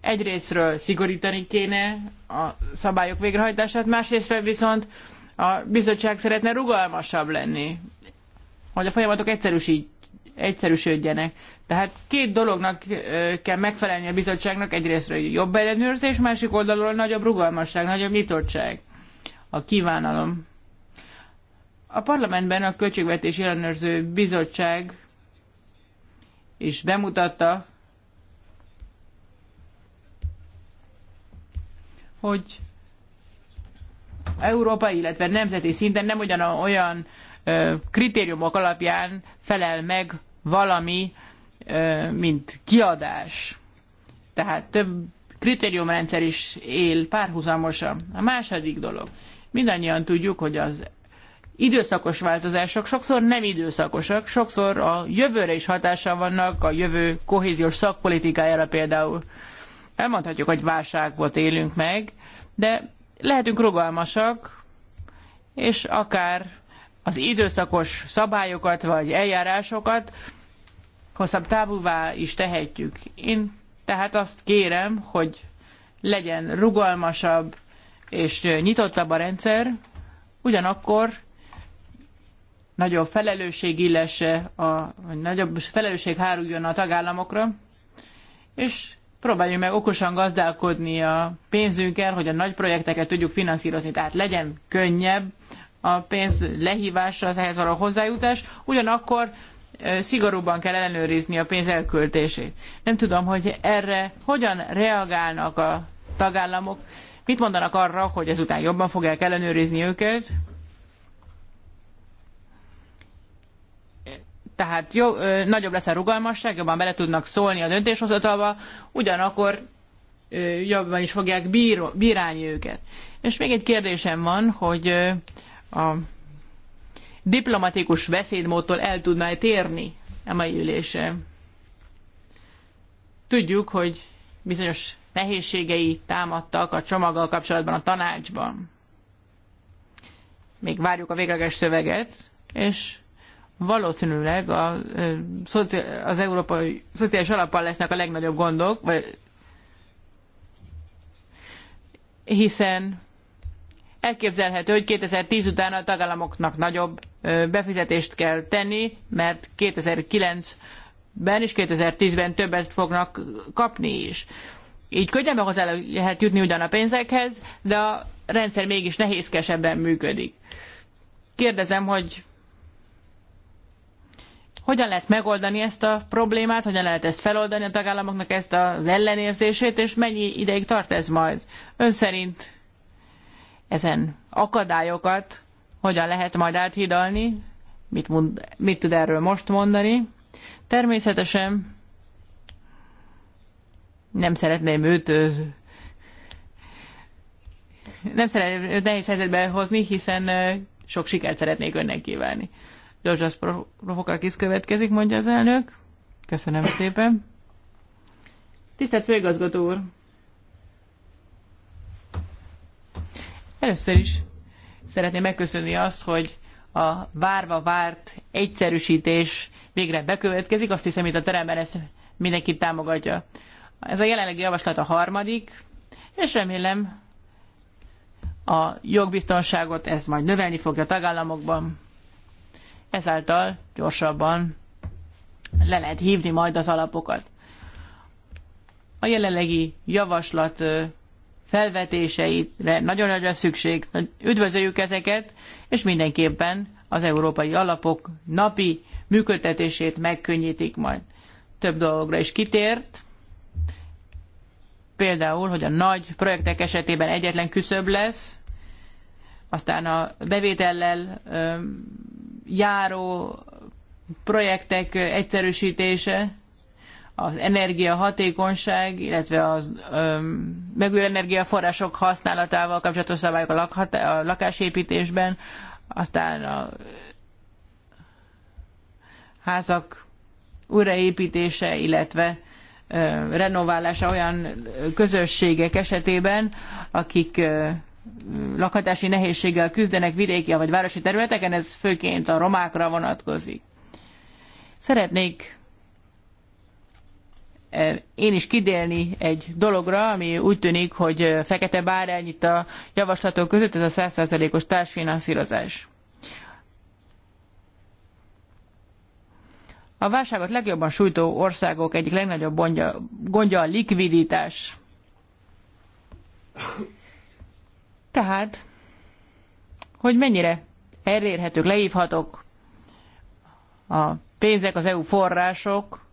Speaker 2: egyrésztről szigorítani kéne a szabályok végrehajtását, másrésztről viszont a bizottság szeretne rugalmasabb lenni, hogy a folyamatok egyszerűsödjenek. Tehát két dolognak kell megfelelni a bizottságnak, egyrésztről jobb ellenőrzés, másik oldalról nagyobb rugalmasság, nagyobb nyitottság a kívánalom. A parlamentben a Költségvetési Ellenőrző Bizottság is bemutatta, hogy Európa, illetve nemzeti szinten nem ugyan olyan ö, kritériumok alapján felel meg valami, ö, mint kiadás. Tehát több kritériumrendszer is él párhuzamosan. A második dolog. Mindannyian tudjuk, hogy az időszakos változások sokszor nem időszakosak, sokszor a jövőre is hatással vannak, a jövő kohéziós szakpolitikájára például. Elmondhatjuk, hogy válságot élünk meg, de lehetünk rugalmasak, és akár az időszakos szabályokat vagy eljárásokat hosszabb távúvá is tehetjük. Én tehát azt kérem, hogy legyen rugalmasabb és nyitottabb a rendszer, ugyanakkor nagyobb felelősség illesse, a, vagy nagyobb felelősség háruljon a tagállamokra, és próbáljuk meg okosan gazdálkodni a pénzünkkel, hogy a nagy projekteket tudjuk finanszírozni, tehát legyen könnyebb a pénz lehívása, az ehhez való hozzájutás, ugyanakkor szigorúban kell ellenőrizni a pénz elköltését. Nem tudom, hogy erre hogyan reagálnak a tagállamok, Mit mondanak arra, hogy ezután jobban fogják ellenőrizni őket? Tehát jó, ö, nagyobb lesz a rugalmasság, jobban bele tudnak szólni a döntéshozatalba, ugyanakkor ö, jobban is fogják bíró, bírálni őket. És még egy kérdésem van, hogy ö, a diplomatikus beszédmódtól el tudná térni a mai ülése. Tudjuk, hogy bizonyos nehézségei támadtak a csomaggal kapcsolatban a tanácsban. Még várjuk a végleges szöveget, és valószínűleg a, az európai szociális alappal lesznek a legnagyobb gondok, vagy, hiszen elképzelhető, hogy 2010 után a tagállamoknak nagyobb befizetést kell tenni, mert 2009-ben és 2010-ben többet fognak kapni is így könnyebben hozzá lehet jutni ugyan a pénzekhez, de a rendszer mégis nehézkesebben működik. Kérdezem, hogy hogyan lehet megoldani ezt a problémát, hogyan lehet ezt feloldani a tagállamoknak ezt az ellenérzését, és mennyi ideig tart ez majd? Ön szerint ezen akadályokat hogyan lehet majd áthidalni? Mit, mond, mit tud erről most mondani? Természetesen nem szeretném őt nem szeretném őt nehéz helyzetbe hozni, hiszen sok sikert szeretnék önnek kívánni. Gyorsas Provokakis következik, mondja az elnök. Köszönöm szépen. Tisztelt főigazgató úr! Először is szeretném megköszönni azt, hogy a várva várt egyszerűsítés végre bekövetkezik. Azt hiszem, itt a teremben ezt mindenki támogatja. Ez a jelenlegi javaslat a harmadik, és remélem a jogbiztonságot ez majd növelni fogja a tagállamokban. Ezáltal gyorsabban le lehet hívni majd az alapokat. A jelenlegi javaslat felvetéseire nagyon nagyra szükség. Üdvözöljük ezeket, és mindenképpen az európai alapok napi működtetését megkönnyítik majd. Több dologra is kitért, például, hogy a nagy projektek esetében egyetlen küszöb lesz, aztán a bevétellel járó projektek egyszerűsítése, az energiahatékonyság, illetve az megújuló energiaforrások használatával kapcsolatos szabályok a, lakhat, a lakásépítésben, aztán a házak újraépítése, illetve renoválása olyan közösségek esetében, akik lakhatási nehézséggel küzdenek vidéki vagy városi területeken, ez főként a romákra vonatkozik. Szeretnék én is kidélni egy dologra, ami úgy tűnik, hogy fekete bárány itt a javaslatok között, ez a 100%-os társfinanszírozás. A válságot legjobban sújtó országok egyik legnagyobb gondja, gondja a likviditás. Tehát, hogy mennyire elérhetők, leívhatok a pénzek, az EU források,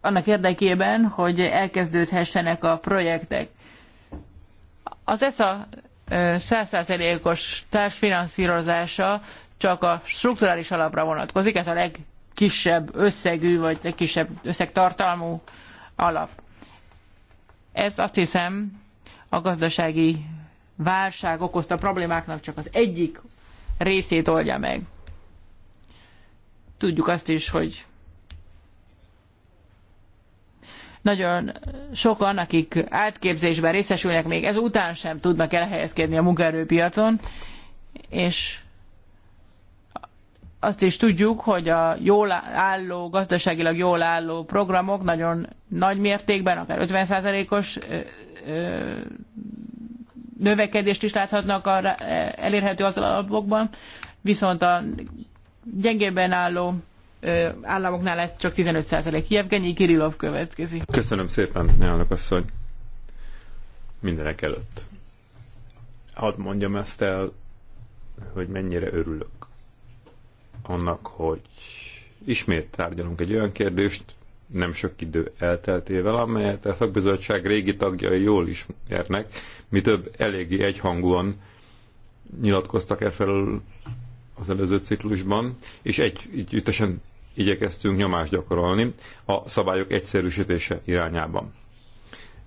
Speaker 2: annak érdekében, hogy elkezdődhessenek a projektek. Az ESZA 100%-os társfinanszírozása csak a strukturális alapra vonatkozik, ez a legkisebb összegű, vagy legkisebb összegtartalmú alap. Ez azt hiszem a gazdasági válság okozta problémáknak csak az egyik részét oldja meg. Tudjuk azt is, hogy nagyon sokan, akik átképzésben részesülnek, még ezután sem tudnak elhelyezkedni a munkaerőpiacon, és azt is tudjuk, hogy a jól álló, gazdaságilag jól álló programok nagyon nagy mértékben, akár 50%-os növekedést is láthatnak a elérhető az alapokban, viszont a gyengébben álló államoknál ez csak 15%. Jevgenyi Kirillov következik.
Speaker 3: Köszönöm szépen, elnök asszony. Mindenek előtt. Hadd mondjam ezt el, hogy mennyire örülök annak, hogy ismét tárgyalunk egy olyan kérdést, nem sok idő elteltével, amelyet a szakbizottság régi tagjai jól ismernek, mi több eléggé egyhangúan nyilatkoztak e felől az előző ciklusban, és együttesen igyekeztünk nyomást gyakorolni a szabályok egyszerűsítése irányában.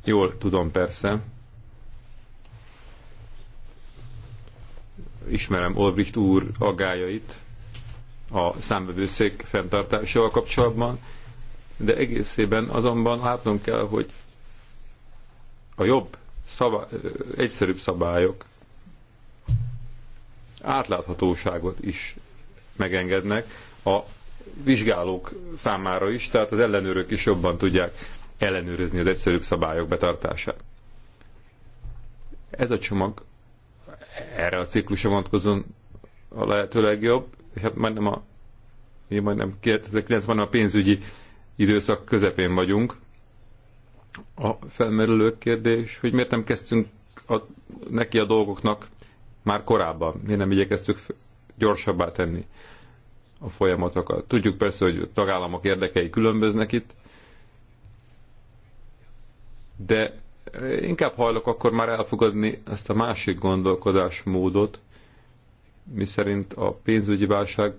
Speaker 3: Jól tudom persze, ismerem Olbricht úr agájait, a számvevőszék fenntartásával kapcsolatban, de egészében azonban látnunk kell, hogy a jobb, szabály, egyszerűbb szabályok átláthatóságot is megengednek a vizsgálók számára is, tehát az ellenőrök is jobban tudják ellenőrizni az egyszerűbb szabályok betartását. Ez a csomag erre a ciklusra vonatkozóan a lehető legjobb, és hát majdnem a, ugye majdnem 2009 majdnem a pénzügyi időszak közepén vagyunk. A felmerülő kérdés, hogy miért nem kezdtünk a, neki a dolgoknak már korábban, miért nem igyekeztük gyorsabbá tenni a folyamatokat. Tudjuk persze, hogy a tagállamok érdekei különböznek itt, de inkább hajlok akkor már elfogadni ezt a másik gondolkodásmódot, miszerint a pénzügyi válság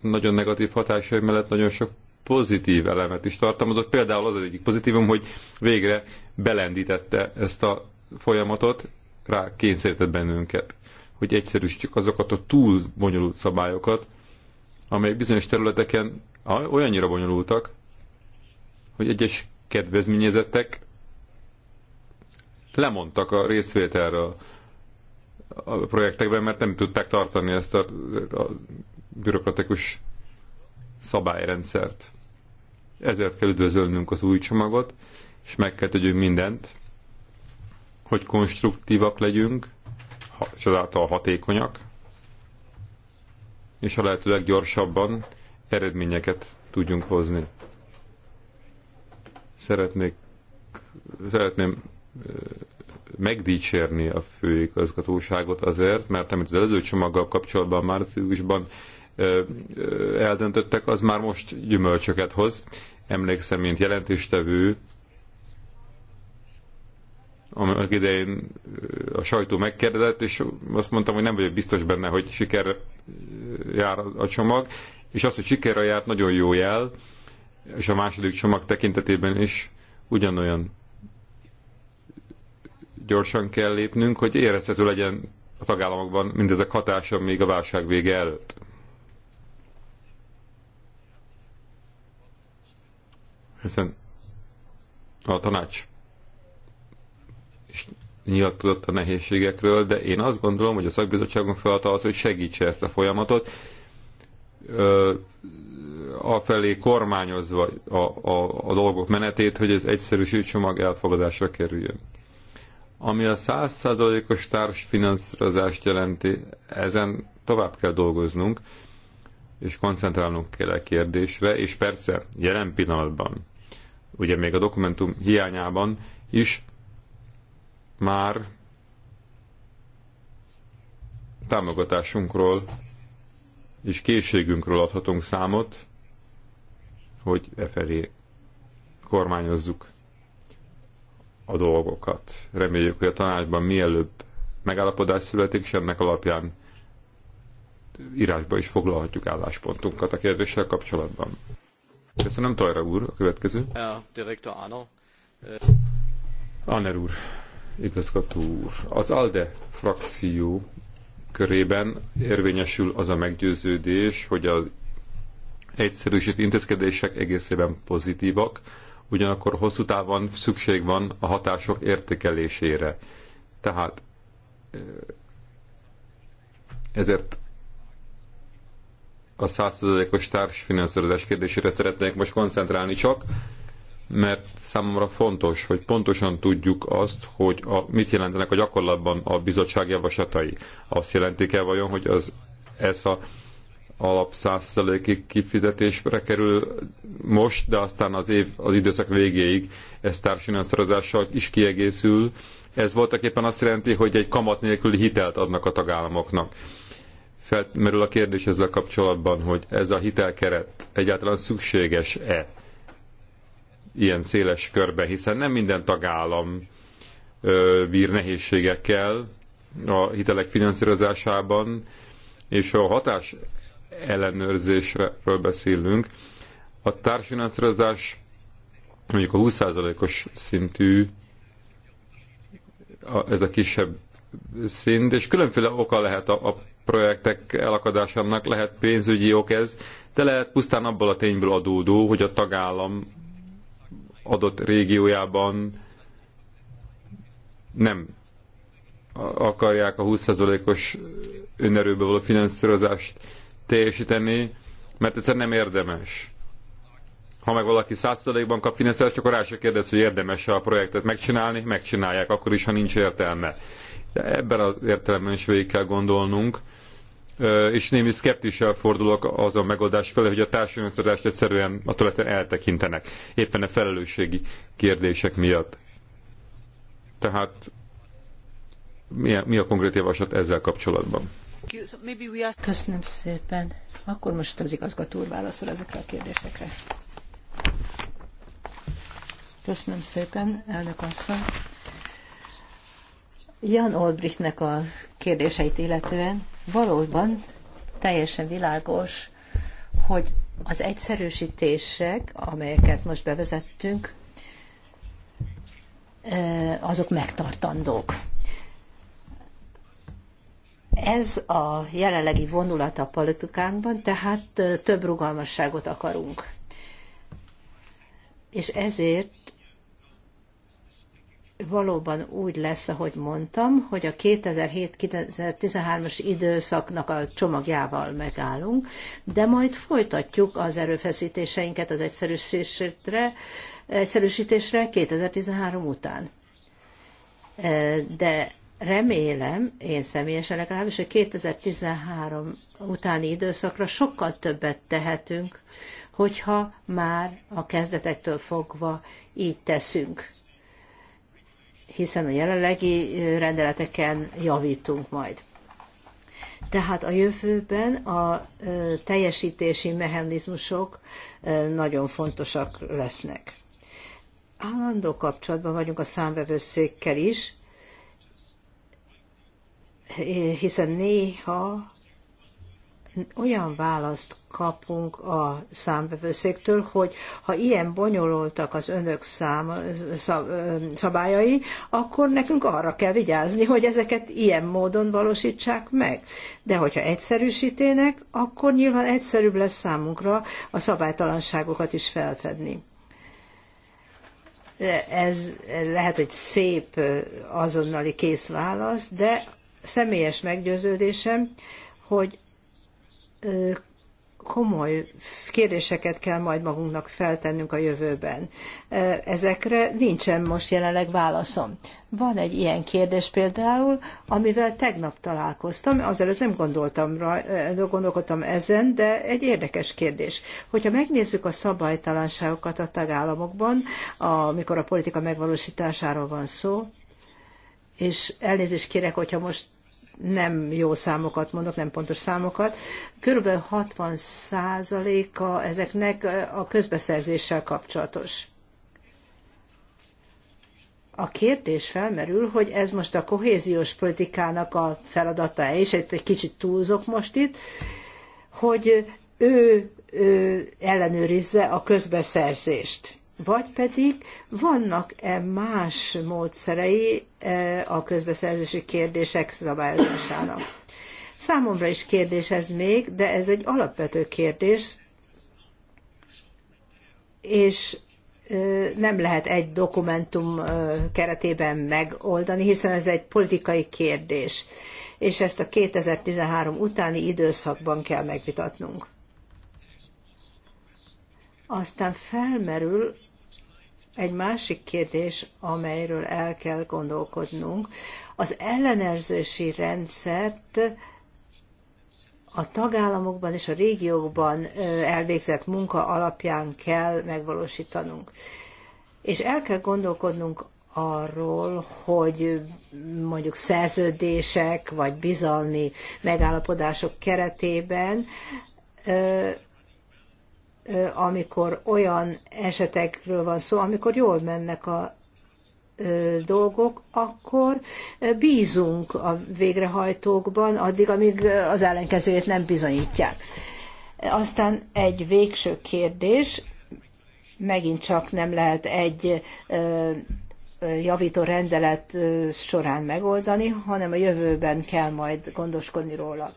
Speaker 3: nagyon negatív hatásai mellett nagyon sok pozitív elemet is tartalmazott. Például az egyik pozitívum, hogy végre belendítette ezt a folyamatot, rá kényszerített bennünket, hogy egyszerűsítsük azokat a túl bonyolult szabályokat, amelyek bizonyos területeken olyannyira bonyolultak, hogy egyes kedvezményezettek lemondtak a részvételről a projektekben, mert nem tudták tartani ezt a, a bürokratikus szabályrendszert. Ezért kell üdvözölnünk az új csomagot, és meg kell tegyünk mindent, hogy konstruktívak legyünk, és azáltal hatékonyak, és a lehető leggyorsabban eredményeket tudjunk hozni. Szeretnék, szeretném megdicsérni a főigazgatóságot azért, mert amit az előző csomaggal kapcsolatban márciusban eldöntöttek, az már most gyümölcsöket hoz. Emlékszem, mint jelentéstevő, amelyek idején a sajtó megkérdezett, és azt mondtam, hogy nem vagyok biztos benne, hogy siker jár a csomag, és az, hogy sikerre járt, nagyon jó jel, és a második csomag tekintetében is ugyanolyan gyorsan kell lépnünk, hogy érezhető legyen a tagállamokban mindezek hatása még a válság vége előtt. Hiszen a tanács és nyilatkozott a nehézségekről, de én azt gondolom, hogy a szakbizottságon feladata az, hogy segítse ezt a folyamatot, afelé kormányozva a, a, a dolgok menetét, hogy ez egyszerűsítő csomag elfogadásra kerüljön ami a százszázalékos társfinanszírozást jelenti, ezen tovább kell dolgoznunk, és koncentrálnunk kell a kérdésre, és persze jelen pillanatban, ugye még a dokumentum hiányában is már támogatásunkról és készségünkről adhatunk számot, hogy e felé kormányozzuk a dolgokat. Reméljük, hogy a tanácsban mielőbb megállapodás születik, és ennek alapján írásba is foglalhatjuk álláspontunkat a kérdéssel kapcsolatban. Köszönöm, Tajra úr, a következő. A
Speaker 4: direktor Anna. Eh.
Speaker 3: Anner úr, igazgató úr. Az ALDE frakció körében érvényesül az a meggyőződés, hogy az egyszerűsítő intézkedések egészében pozitívak, ugyanakkor hosszú távon szükség van a hatások értékelésére. Tehát ezért a százszerzadékos társfinanszírozás kérdésére szeretnék most koncentrálni csak, mert számomra fontos, hogy pontosan tudjuk azt, hogy a, mit jelentenek a gyakorlatban a bizottság javaslatai. Azt jelentik el vajon, hogy az ez a alap 100%-ig kifizetésre kerül most, de aztán az év, az időszak végéig ez társfinanszírozással is kiegészül. Ez voltak éppen azt jelenti, hogy egy kamat nélküli hitelt adnak a tagállamoknak. Felmerül a kérdés ezzel kapcsolatban, hogy ez a hitelkeret egyáltalán szükséges-e ilyen széles körben, hiszen nem minden tagállam ö, bír nehézségekkel a hitelek finanszírozásában, és a hatás ellenőrzésről beszélünk. A társfinanszírozás mondjuk a 20%-os szintű, a, ez a kisebb szint, és különféle oka lehet a, a projektek elakadásának, lehet pénzügyi ok ez, de lehet pusztán abból a tényből adódó, hogy a tagállam adott régiójában nem akarják a 20%-os önerőből való finanszírozást teljesíteni, mert egyszer nem érdemes. Ha meg valaki százszerzalékban kap finanszírozást, akkor rá se kérdez, hogy érdemes -e a projektet megcsinálni, megcsinálják, akkor is, ha nincs értelme. De ebben az értelemben is végig kell gondolnunk, és némi szkeptissel fordulok a megoldás felé, hogy a társadalmi egyszerűen a területen eltekintenek, éppen a felelősségi kérdések miatt. Tehát mi a, mi a konkrét javaslat ezzel kapcsolatban?
Speaker 1: Köszönöm szépen. Akkor most az igazgató úr válaszol ezekre a kérdésekre. Köszönöm szépen, elnök asszony. Jan Olbrichtnek a kérdéseit illetően valóban teljesen világos, hogy az egyszerűsítések, amelyeket most bevezettünk, eh, azok megtartandók. Ez a jelenlegi vonulat a politikánkban, tehát több rugalmasságot akarunk. És ezért valóban úgy lesz, ahogy mondtam, hogy a 2007-2013-as időszaknak a csomagjával megállunk, de majd folytatjuk az erőfeszítéseinket az egyszerűsítésre, egyszerűsítésre 2013 után. De remélem, én személyesen legalábbis, hogy 2013 utáni időszakra sokkal többet tehetünk, hogyha már a kezdetektől fogva így teszünk. Hiszen a jelenlegi rendeleteken javítunk majd. Tehát a jövőben a teljesítési mechanizmusok nagyon fontosak lesznek. Állandó kapcsolatban vagyunk a számvevőszékkel is, hiszen néha olyan választ kapunk a számvevőszéktől, hogy ha ilyen bonyolultak az önök szám, szabályai, akkor nekünk arra kell vigyázni, hogy ezeket ilyen módon valósítsák meg. De hogyha egyszerűsítének, akkor nyilván egyszerűbb lesz számunkra a szabálytalanságokat is felfedni. Ez lehet, hogy szép azonnali kész válasz, de személyes meggyőződésem, hogy komoly kérdéseket kell majd magunknak feltennünk a jövőben. Ezekre nincsen most jelenleg válaszom. Van egy ilyen kérdés például, amivel tegnap találkoztam, azelőtt nem gondoltam rá, gondolkodtam ezen, de egy érdekes kérdés. Hogyha megnézzük a szabálytalanságokat a tagállamokban, amikor a politika megvalósításáról van szó, és elnézést kérek, hogyha most nem jó számokat mondok, nem pontos számokat, körülbelül 60 százaléka ezeknek a közbeszerzéssel kapcsolatos. A kérdés felmerül, hogy ez most a kohéziós politikának a feladata -e, és egy kicsit túlzok most itt, hogy ő, ő ellenőrizze a közbeszerzést vagy pedig vannak-e más módszerei e, a közbeszerzési kérdések szabályozásának? Számomra is kérdés ez még, de ez egy alapvető kérdés, és e, nem lehet egy dokumentum e, keretében megoldani, hiszen ez egy politikai kérdés, és ezt a 2013 utáni időszakban kell megvitatnunk. Aztán felmerül egy másik kérdés, amelyről el kell gondolkodnunk, az ellenőrzési rendszert a tagállamokban és a régiókban elvégzett munka alapján kell megvalósítanunk. És el kell gondolkodnunk arról, hogy mondjuk szerződések vagy bizalmi megállapodások keretében amikor olyan esetekről van szó, amikor jól mennek a dolgok, akkor bízunk a végrehajtókban, addig, amíg az ellenkezőjét nem bizonyítják. Aztán egy végső kérdés, megint csak nem lehet egy javító rendelet során megoldani, hanem a jövőben kell majd gondoskodni róla.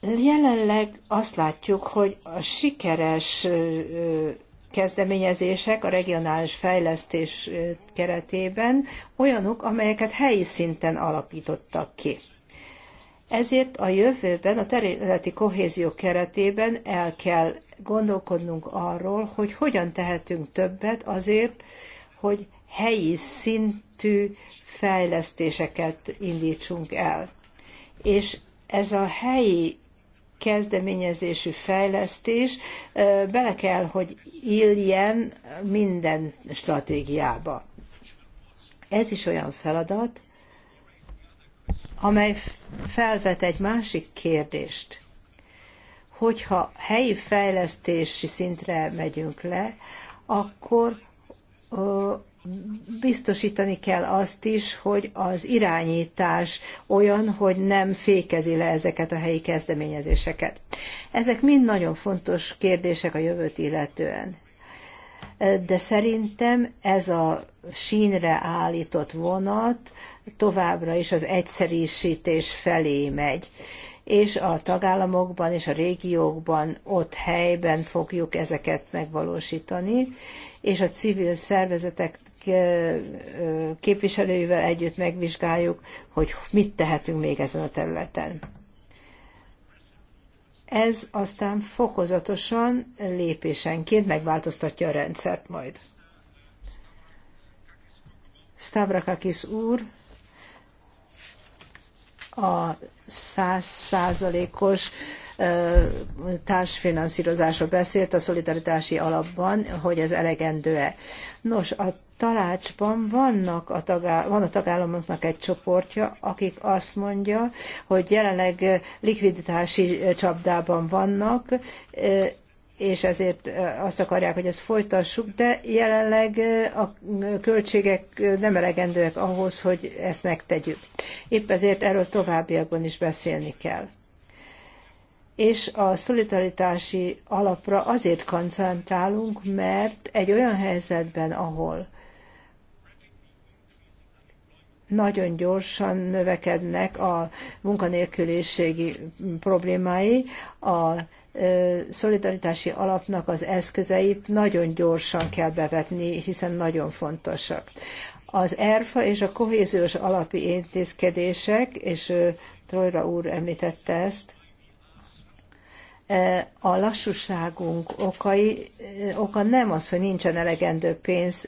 Speaker 1: Jelenleg azt látjuk, hogy a sikeres kezdeményezések a regionális fejlesztés keretében olyanok, amelyeket helyi szinten alapítottak ki. Ezért a jövőben, a területi kohézió keretében el kell gondolkodnunk arról, hogy hogyan tehetünk többet azért, hogy helyi szintű fejlesztéseket indítsunk el. És ez a helyi kezdeményezésű fejlesztés bele kell, hogy illjen minden stratégiába. Ez is olyan feladat, amely felvet egy másik kérdést. Hogyha helyi fejlesztési szintre megyünk le, akkor biztosítani kell azt is, hogy az irányítás olyan, hogy nem fékezi le ezeket a helyi kezdeményezéseket. Ezek mind nagyon fontos kérdések a jövőt illetően. De szerintem ez a sínre állított vonat továbbra is az egyszerűsítés felé megy és a tagállamokban és a régiókban ott helyben fogjuk ezeket megvalósítani, és a civil szervezetek képviselőivel együtt megvizsgáljuk, hogy mit tehetünk még ezen a területen. Ez aztán fokozatosan, lépésenként megváltoztatja a rendszert majd. Stavrakakis úr a száz százalékos társfinanszírozásról beszélt a szolidaritási alapban, hogy ez elegendő-e. Nos, a tanácsban vannak a tagá- van a tagállamoknak egy csoportja, akik azt mondja, hogy jelenleg likviditási csapdában vannak, és ezért azt akarják, hogy ezt folytassuk, de jelenleg a költségek nem elegendőek ahhoz, hogy ezt megtegyük. Épp ezért erről továbbiakban is beszélni kell és a szolidaritási alapra azért koncentrálunk, mert egy olyan helyzetben, ahol nagyon gyorsan növekednek a munkanélküliségi problémái, a szolidaritási alapnak az eszközeit nagyon gyorsan kell bevetni, hiszen nagyon fontosak. Az ERFA és a kohéziós alapi intézkedések, és Trojra úr említette ezt, E, a lassúságunk okai, e, oka nem az, hogy nincsen elegendő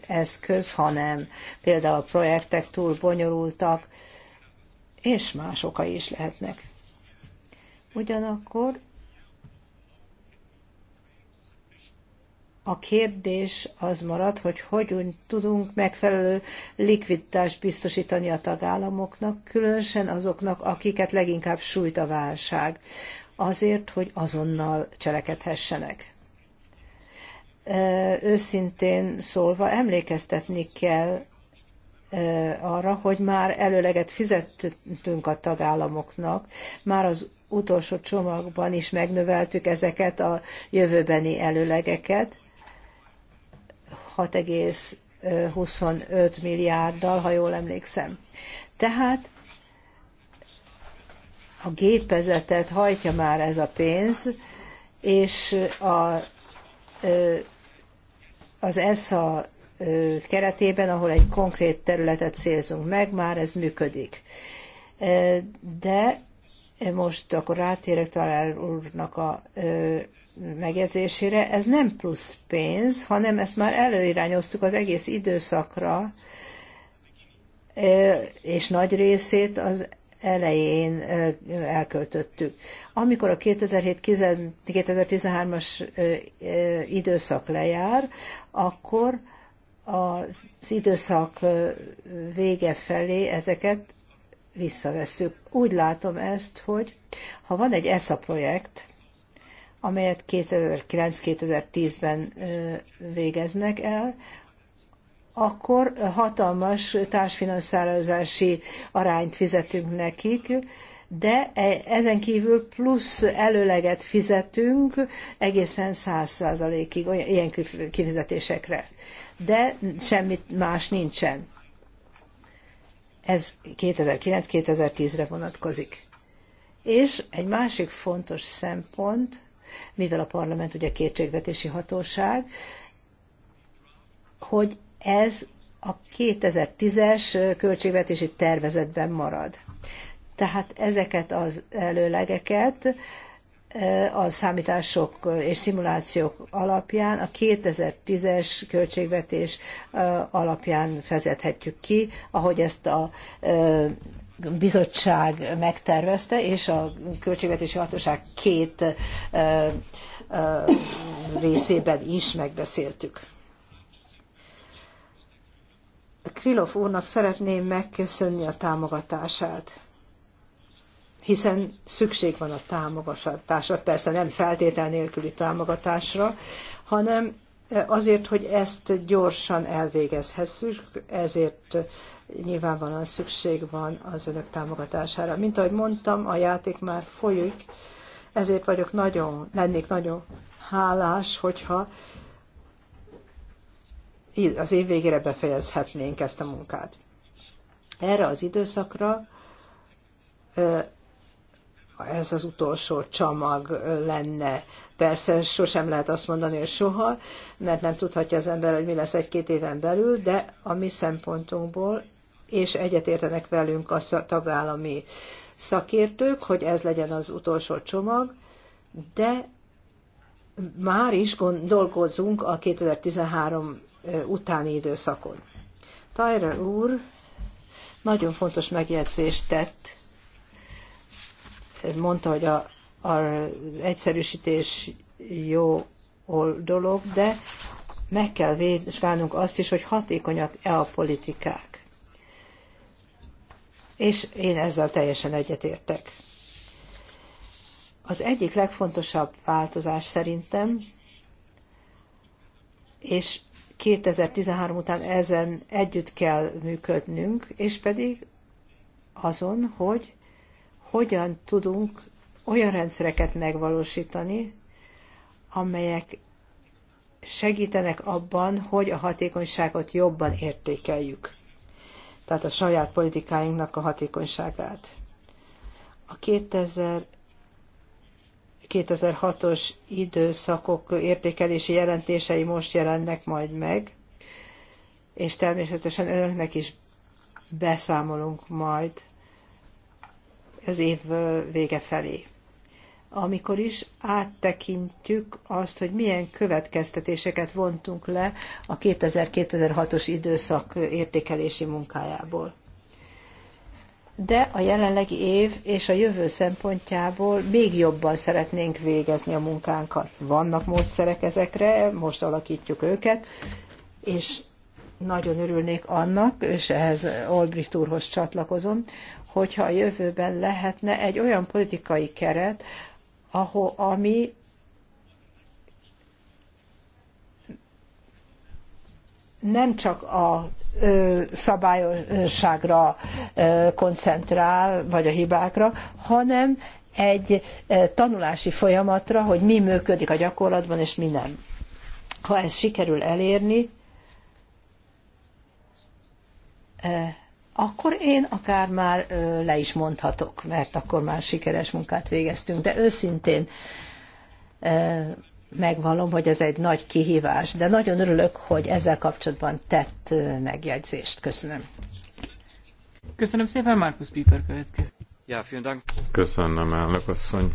Speaker 1: eszköz, hanem például a projektek túl bonyolultak, és más okai is lehetnek. Ugyanakkor a kérdés az marad, hogy hogyan tudunk megfelelő likviditást biztosítani a tagállamoknak, különösen azoknak, akiket leginkább sújt a válság azért, hogy azonnal cselekedhessenek. Őszintén szólva emlékeztetni kell arra, hogy már előleget fizettünk a tagállamoknak, már az utolsó csomagban is megnöveltük ezeket a jövőbeni előlegeket, 6,25 milliárddal, ha jól emlékszem. Tehát a gépezetet hajtja már ez a pénz, és a, az ESZA keretében, ahol egy konkrét területet célzunk meg, már ez működik. De most akkor rátérek talán úrnak a megjegyzésére, ez nem plusz pénz, hanem ezt már előirányoztuk az egész időszakra, és nagy részét az elején elköltöttük. Amikor a 2007-2013-as időszak lejár, akkor az időszak vége felé ezeket visszavesszük. Úgy látom ezt, hogy ha van egy ESA projekt, amelyet 2009-2010-ben végeznek el, akkor hatalmas társfinanszározási arányt fizetünk nekik, de e, ezen kívül plusz előleget fizetünk egészen 100%-ig ilyen kifizetésekre. De semmit más nincsen. Ez 2009-2010-re vonatkozik. És egy másik fontos szempont, mivel a parlament ugye kétségvetési hatóság, hogy ez a 2010-es költségvetési tervezetben marad. Tehát ezeket az előlegeket eh, a számítások és szimulációk alapján a 2010-es költségvetés eh, alapján vezethetjük ki, ahogy ezt a eh, bizottság megtervezte, és a költségvetési hatóság két részében is megbeszéltük. Krilov úrnak szeretném megköszönni a támogatását, hiszen szükség van a támogatásra, persze nem feltétel nélküli támogatásra, hanem azért, hogy ezt gyorsan elvégezhessük, ezért nyilvánvalóan szükség van az önök támogatására. Mint ahogy mondtam, a játék már folyik, ezért vagyok nagyon, lennék nagyon hálás, hogyha az év végére befejezhetnénk ezt a munkát. Erre az időszakra ez az utolsó csomag lenne. Persze sosem lehet azt mondani, hogy soha, mert nem tudhatja az ember, hogy mi lesz egy-két éven belül, de a mi szempontunkból, és egyetértenek velünk a tagállami szakértők, hogy ez legyen az utolsó csomag, de már is dolgozunk a 2013 utáni időszakon. Tyler úr nagyon fontos megjegyzést tett, mondta, hogy a, a egyszerűsítés jó dolog, de meg kell vizsgálnunk azt is, hogy hatékonyak-e a politikák. És én ezzel teljesen egyetértek. Az egyik legfontosabb változás szerintem, és 2013 után ezen együtt kell működnünk, és pedig azon, hogy hogyan tudunk olyan rendszereket megvalósítani, amelyek segítenek abban, hogy a hatékonyságot jobban értékeljük. Tehát a saját politikáinknak a hatékonyságát. A 2000 2006-os időszakok értékelési jelentései most jelennek majd meg, és természetesen önöknek is beszámolunk majd az év vége felé. Amikor is áttekintjük azt, hogy milyen következtetéseket vontunk le a 2000-2006-os időszak értékelési munkájából de a jelenlegi év és a jövő szempontjából még jobban szeretnénk végezni a munkánkat. Vannak módszerek ezekre, most alakítjuk őket, és nagyon örülnék annak, és ehhez Olbricht úrhoz csatlakozom, hogyha a jövőben lehetne egy olyan politikai keret, ahol, ami nem csak a szabályosságra koncentrál, vagy a hibákra, hanem egy tanulási folyamatra, hogy mi működik a gyakorlatban, és mi nem. Ha ez sikerül elérni, akkor én akár már le is mondhatok, mert akkor már sikeres munkát végeztünk. De őszintén megvallom, hogy ez egy nagy kihívás, de nagyon örülök, hogy ezzel kapcsolatban tett megjegyzést. Köszönöm.
Speaker 2: Köszönöm szépen, Markus Piper következik.
Speaker 4: Ja, vielen Dank.
Speaker 3: Köszönöm, elnök asszony.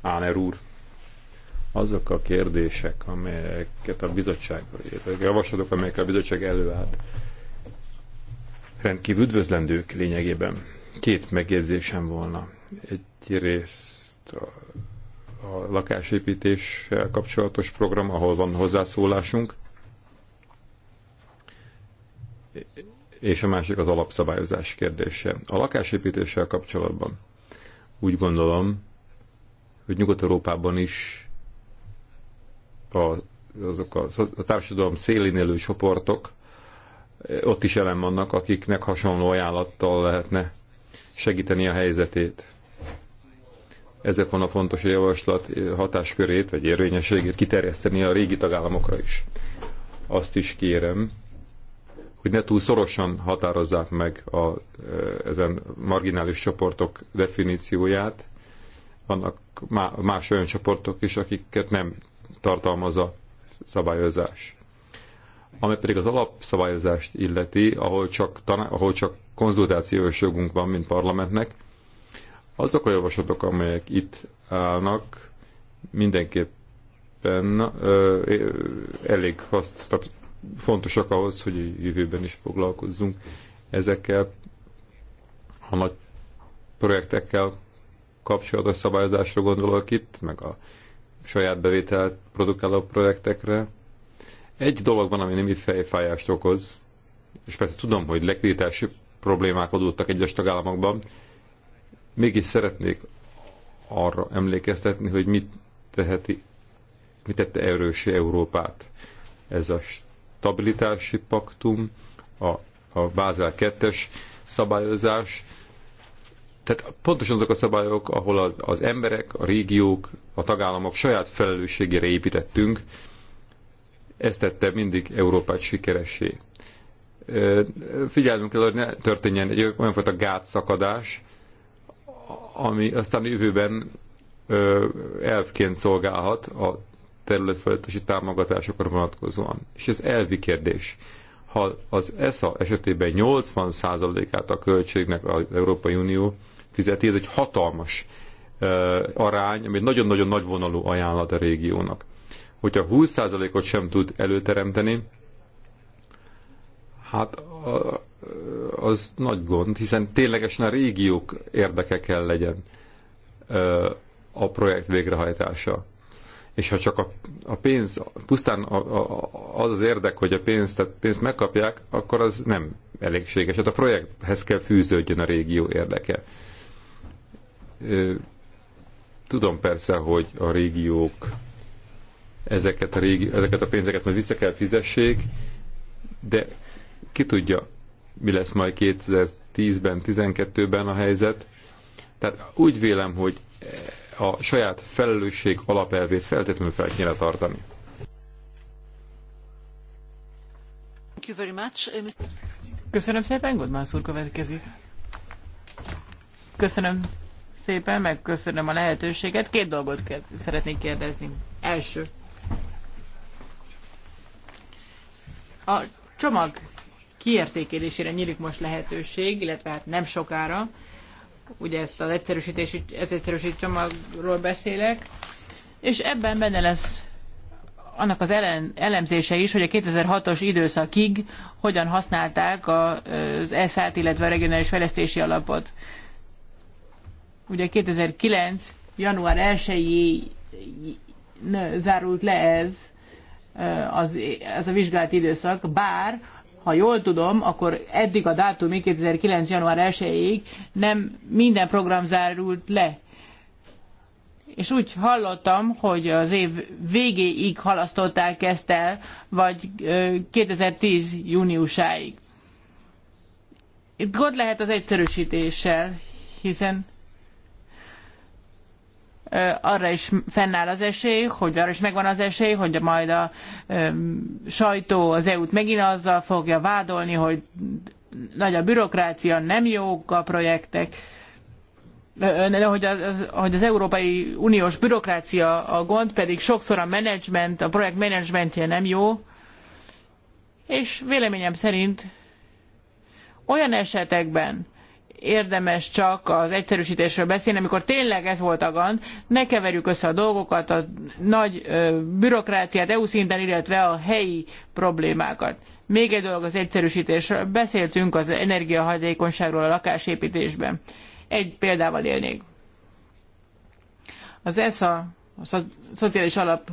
Speaker 3: Áner úr, azok a kérdések, amelyeket a bizottság, javaslatok, amelyek a bizottság előállt, rendkívül üdvözlendők lényegében. Két megjegyzésem volna. Egyrészt a a lakásépítés kapcsolatos program, ahol van hozzászólásunk, és a másik az alapszabályozás kérdése. A lakásépítéssel kapcsolatban úgy gondolom, hogy Nyugat-Európában is a, azok a, a társadalom szélén élő csoportok ott is jelen vannak, akiknek hasonló ajánlattal lehetne segíteni a helyzetét ezek van a fontos javaslat hatáskörét, vagy érvényességét kiterjeszteni a régi tagállamokra is. Azt is kérem, hogy ne túl szorosan határozzák meg a, eh, ezen marginális csoportok definícióját. Vannak más olyan csoportok is, akiket nem tartalmaz a szabályozás. Ami pedig az alapszabályozást illeti, ahol csak, ahol csak konzultációs jogunk van, mint parlamentnek, azok a javaslatok, amelyek itt állnak, mindenképpen ö, elég haszt, tehát fontosak ahhoz, hogy jövőben is foglalkozzunk ezekkel a nagy projektekkel kapcsolatos szabályozásra gondolok itt, meg a saját bevételt produkáló projektekre. Egy dolog van, ami némi fejfájást okoz, és persze tudom, hogy likviditási problémák adódtak egyes tagállamokban, Mégis szeretnék arra emlékeztetni, hogy mit teheti, mit tette erősé Európát. Ez a stabilitási paktum, a, a Bázel 2-es szabályozás, tehát pontosan azok a szabályok, ahol az, az emberek, a régiók, a tagállamok saját felelősségére építettünk, ezt tette mindig Európát sikeressé. Figyelnünk kell, hogy ne történjen egy olyan fajta gátszakadás, ami aztán jövőben ö, elvként szolgálhat a területfejlesztési támogatásokra vonatkozóan. És ez elvi kérdés. Ha az ESA esetében 80%-át a költségnek az Európai Unió fizeti, ez egy hatalmas ö, arány, ami nagyon-nagyon nagyvonalú ajánlat a régiónak. Hogyha 20%-ot sem tud előteremteni, hát az nagy gond, hiszen ténylegesen a régiók érdeke kell legyen a projekt végrehajtása. És ha csak a, a pénz, pusztán a, a, az az érdek, hogy a pénzt, tehát pénzt megkapják, akkor az nem elégséges. Hát a projekthez kell fűződjön a régió érdeke. Tudom persze, hogy a régiók ezeket a, régi, ezeket a pénzeket majd vissza kell fizessék, de ki tudja, mi lesz majd 2010-ben, 2012 ben a helyzet. Tehát úgy vélem, hogy a saját felelősség alapelvét feltétlenül fel kéne tartani.
Speaker 1: Uh,
Speaker 2: köszönöm szépen, Godman úr következik. Köszönöm szépen, megköszönöm a lehetőséget. Két dolgot szeretnék kérdezni. Első. A csomag kiértékelésére nyílik most lehetőség, illetve hát nem sokára. Ugye ezt az egyszerűsítési, ez egyszerűsítési csomagról beszélek, és ebben benne lesz annak az ellen, elemzése is, hogy a 2006-os időszakig hogyan használták az ESZ-t, illetve a regionális fejlesztési alapot. Ugye 2009. január 1 zárult le ez, az, az a vizsgált időszak, bár ha jól tudom, akkor eddig a dátumig 2009. január 1-ig nem minden program zárult le. És úgy hallottam, hogy az év végéig halasztották ezt el, vagy 2010. júniusáig. Itt gond lehet az egyszerűsítéssel, hiszen arra is fennáll az esély, hogy arra is megvan az esély, hogy majd a sajtó az EU-t megint azzal fogja vádolni, hogy nagy a bürokrácia, nem jók a projektek, hogy az, hogy az Európai Uniós bürokrácia a gond, pedig sokszor a menedzsment, a projekt menedzsmentje nem jó, és véleményem szerint olyan esetekben, érdemes csak az egyszerűsítésről beszélni, amikor tényleg ez volt a gond, ne keverjük össze a dolgokat, a nagy bürokráciát EU szinten, illetve a helyi problémákat. Még egy dolog az egyszerűsítésről. Beszéltünk az energiahatékonyságról a lakásépítésben. Egy példával élnék. Az ESA, a Szociális Alap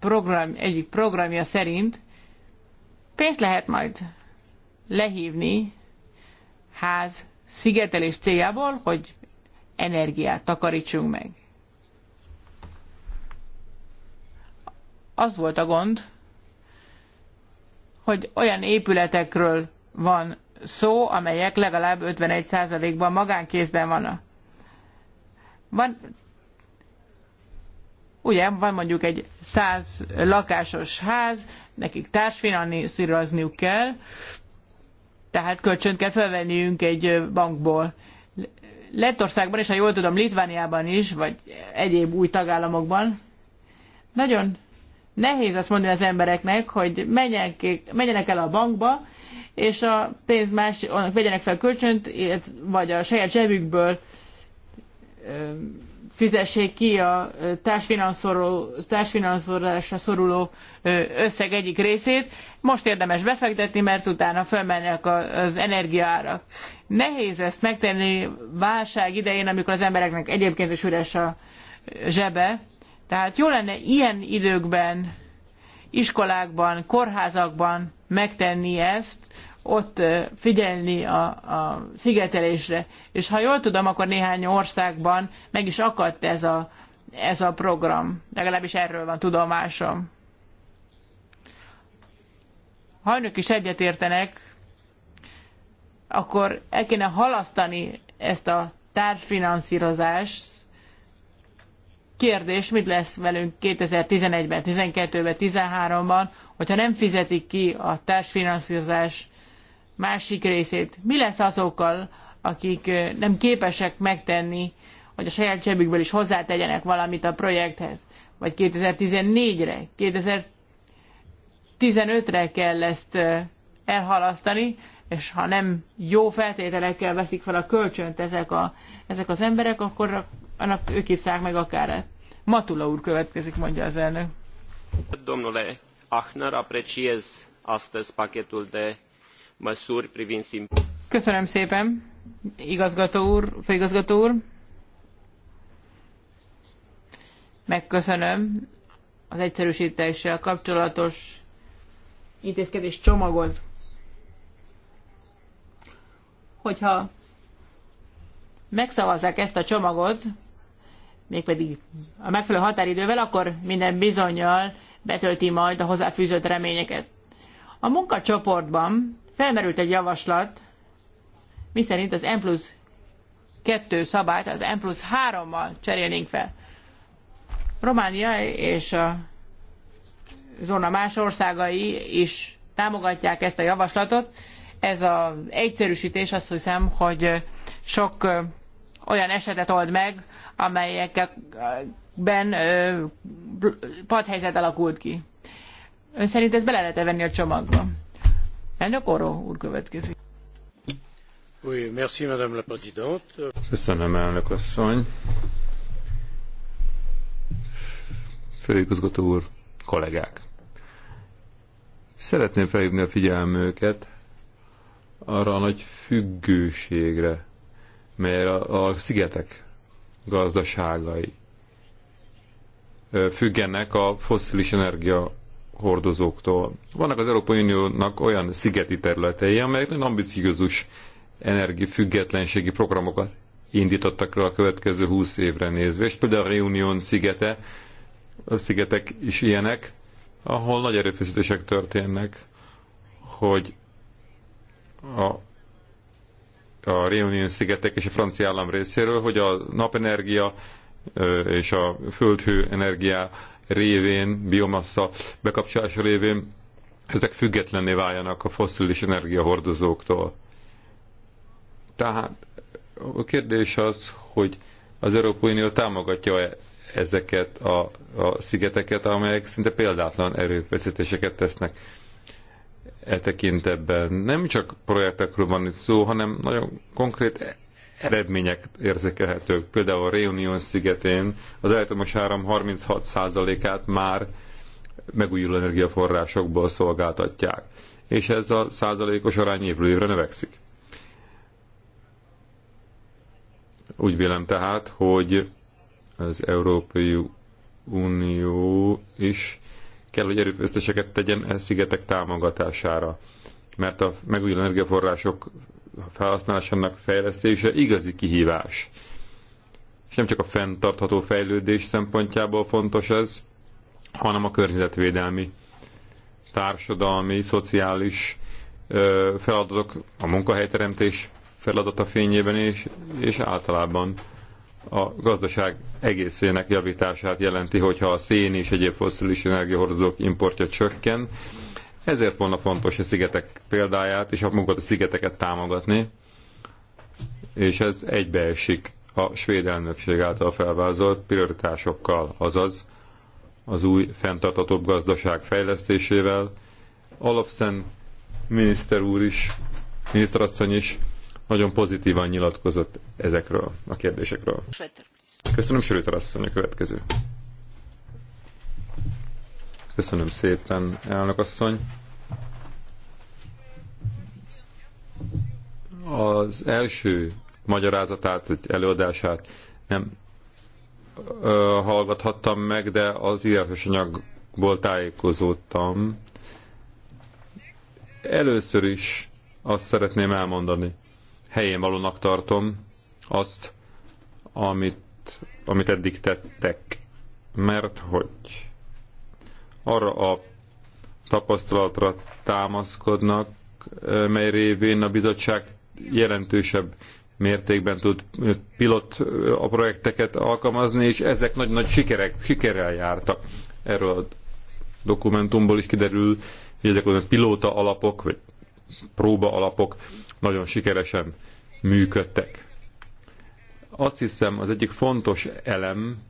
Speaker 2: program, egyik programja szerint pénzt lehet majd lehívni ház szigetelés céljából, hogy energiát takarítsunk meg. Az volt a gond, hogy olyan épületekről van szó, amelyek legalább 51%-ban magánkézben vannak. Van, ugye van mondjuk egy 100 lakásos ház, nekik társfinanszírozniuk kell, tehát kölcsönt kell felvenniünk egy bankból. Lettországban és ha jól tudom, Litvániában is, vagy egyéb új tagállamokban nagyon nehéz azt mondani az embereknek, hogy menjenek, menjenek el a bankba, és a pénz más, vegyenek fel kölcsönt, vagy a saját zsebükből fizessék ki a társfinanszorolásra szoruló összeg egyik részét. Most érdemes befektetni, mert utána fölmennek az energiaárak. Nehéz ezt megtenni válság idején, amikor az embereknek egyébként is üres a zsebe. Tehát jó lenne ilyen időkben, iskolákban, kórházakban megtenni ezt, ott figyelni a, a szigetelésre. És ha jól tudom, akkor néhány országban meg is akadt ez a, ez a program. Legalábbis erről van tudomásom. Ha önök is egyetértenek, akkor el kéne halasztani ezt a társfinanszírozást. Kérdés, mit lesz velünk 2011-ben, 2012 ben 2013 ban hogyha nem fizetik ki a társfinanszírozás másik részét. Mi lesz azokkal, akik nem képesek megtenni, hogy a saját zsebükből is hozzátegyenek valamit a projekthez? Vagy 2014-re, 2015-re kell ezt elhalasztani, és ha nem jó feltételekkel veszik fel a kölcsönt ezek, a, ezek az emberek, akkor annak ők szák meg akár. Matula úr következik, mondja az elnök.
Speaker 4: Domnule Achner, apreciez astăzi pachetul de privind simplu.
Speaker 2: Köszönöm szépen, igazgató úr, főigazgató úr. Megköszönöm az egyszerűsítéssel kapcsolatos intézkedés csomagot. Hogyha megszavazzák ezt a csomagot, mégpedig a megfelelő határidővel, akkor minden bizonyal betölti majd a hozzáfűzött reményeket. A munkacsoportban Felmerült egy javaslat, miszerint az M plusz 2 szabályt az M plusz 3-mal cserélnénk fel. Románia és a zóna más országai is támogatják ezt a javaslatot. Ez az egyszerűsítés azt hiszem, hogy sok olyan esetet old meg, amelyekben padhelyzet alakult ki. Ön szerint ezt bele lehet -e venni a csomagba? Elnök Oró úr következik.
Speaker 4: Oui, merci, madame la présidente.
Speaker 3: Köszönöm, elnök asszony. Főigazgató úr, kollégák. Szeretném felhívni a figyelmüket arra a nagy függőségre, mert a, a szigetek gazdaságai függenek a fosszilis energia hordozóktól. Vannak az Európai Uniónak olyan szigeti területei, amelyek nagyon ambiciózus energiafüggetlenségi programokat indítottak rá a következő 20 évre nézve, és például a Reunion szigete, a szigetek is ilyenek, ahol nagy erőfeszítések történnek, hogy a, a Réunion szigetek és a francia állam részéről, hogy a napenergia és a földhő energiá révén, biomassa bekapcsolása révén ezek függetlenné váljanak a foszilis energiahordozóktól. Tehát a kérdés az, hogy az Európai Unió támogatja-e ezeket a, a szigeteket, amelyek szinte példátlan erőfeszítéseket tesznek e tekintetben. Nem csak projektekről van itt szó, hanem nagyon konkrét eredmények érzékelhetők. Például a Réunion szigetén az elektromos áram 36%-át már megújuló energiaforrásokból szolgáltatják, és ez a százalékos arány évről évre növekszik. Úgy vélem tehát, hogy az Európai Unió is kell, hogy erőfeszítéseket tegyen e szigetek támogatására, mert a megújuló energiaforrások felhasználásának fejlesztése igazi kihívás. És nem csak a fenntartható fejlődés szempontjából fontos ez, hanem a környezetvédelmi, társadalmi, szociális feladatok, a munkahelyteremtés feladata fényében is, és általában a gazdaság egészének javítását jelenti, hogyha a szén és egyéb fosszilis energiahordozók importja csökken, ezért volna fontos a szigetek példáját és a munkat a szigeteket támogatni, és ez egybeesik a svéd elnökség által felvázolt prioritásokkal, azaz az új fenntartatóbb gazdaság fejlesztésével. Alapszen miniszter úr is, miniszterasszony is nagyon pozitívan nyilatkozott ezekről a kérdésekről. Köszönöm, Sörőter asszony, a következő. Köszönöm szépen, elnök asszony. Az első magyarázatát, előadását nem ö, hallgathattam meg, de az írásos anyagból tájékozódtam. Először is azt szeretném elmondani. Helyén valónak tartom azt, amit, amit eddig tettek. Mert hogy arra a tapasztalatra támaszkodnak, mely révén a bizottság jelentősebb mértékben tud pilot a projekteket alkalmazni, és ezek nagy-nagy sikerek, sikerrel jártak. Erről a dokumentumból is kiderül, hogy ezek a pilóta alapok, vagy próba alapok nagyon sikeresen működtek. Azt hiszem, az egyik fontos elem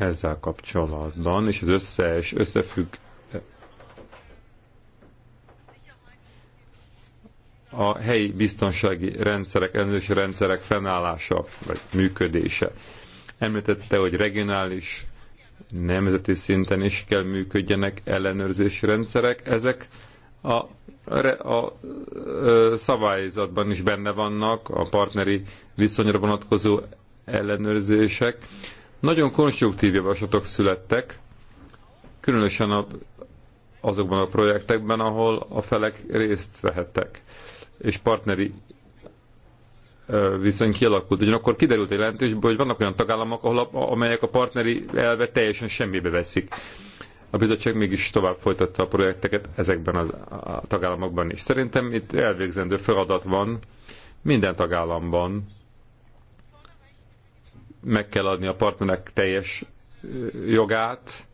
Speaker 3: ezzel kapcsolatban, és az összes összefügg a helyi biztonsági rendszerek, ellenőrzési rendszerek fennállása vagy működése. Említette, hogy regionális, nemzeti szinten is kell működjenek ellenőrzési rendszerek. Ezek a, a, a szabályzatban is benne vannak, a partneri viszonyra vonatkozó ellenőrzések. Nagyon konstruktív javaslatok születtek, különösen a, azokban a projektekben, ahol a felek részt vehettek, és partneri viszony kialakult. Ugyanakkor kiderült egy jelentésből, hogy vannak olyan tagállamok, ahol a, amelyek a partneri elvet teljesen semmibe veszik. A bizottság mégis tovább folytatta a projekteket ezekben az, a tagállamokban is. Szerintem itt elvégzendő feladat van minden tagállamban, meg kell adni a partnernek teljes jogát,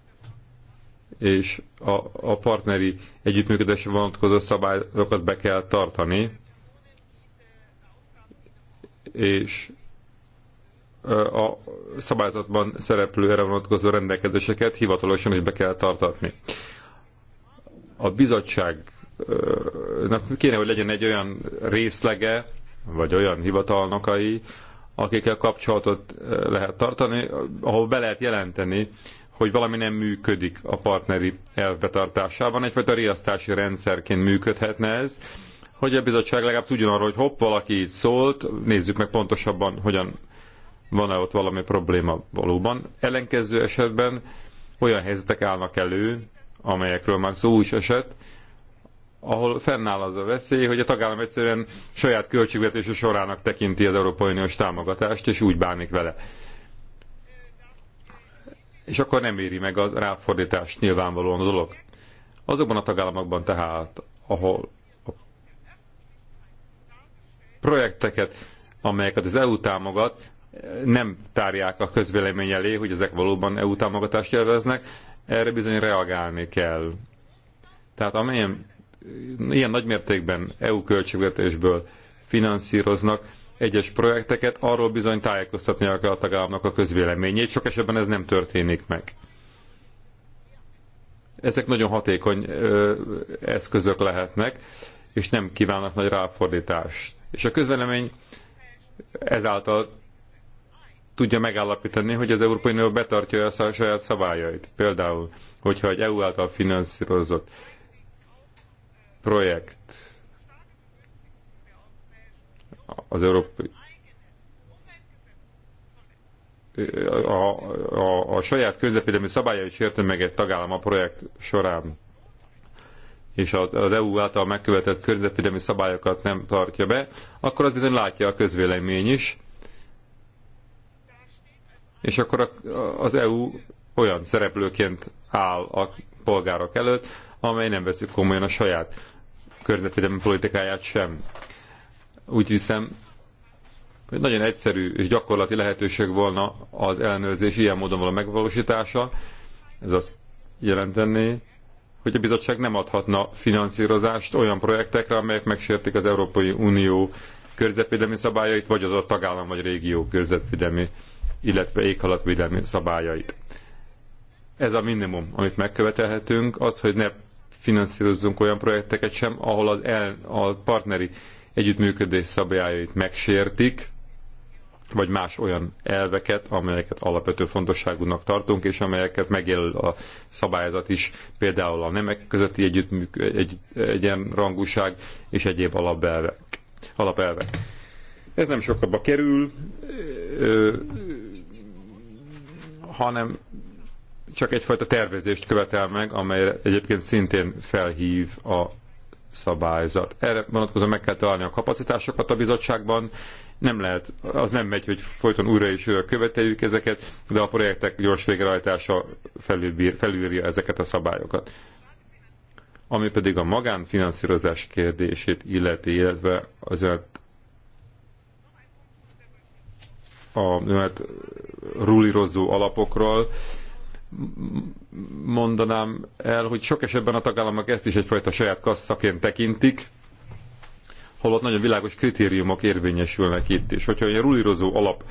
Speaker 3: és a, a partneri együttműködésre vonatkozó szabályokat be kell tartani, és a szabályzatban szereplő erre vonatkozó rendelkezéseket hivatalosan is be kell tartatni. A bizottságnak kéne, hogy legyen egy olyan részlege, vagy olyan hivatalnokai, akikkel kapcsolatot eh, lehet tartani, ahol be lehet jelenteni, hogy valami nem működik a partneri elvetartásában. Egyfajta riasztási rendszerként működhetne ez, hogy a bizottság legalább tudjon arról, hogy hopp, valaki így szólt, nézzük meg pontosabban, hogyan van-e ott valami probléma valóban. Ellenkező esetben olyan helyzetek állnak elő, amelyekről már szó is esett, ahol fennáll az a veszély, hogy a tagállam egyszerűen saját költségvetése sorának tekinti az Európai Uniós támogatást, és úgy bánik vele. És akkor nem éri meg a ráfordítás nyilvánvalóan a dolog. Azokban a tagállamokban tehát, ahol a projekteket, amelyeket az EU támogat, nem tárják a közvélemény elé, hogy ezek valóban EU támogatást élveznek, erre bizony reagálni kell. Tehát amelyen ilyen nagymértékben EU költségvetésből finanszíroznak egyes projekteket, arról bizony tájékoztatni kell a tagállamnak a közvéleményét, sok esetben ez nem történik meg. Ezek nagyon hatékony ö, eszközök lehetnek, és nem kívánnak nagy ráfordítást. És a közvélemény ezáltal tudja megállapítani, hogy az Európai Unió betartja a saját szabályait. Például, hogyha egy EU által finanszírozott projekt az európai a, a, a saját közlekedelmi szabályai sértő meg egy tagállam a projekt során és az EU által megkövetett környezetvédelmi szabályokat nem tartja be, akkor az bizony látja a közvélemény is, és akkor az EU olyan szereplőként áll a polgárok előtt, amely nem veszik komolyan a saját környezetvédelmi politikáját sem. Úgy hiszem, hogy nagyon egyszerű és gyakorlati lehetőség volna az ellenőrzés ilyen módon való megvalósítása. Ez azt jelentené, hogy a bizottság nem adhatna finanszírozást olyan projektekre, amelyek megsértik az Európai Unió körzetvédelmi szabályait, vagy az a tagállam vagy régió körzetvédelmi, illetve éghalatvédelmi szabályait. Ez a minimum, amit megkövetelhetünk, az, hogy ne finanszírozzunk olyan projekteket sem, ahol az el, a partneri együttműködés szabályait megsértik, vagy más olyan elveket, amelyeket alapvető fontosságúnak tartunk, és amelyeket megjelöl a szabályzat is, például a nemek közötti együttműk, egy, egyenrangúság és egyéb alapelvek. alapelvek. Ez nem sokkal kerül, ö, hanem csak egyfajta tervezést követel meg, amelyre egyébként szintén felhív a szabályzat. Erre vonatkozóan meg kell találni a kapacitásokat a bizottságban, nem lehet, az nem megy, hogy folyton újra és újra követeljük ezeket, de a projektek gyors végrehajtása felülírja ezeket a szabályokat. Ami pedig a magánfinanszírozás kérdését illeti, illetve az a rulírozó alapokról mondanám el, hogy sok esetben a tagállamok ezt is egyfajta saját kasszaként tekintik, holott nagyon világos kritériumok érvényesülnek itt. És hogyha a rulírozó alap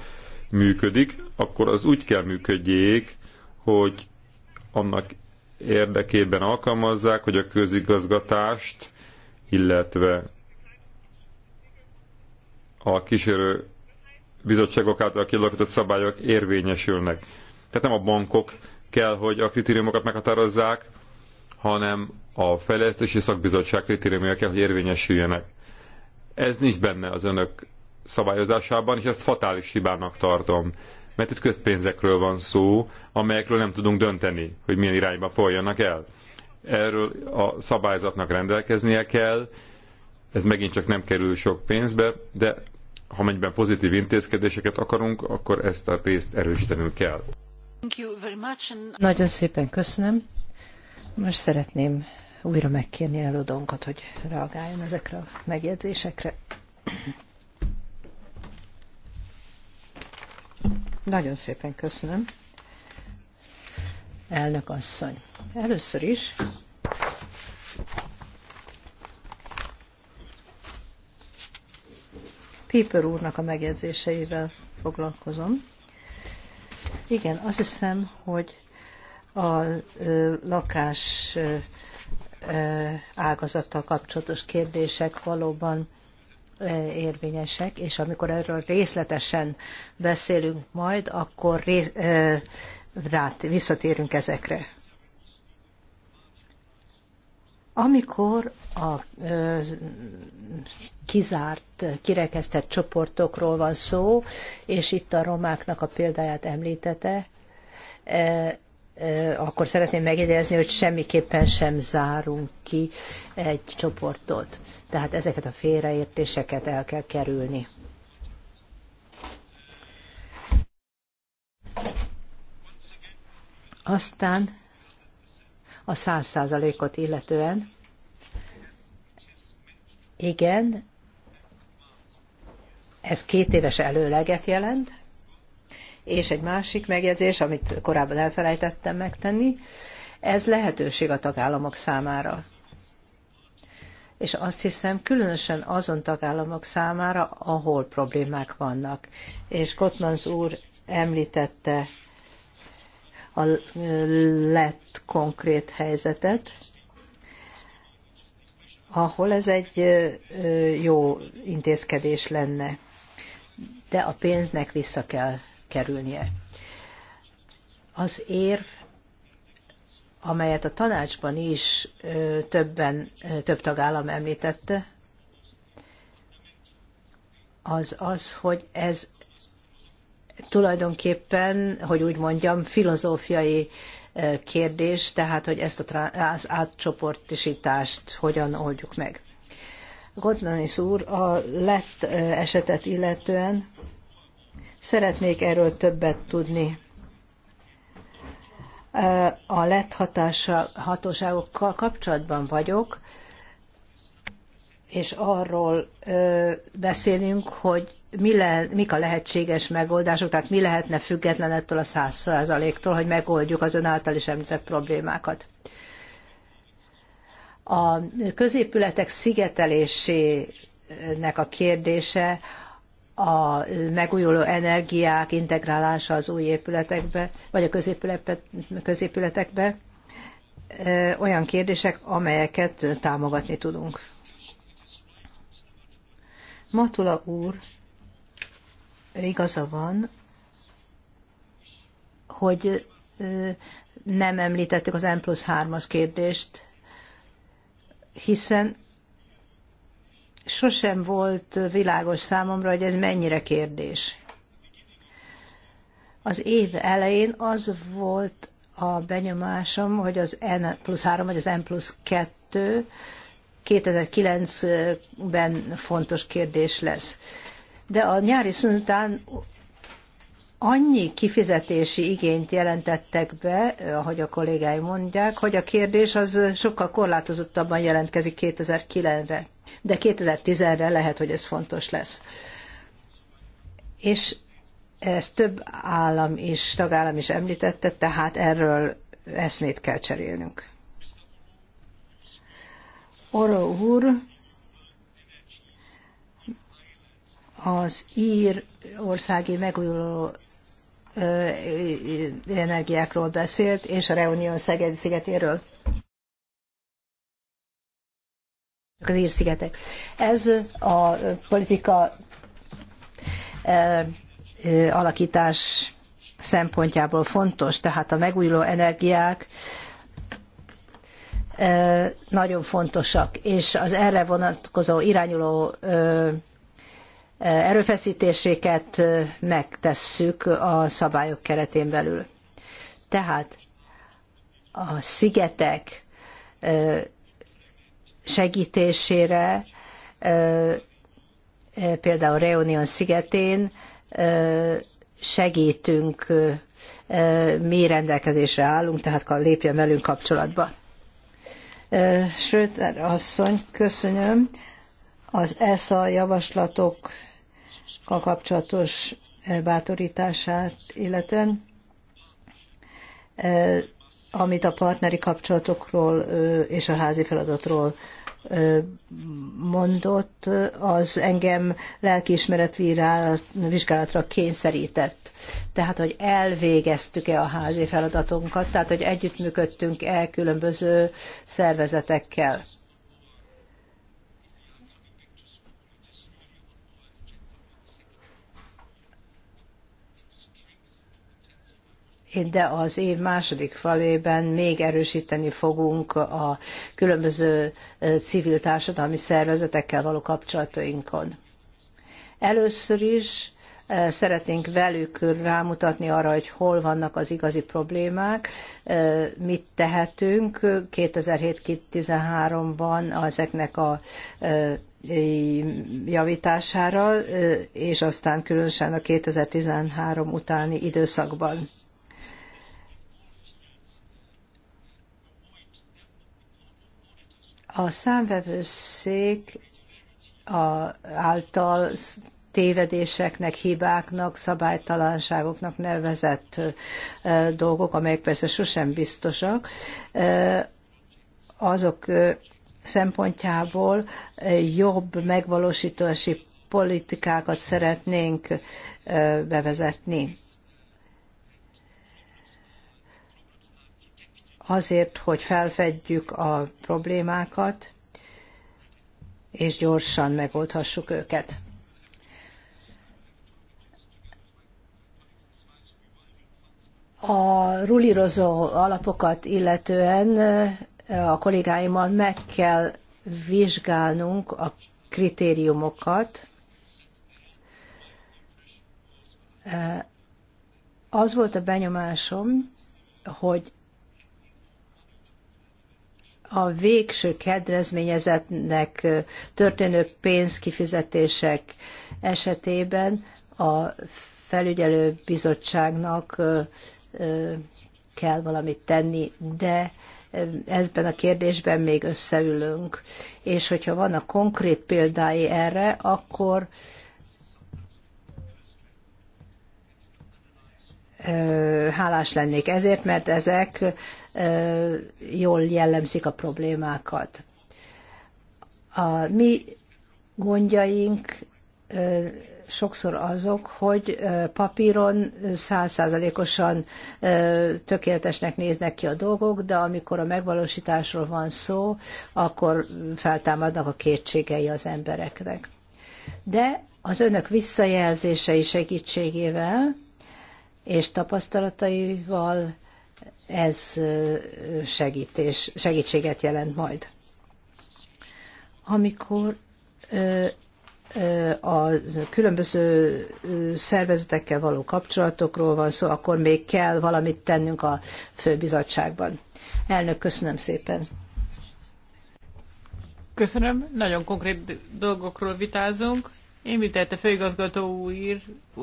Speaker 3: működik, akkor az úgy kell működjék, hogy annak érdekében alkalmazzák, hogy a közigazgatást, illetve a kísérő bizottságok által kialakított szabályok érvényesülnek. Tehát nem a bankok kell, hogy a kritériumokat meghatározzák, hanem a fejlesztési szakbizottság kritériumja kell, hogy érvényesüljenek. Ez nincs benne az önök szabályozásában, és ezt fatális hibának tartom. Mert itt közpénzekről van szó, amelyekről nem tudunk dönteni, hogy milyen irányba folyjanak el. Erről a szabályzatnak rendelkeznie kell, ez megint csak nem kerül sok pénzbe, de ha mennyiben pozitív intézkedéseket akarunk, akkor ezt a részt erősítenünk kell.
Speaker 1: Nagyon szépen köszönöm. Most szeretném újra megkérni előadónkat, hogy reagáljon ezekre a megjegyzésekre. Nagyon szépen köszönöm. Elnök asszony. Először is Piper úrnak a megjegyzéseivel foglalkozom. Igen, azt hiszem, hogy a lakás ágazattal kapcsolatos kérdések valóban érvényesek, és amikor erről részletesen beszélünk majd, akkor rész, visszatérünk ezekre. Amikor a kizárt, kirekesztett csoportokról van szó, és itt a romáknak a példáját említete, akkor szeretném megjegyezni, hogy semmiképpen sem zárunk ki egy csoportot. Tehát ezeket a félreértéseket el kell kerülni. Aztán a száz százalékot illetően. Igen, ez két éves előleget jelent, és egy másik megjegyzés, amit korábban elfelejtettem megtenni, ez lehetőség a tagállamok számára. És azt hiszem, különösen azon tagállamok számára, ahol problémák vannak. És Kotmans úr említette a lett konkrét helyzetet, ahol ez egy jó intézkedés lenne. De a pénznek vissza kell kerülnie. Az érv, amelyet a tanácsban is többen, több tagállam említette, az az, hogy ez tulajdonképpen, hogy úgy mondjam, filozófiai e, kérdés, tehát hogy ezt az átcsoportosítást hogyan oldjuk meg. Godnanis úr, a lett e, esetet illetően szeretnék erről többet tudni. E, a lett hatása, hatóságokkal kapcsolatban vagyok, és arról beszélünk, hogy mi le, mik a lehetséges megoldások, tehát mi lehetne független ettől a 100%-tól, hogy megoldjuk az ön által is említett problémákat. A középületek szigetelésének a kérdése, a megújuló energiák integrálása az új épületekbe, vagy a középületekbe, olyan kérdések, amelyeket támogatni tudunk. Matula úr igaza van, hogy nem említettük az N plusz 3-as kérdést, hiszen sosem volt világos számomra, hogy ez mennyire kérdés. Az év elején az volt a benyomásom, hogy az N plusz 3 vagy az N plusz 2 2009-ben fontos kérdés lesz de a nyári szünet után annyi kifizetési igényt jelentettek be, ahogy a kollégáim mondják, hogy a kérdés az sokkal korlátozottabban jelentkezik 2009-re. De 2010-re lehet, hogy ez fontos lesz. És ezt több állam is, tagállam is említette, tehát erről eszmét kell cserélnünk. Oro úr az ír országi megújuló energiákról beszélt, és a Reunion Szeged szigetéről. Az ír szigetek. Ez a politika alakítás szempontjából fontos, tehát a megújuló energiák nagyon fontosak, és az erre vonatkozó irányuló erőfeszítéseket megtesszük a szabályok keretén belül. Tehát a szigetek segítésére, például Reunion szigetén segítünk, mi rendelkezésre állunk, tehát lépjen velünk kapcsolatba. Schröter asszony, köszönöm. Az ESA javaslatok kapcsolatos eh, bátorítását, illetően eh, amit a partneri kapcsolatokról eh, és a házi feladatról mondott, az engem vizsgálatra kényszerített. Tehát, hogy elvégeztük-e a házi feladatunkat, tehát, hogy együttműködtünk-e különböző szervezetekkel. de az év második felében még erősíteni fogunk a különböző civil társadalmi szervezetekkel való kapcsolatainkon. Először is szeretnénk velük rámutatni arra, hogy hol vannak az igazi problémák, mit tehetünk 2007-2013-ban ezeknek a javítására, és aztán különösen a 2013 utáni időszakban. A számvevőszék a, által tévedéseknek, hibáknak, szabálytalanságoknak nevezett dolgok, amelyek persze sosem biztosak, azok szempontjából jobb megvalósítási politikákat szeretnénk bevezetni. azért, hogy felfedjük a problémákat, és gyorsan megoldhassuk őket. A rulírozó alapokat illetően eh, a kollégáimmal meg kell vizsgálnunk a kritériumokat. Eh, az volt a benyomásom, hogy a végső kedvezményezetnek történő pénzkifizetések esetében a felügyelő bizottságnak kell valamit tenni, de ezben a kérdésben még összeülünk. És hogyha vannak konkrét példái erre, akkor hálás lennék ezért, mert ezek jól jellemzik a problémákat. A mi gondjaink sokszor azok, hogy papíron százszázalékosan tökéletesnek néznek ki a dolgok, de amikor a megvalósításról van szó, akkor feltámadnak a kétségei az embereknek. De az önök visszajelzései segítségével és tapasztalataival ez segítés, segítséget jelent majd. Amikor a különböző szervezetekkel való kapcsolatokról van szó, akkor még kell valamit tennünk a főbizottságban. Elnök, köszönöm szépen.
Speaker 2: Köszönöm, nagyon konkrét dolgokról vitázunk. Említette főigazgató úr,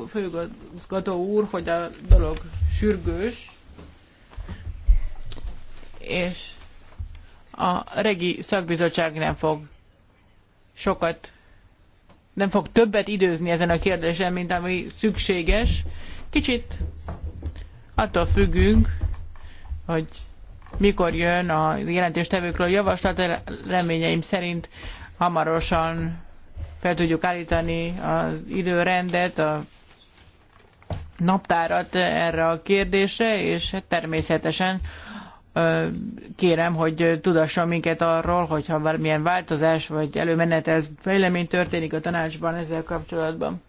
Speaker 2: főigazgató úr, hogy a dolog sürgős, és a regi szakbizottság nem fog sokat, nem fog többet időzni ezen a kérdésen, mint ami szükséges. Kicsit attól függünk, hogy mikor jön a jelentéstevőkről javaslat, reményeim szerint hamarosan fel tudjuk állítani az időrendet, a naptárat erre a kérdésre, és hát természetesen kérem, hogy tudasson minket arról, hogyha valamilyen változás vagy előmenetel fejlemény történik a tanácsban ezzel kapcsolatban.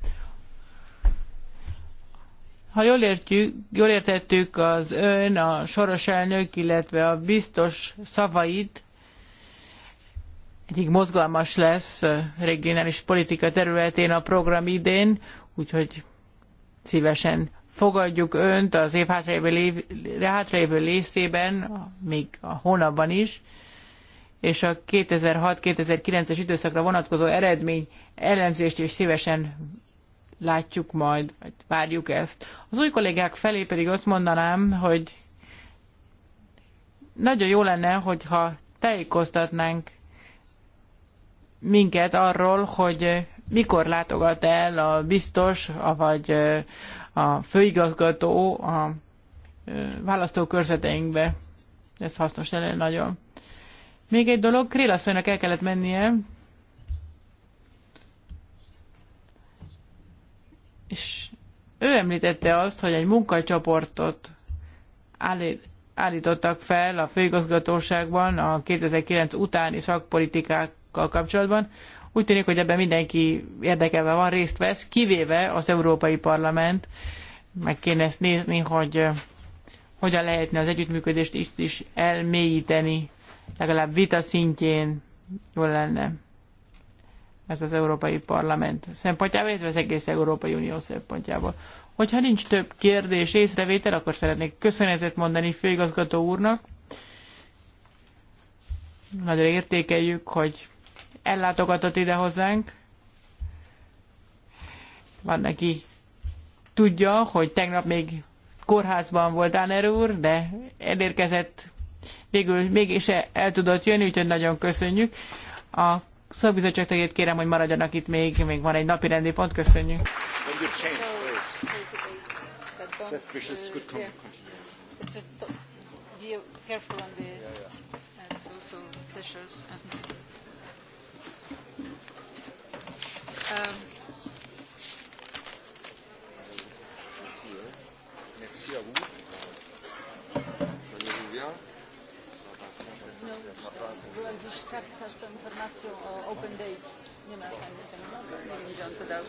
Speaker 2: Ha jól, értjük, jól értettük az ön, a soros elnök, illetve a biztos szavait, egyik mozgalmas lesz regionális politika területén a program idén, úgyhogy szívesen fogadjuk Önt az év hátralévő részében, még a hónapban is, és a 2006-2009-es időszakra vonatkozó eredmény elemzést is szívesen látjuk majd, vagy várjuk ezt. Az új kollégák felé pedig azt mondanám, hogy nagyon jó lenne, hogyha tájékoztatnánk minket arról, hogy mikor látogat el a biztos, vagy a főigazgató a választókörzeteinkbe. Ez hasznos lenne nagyon. Még egy dolog, Krélasszonynak el kellett mennie, és ő említette azt, hogy egy munkacsoportot állítottak fel a főigazgatóságban a 2009 utáni szakpolitikák kapcsolatban. Úgy tűnik, hogy ebben mindenki érdekelve van, részt vesz, kivéve az Európai Parlament. Meg kéne ezt nézni, hogy eh, hogyan lehetne az együttműködést is, is elmélyíteni, legalább vita szintjén jól lenne ez az Európai Parlament szempontjából, illetve az egész Európai Unió szempontjából. Hogyha nincs több kérdés, észrevétel, akkor szeretnék köszönetet mondani főigazgató úrnak. Nagyon értékeljük, hogy ellátogatott ide hozzánk. Van neki tudja, hogy tegnap még kórházban volt Áner úr, de elérkezett, végül mégis el tudott jönni, úgyhogy nagyon köszönjük. A szakbizottság tagjét kérem, hogy maradjanak itt még, még van egy napi rendi pont, köszönjük.
Speaker 4: Just be careful on the yeah, yeah. and social pressures. And Euh... Merci, hein. Merci à
Speaker 1: vous. Soyez-vous bien. No, byłam już kartka z tą informacją o Open Days. Nie ma pani samochodu, nie wiem gdzie on to dał.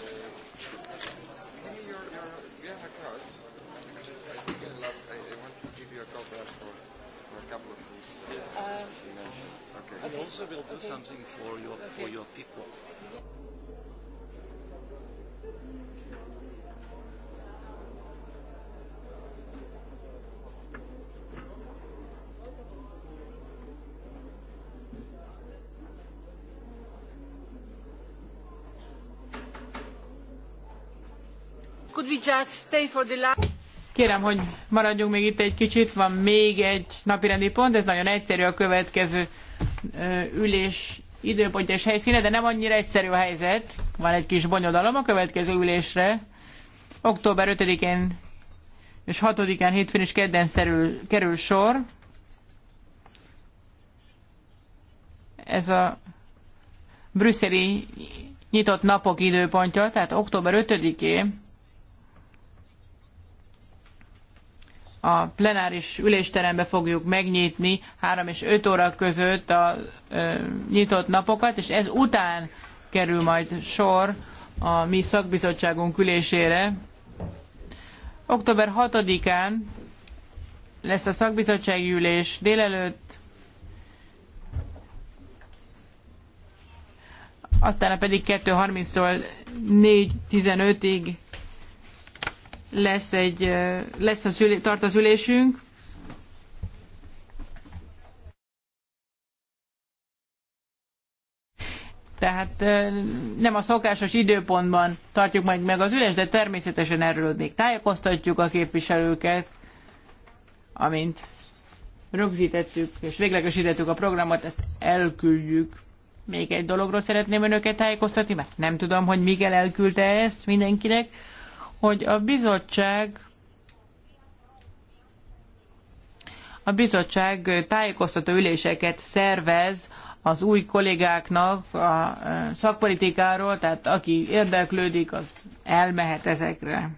Speaker 4: A couple of things. Yes, uh, Okay. And also we'll do something for your for your people.
Speaker 2: Kérem, hogy maradjunk még itt egy kicsit, van még egy napirendi pont, ez nagyon egyszerű a következő ülés időpontja és helyszíne, de nem annyira egyszerű a helyzet. Van egy kis bonyodalom a következő ülésre. Október 5-én és 6-án hétfőn és kedden szerül, kerül sor. Ez a brüsszeli nyitott napok időpontja, tehát október 5-én a plenáris ülésterembe fogjuk megnyitni 3 és 5 óra között a e, nyitott napokat, és ez után kerül majd sor a mi szakbizottságunk ülésére. Október 6-án lesz a szakbizottsági ülés délelőtt, aztán pedig 2.30-tól 4.15-ig lesz egy, lesz az ülé, tart az ülésünk. Tehát nem a szokásos időpontban tartjuk majd meg az ülést, de természetesen erről még tájékoztatjuk a képviselőket, amint rögzítettük és véglegesítettük a programot, ezt elküldjük. Még egy dologról szeretném önöket tájékoztatni, mert nem tudom, hogy Miguel elküldte ezt mindenkinek hogy a bizottság a bizottság tájékoztató üléseket szervez az új kollégáknak a szakpolitikáról, tehát aki érdeklődik,
Speaker 4: az elmehet ezekre.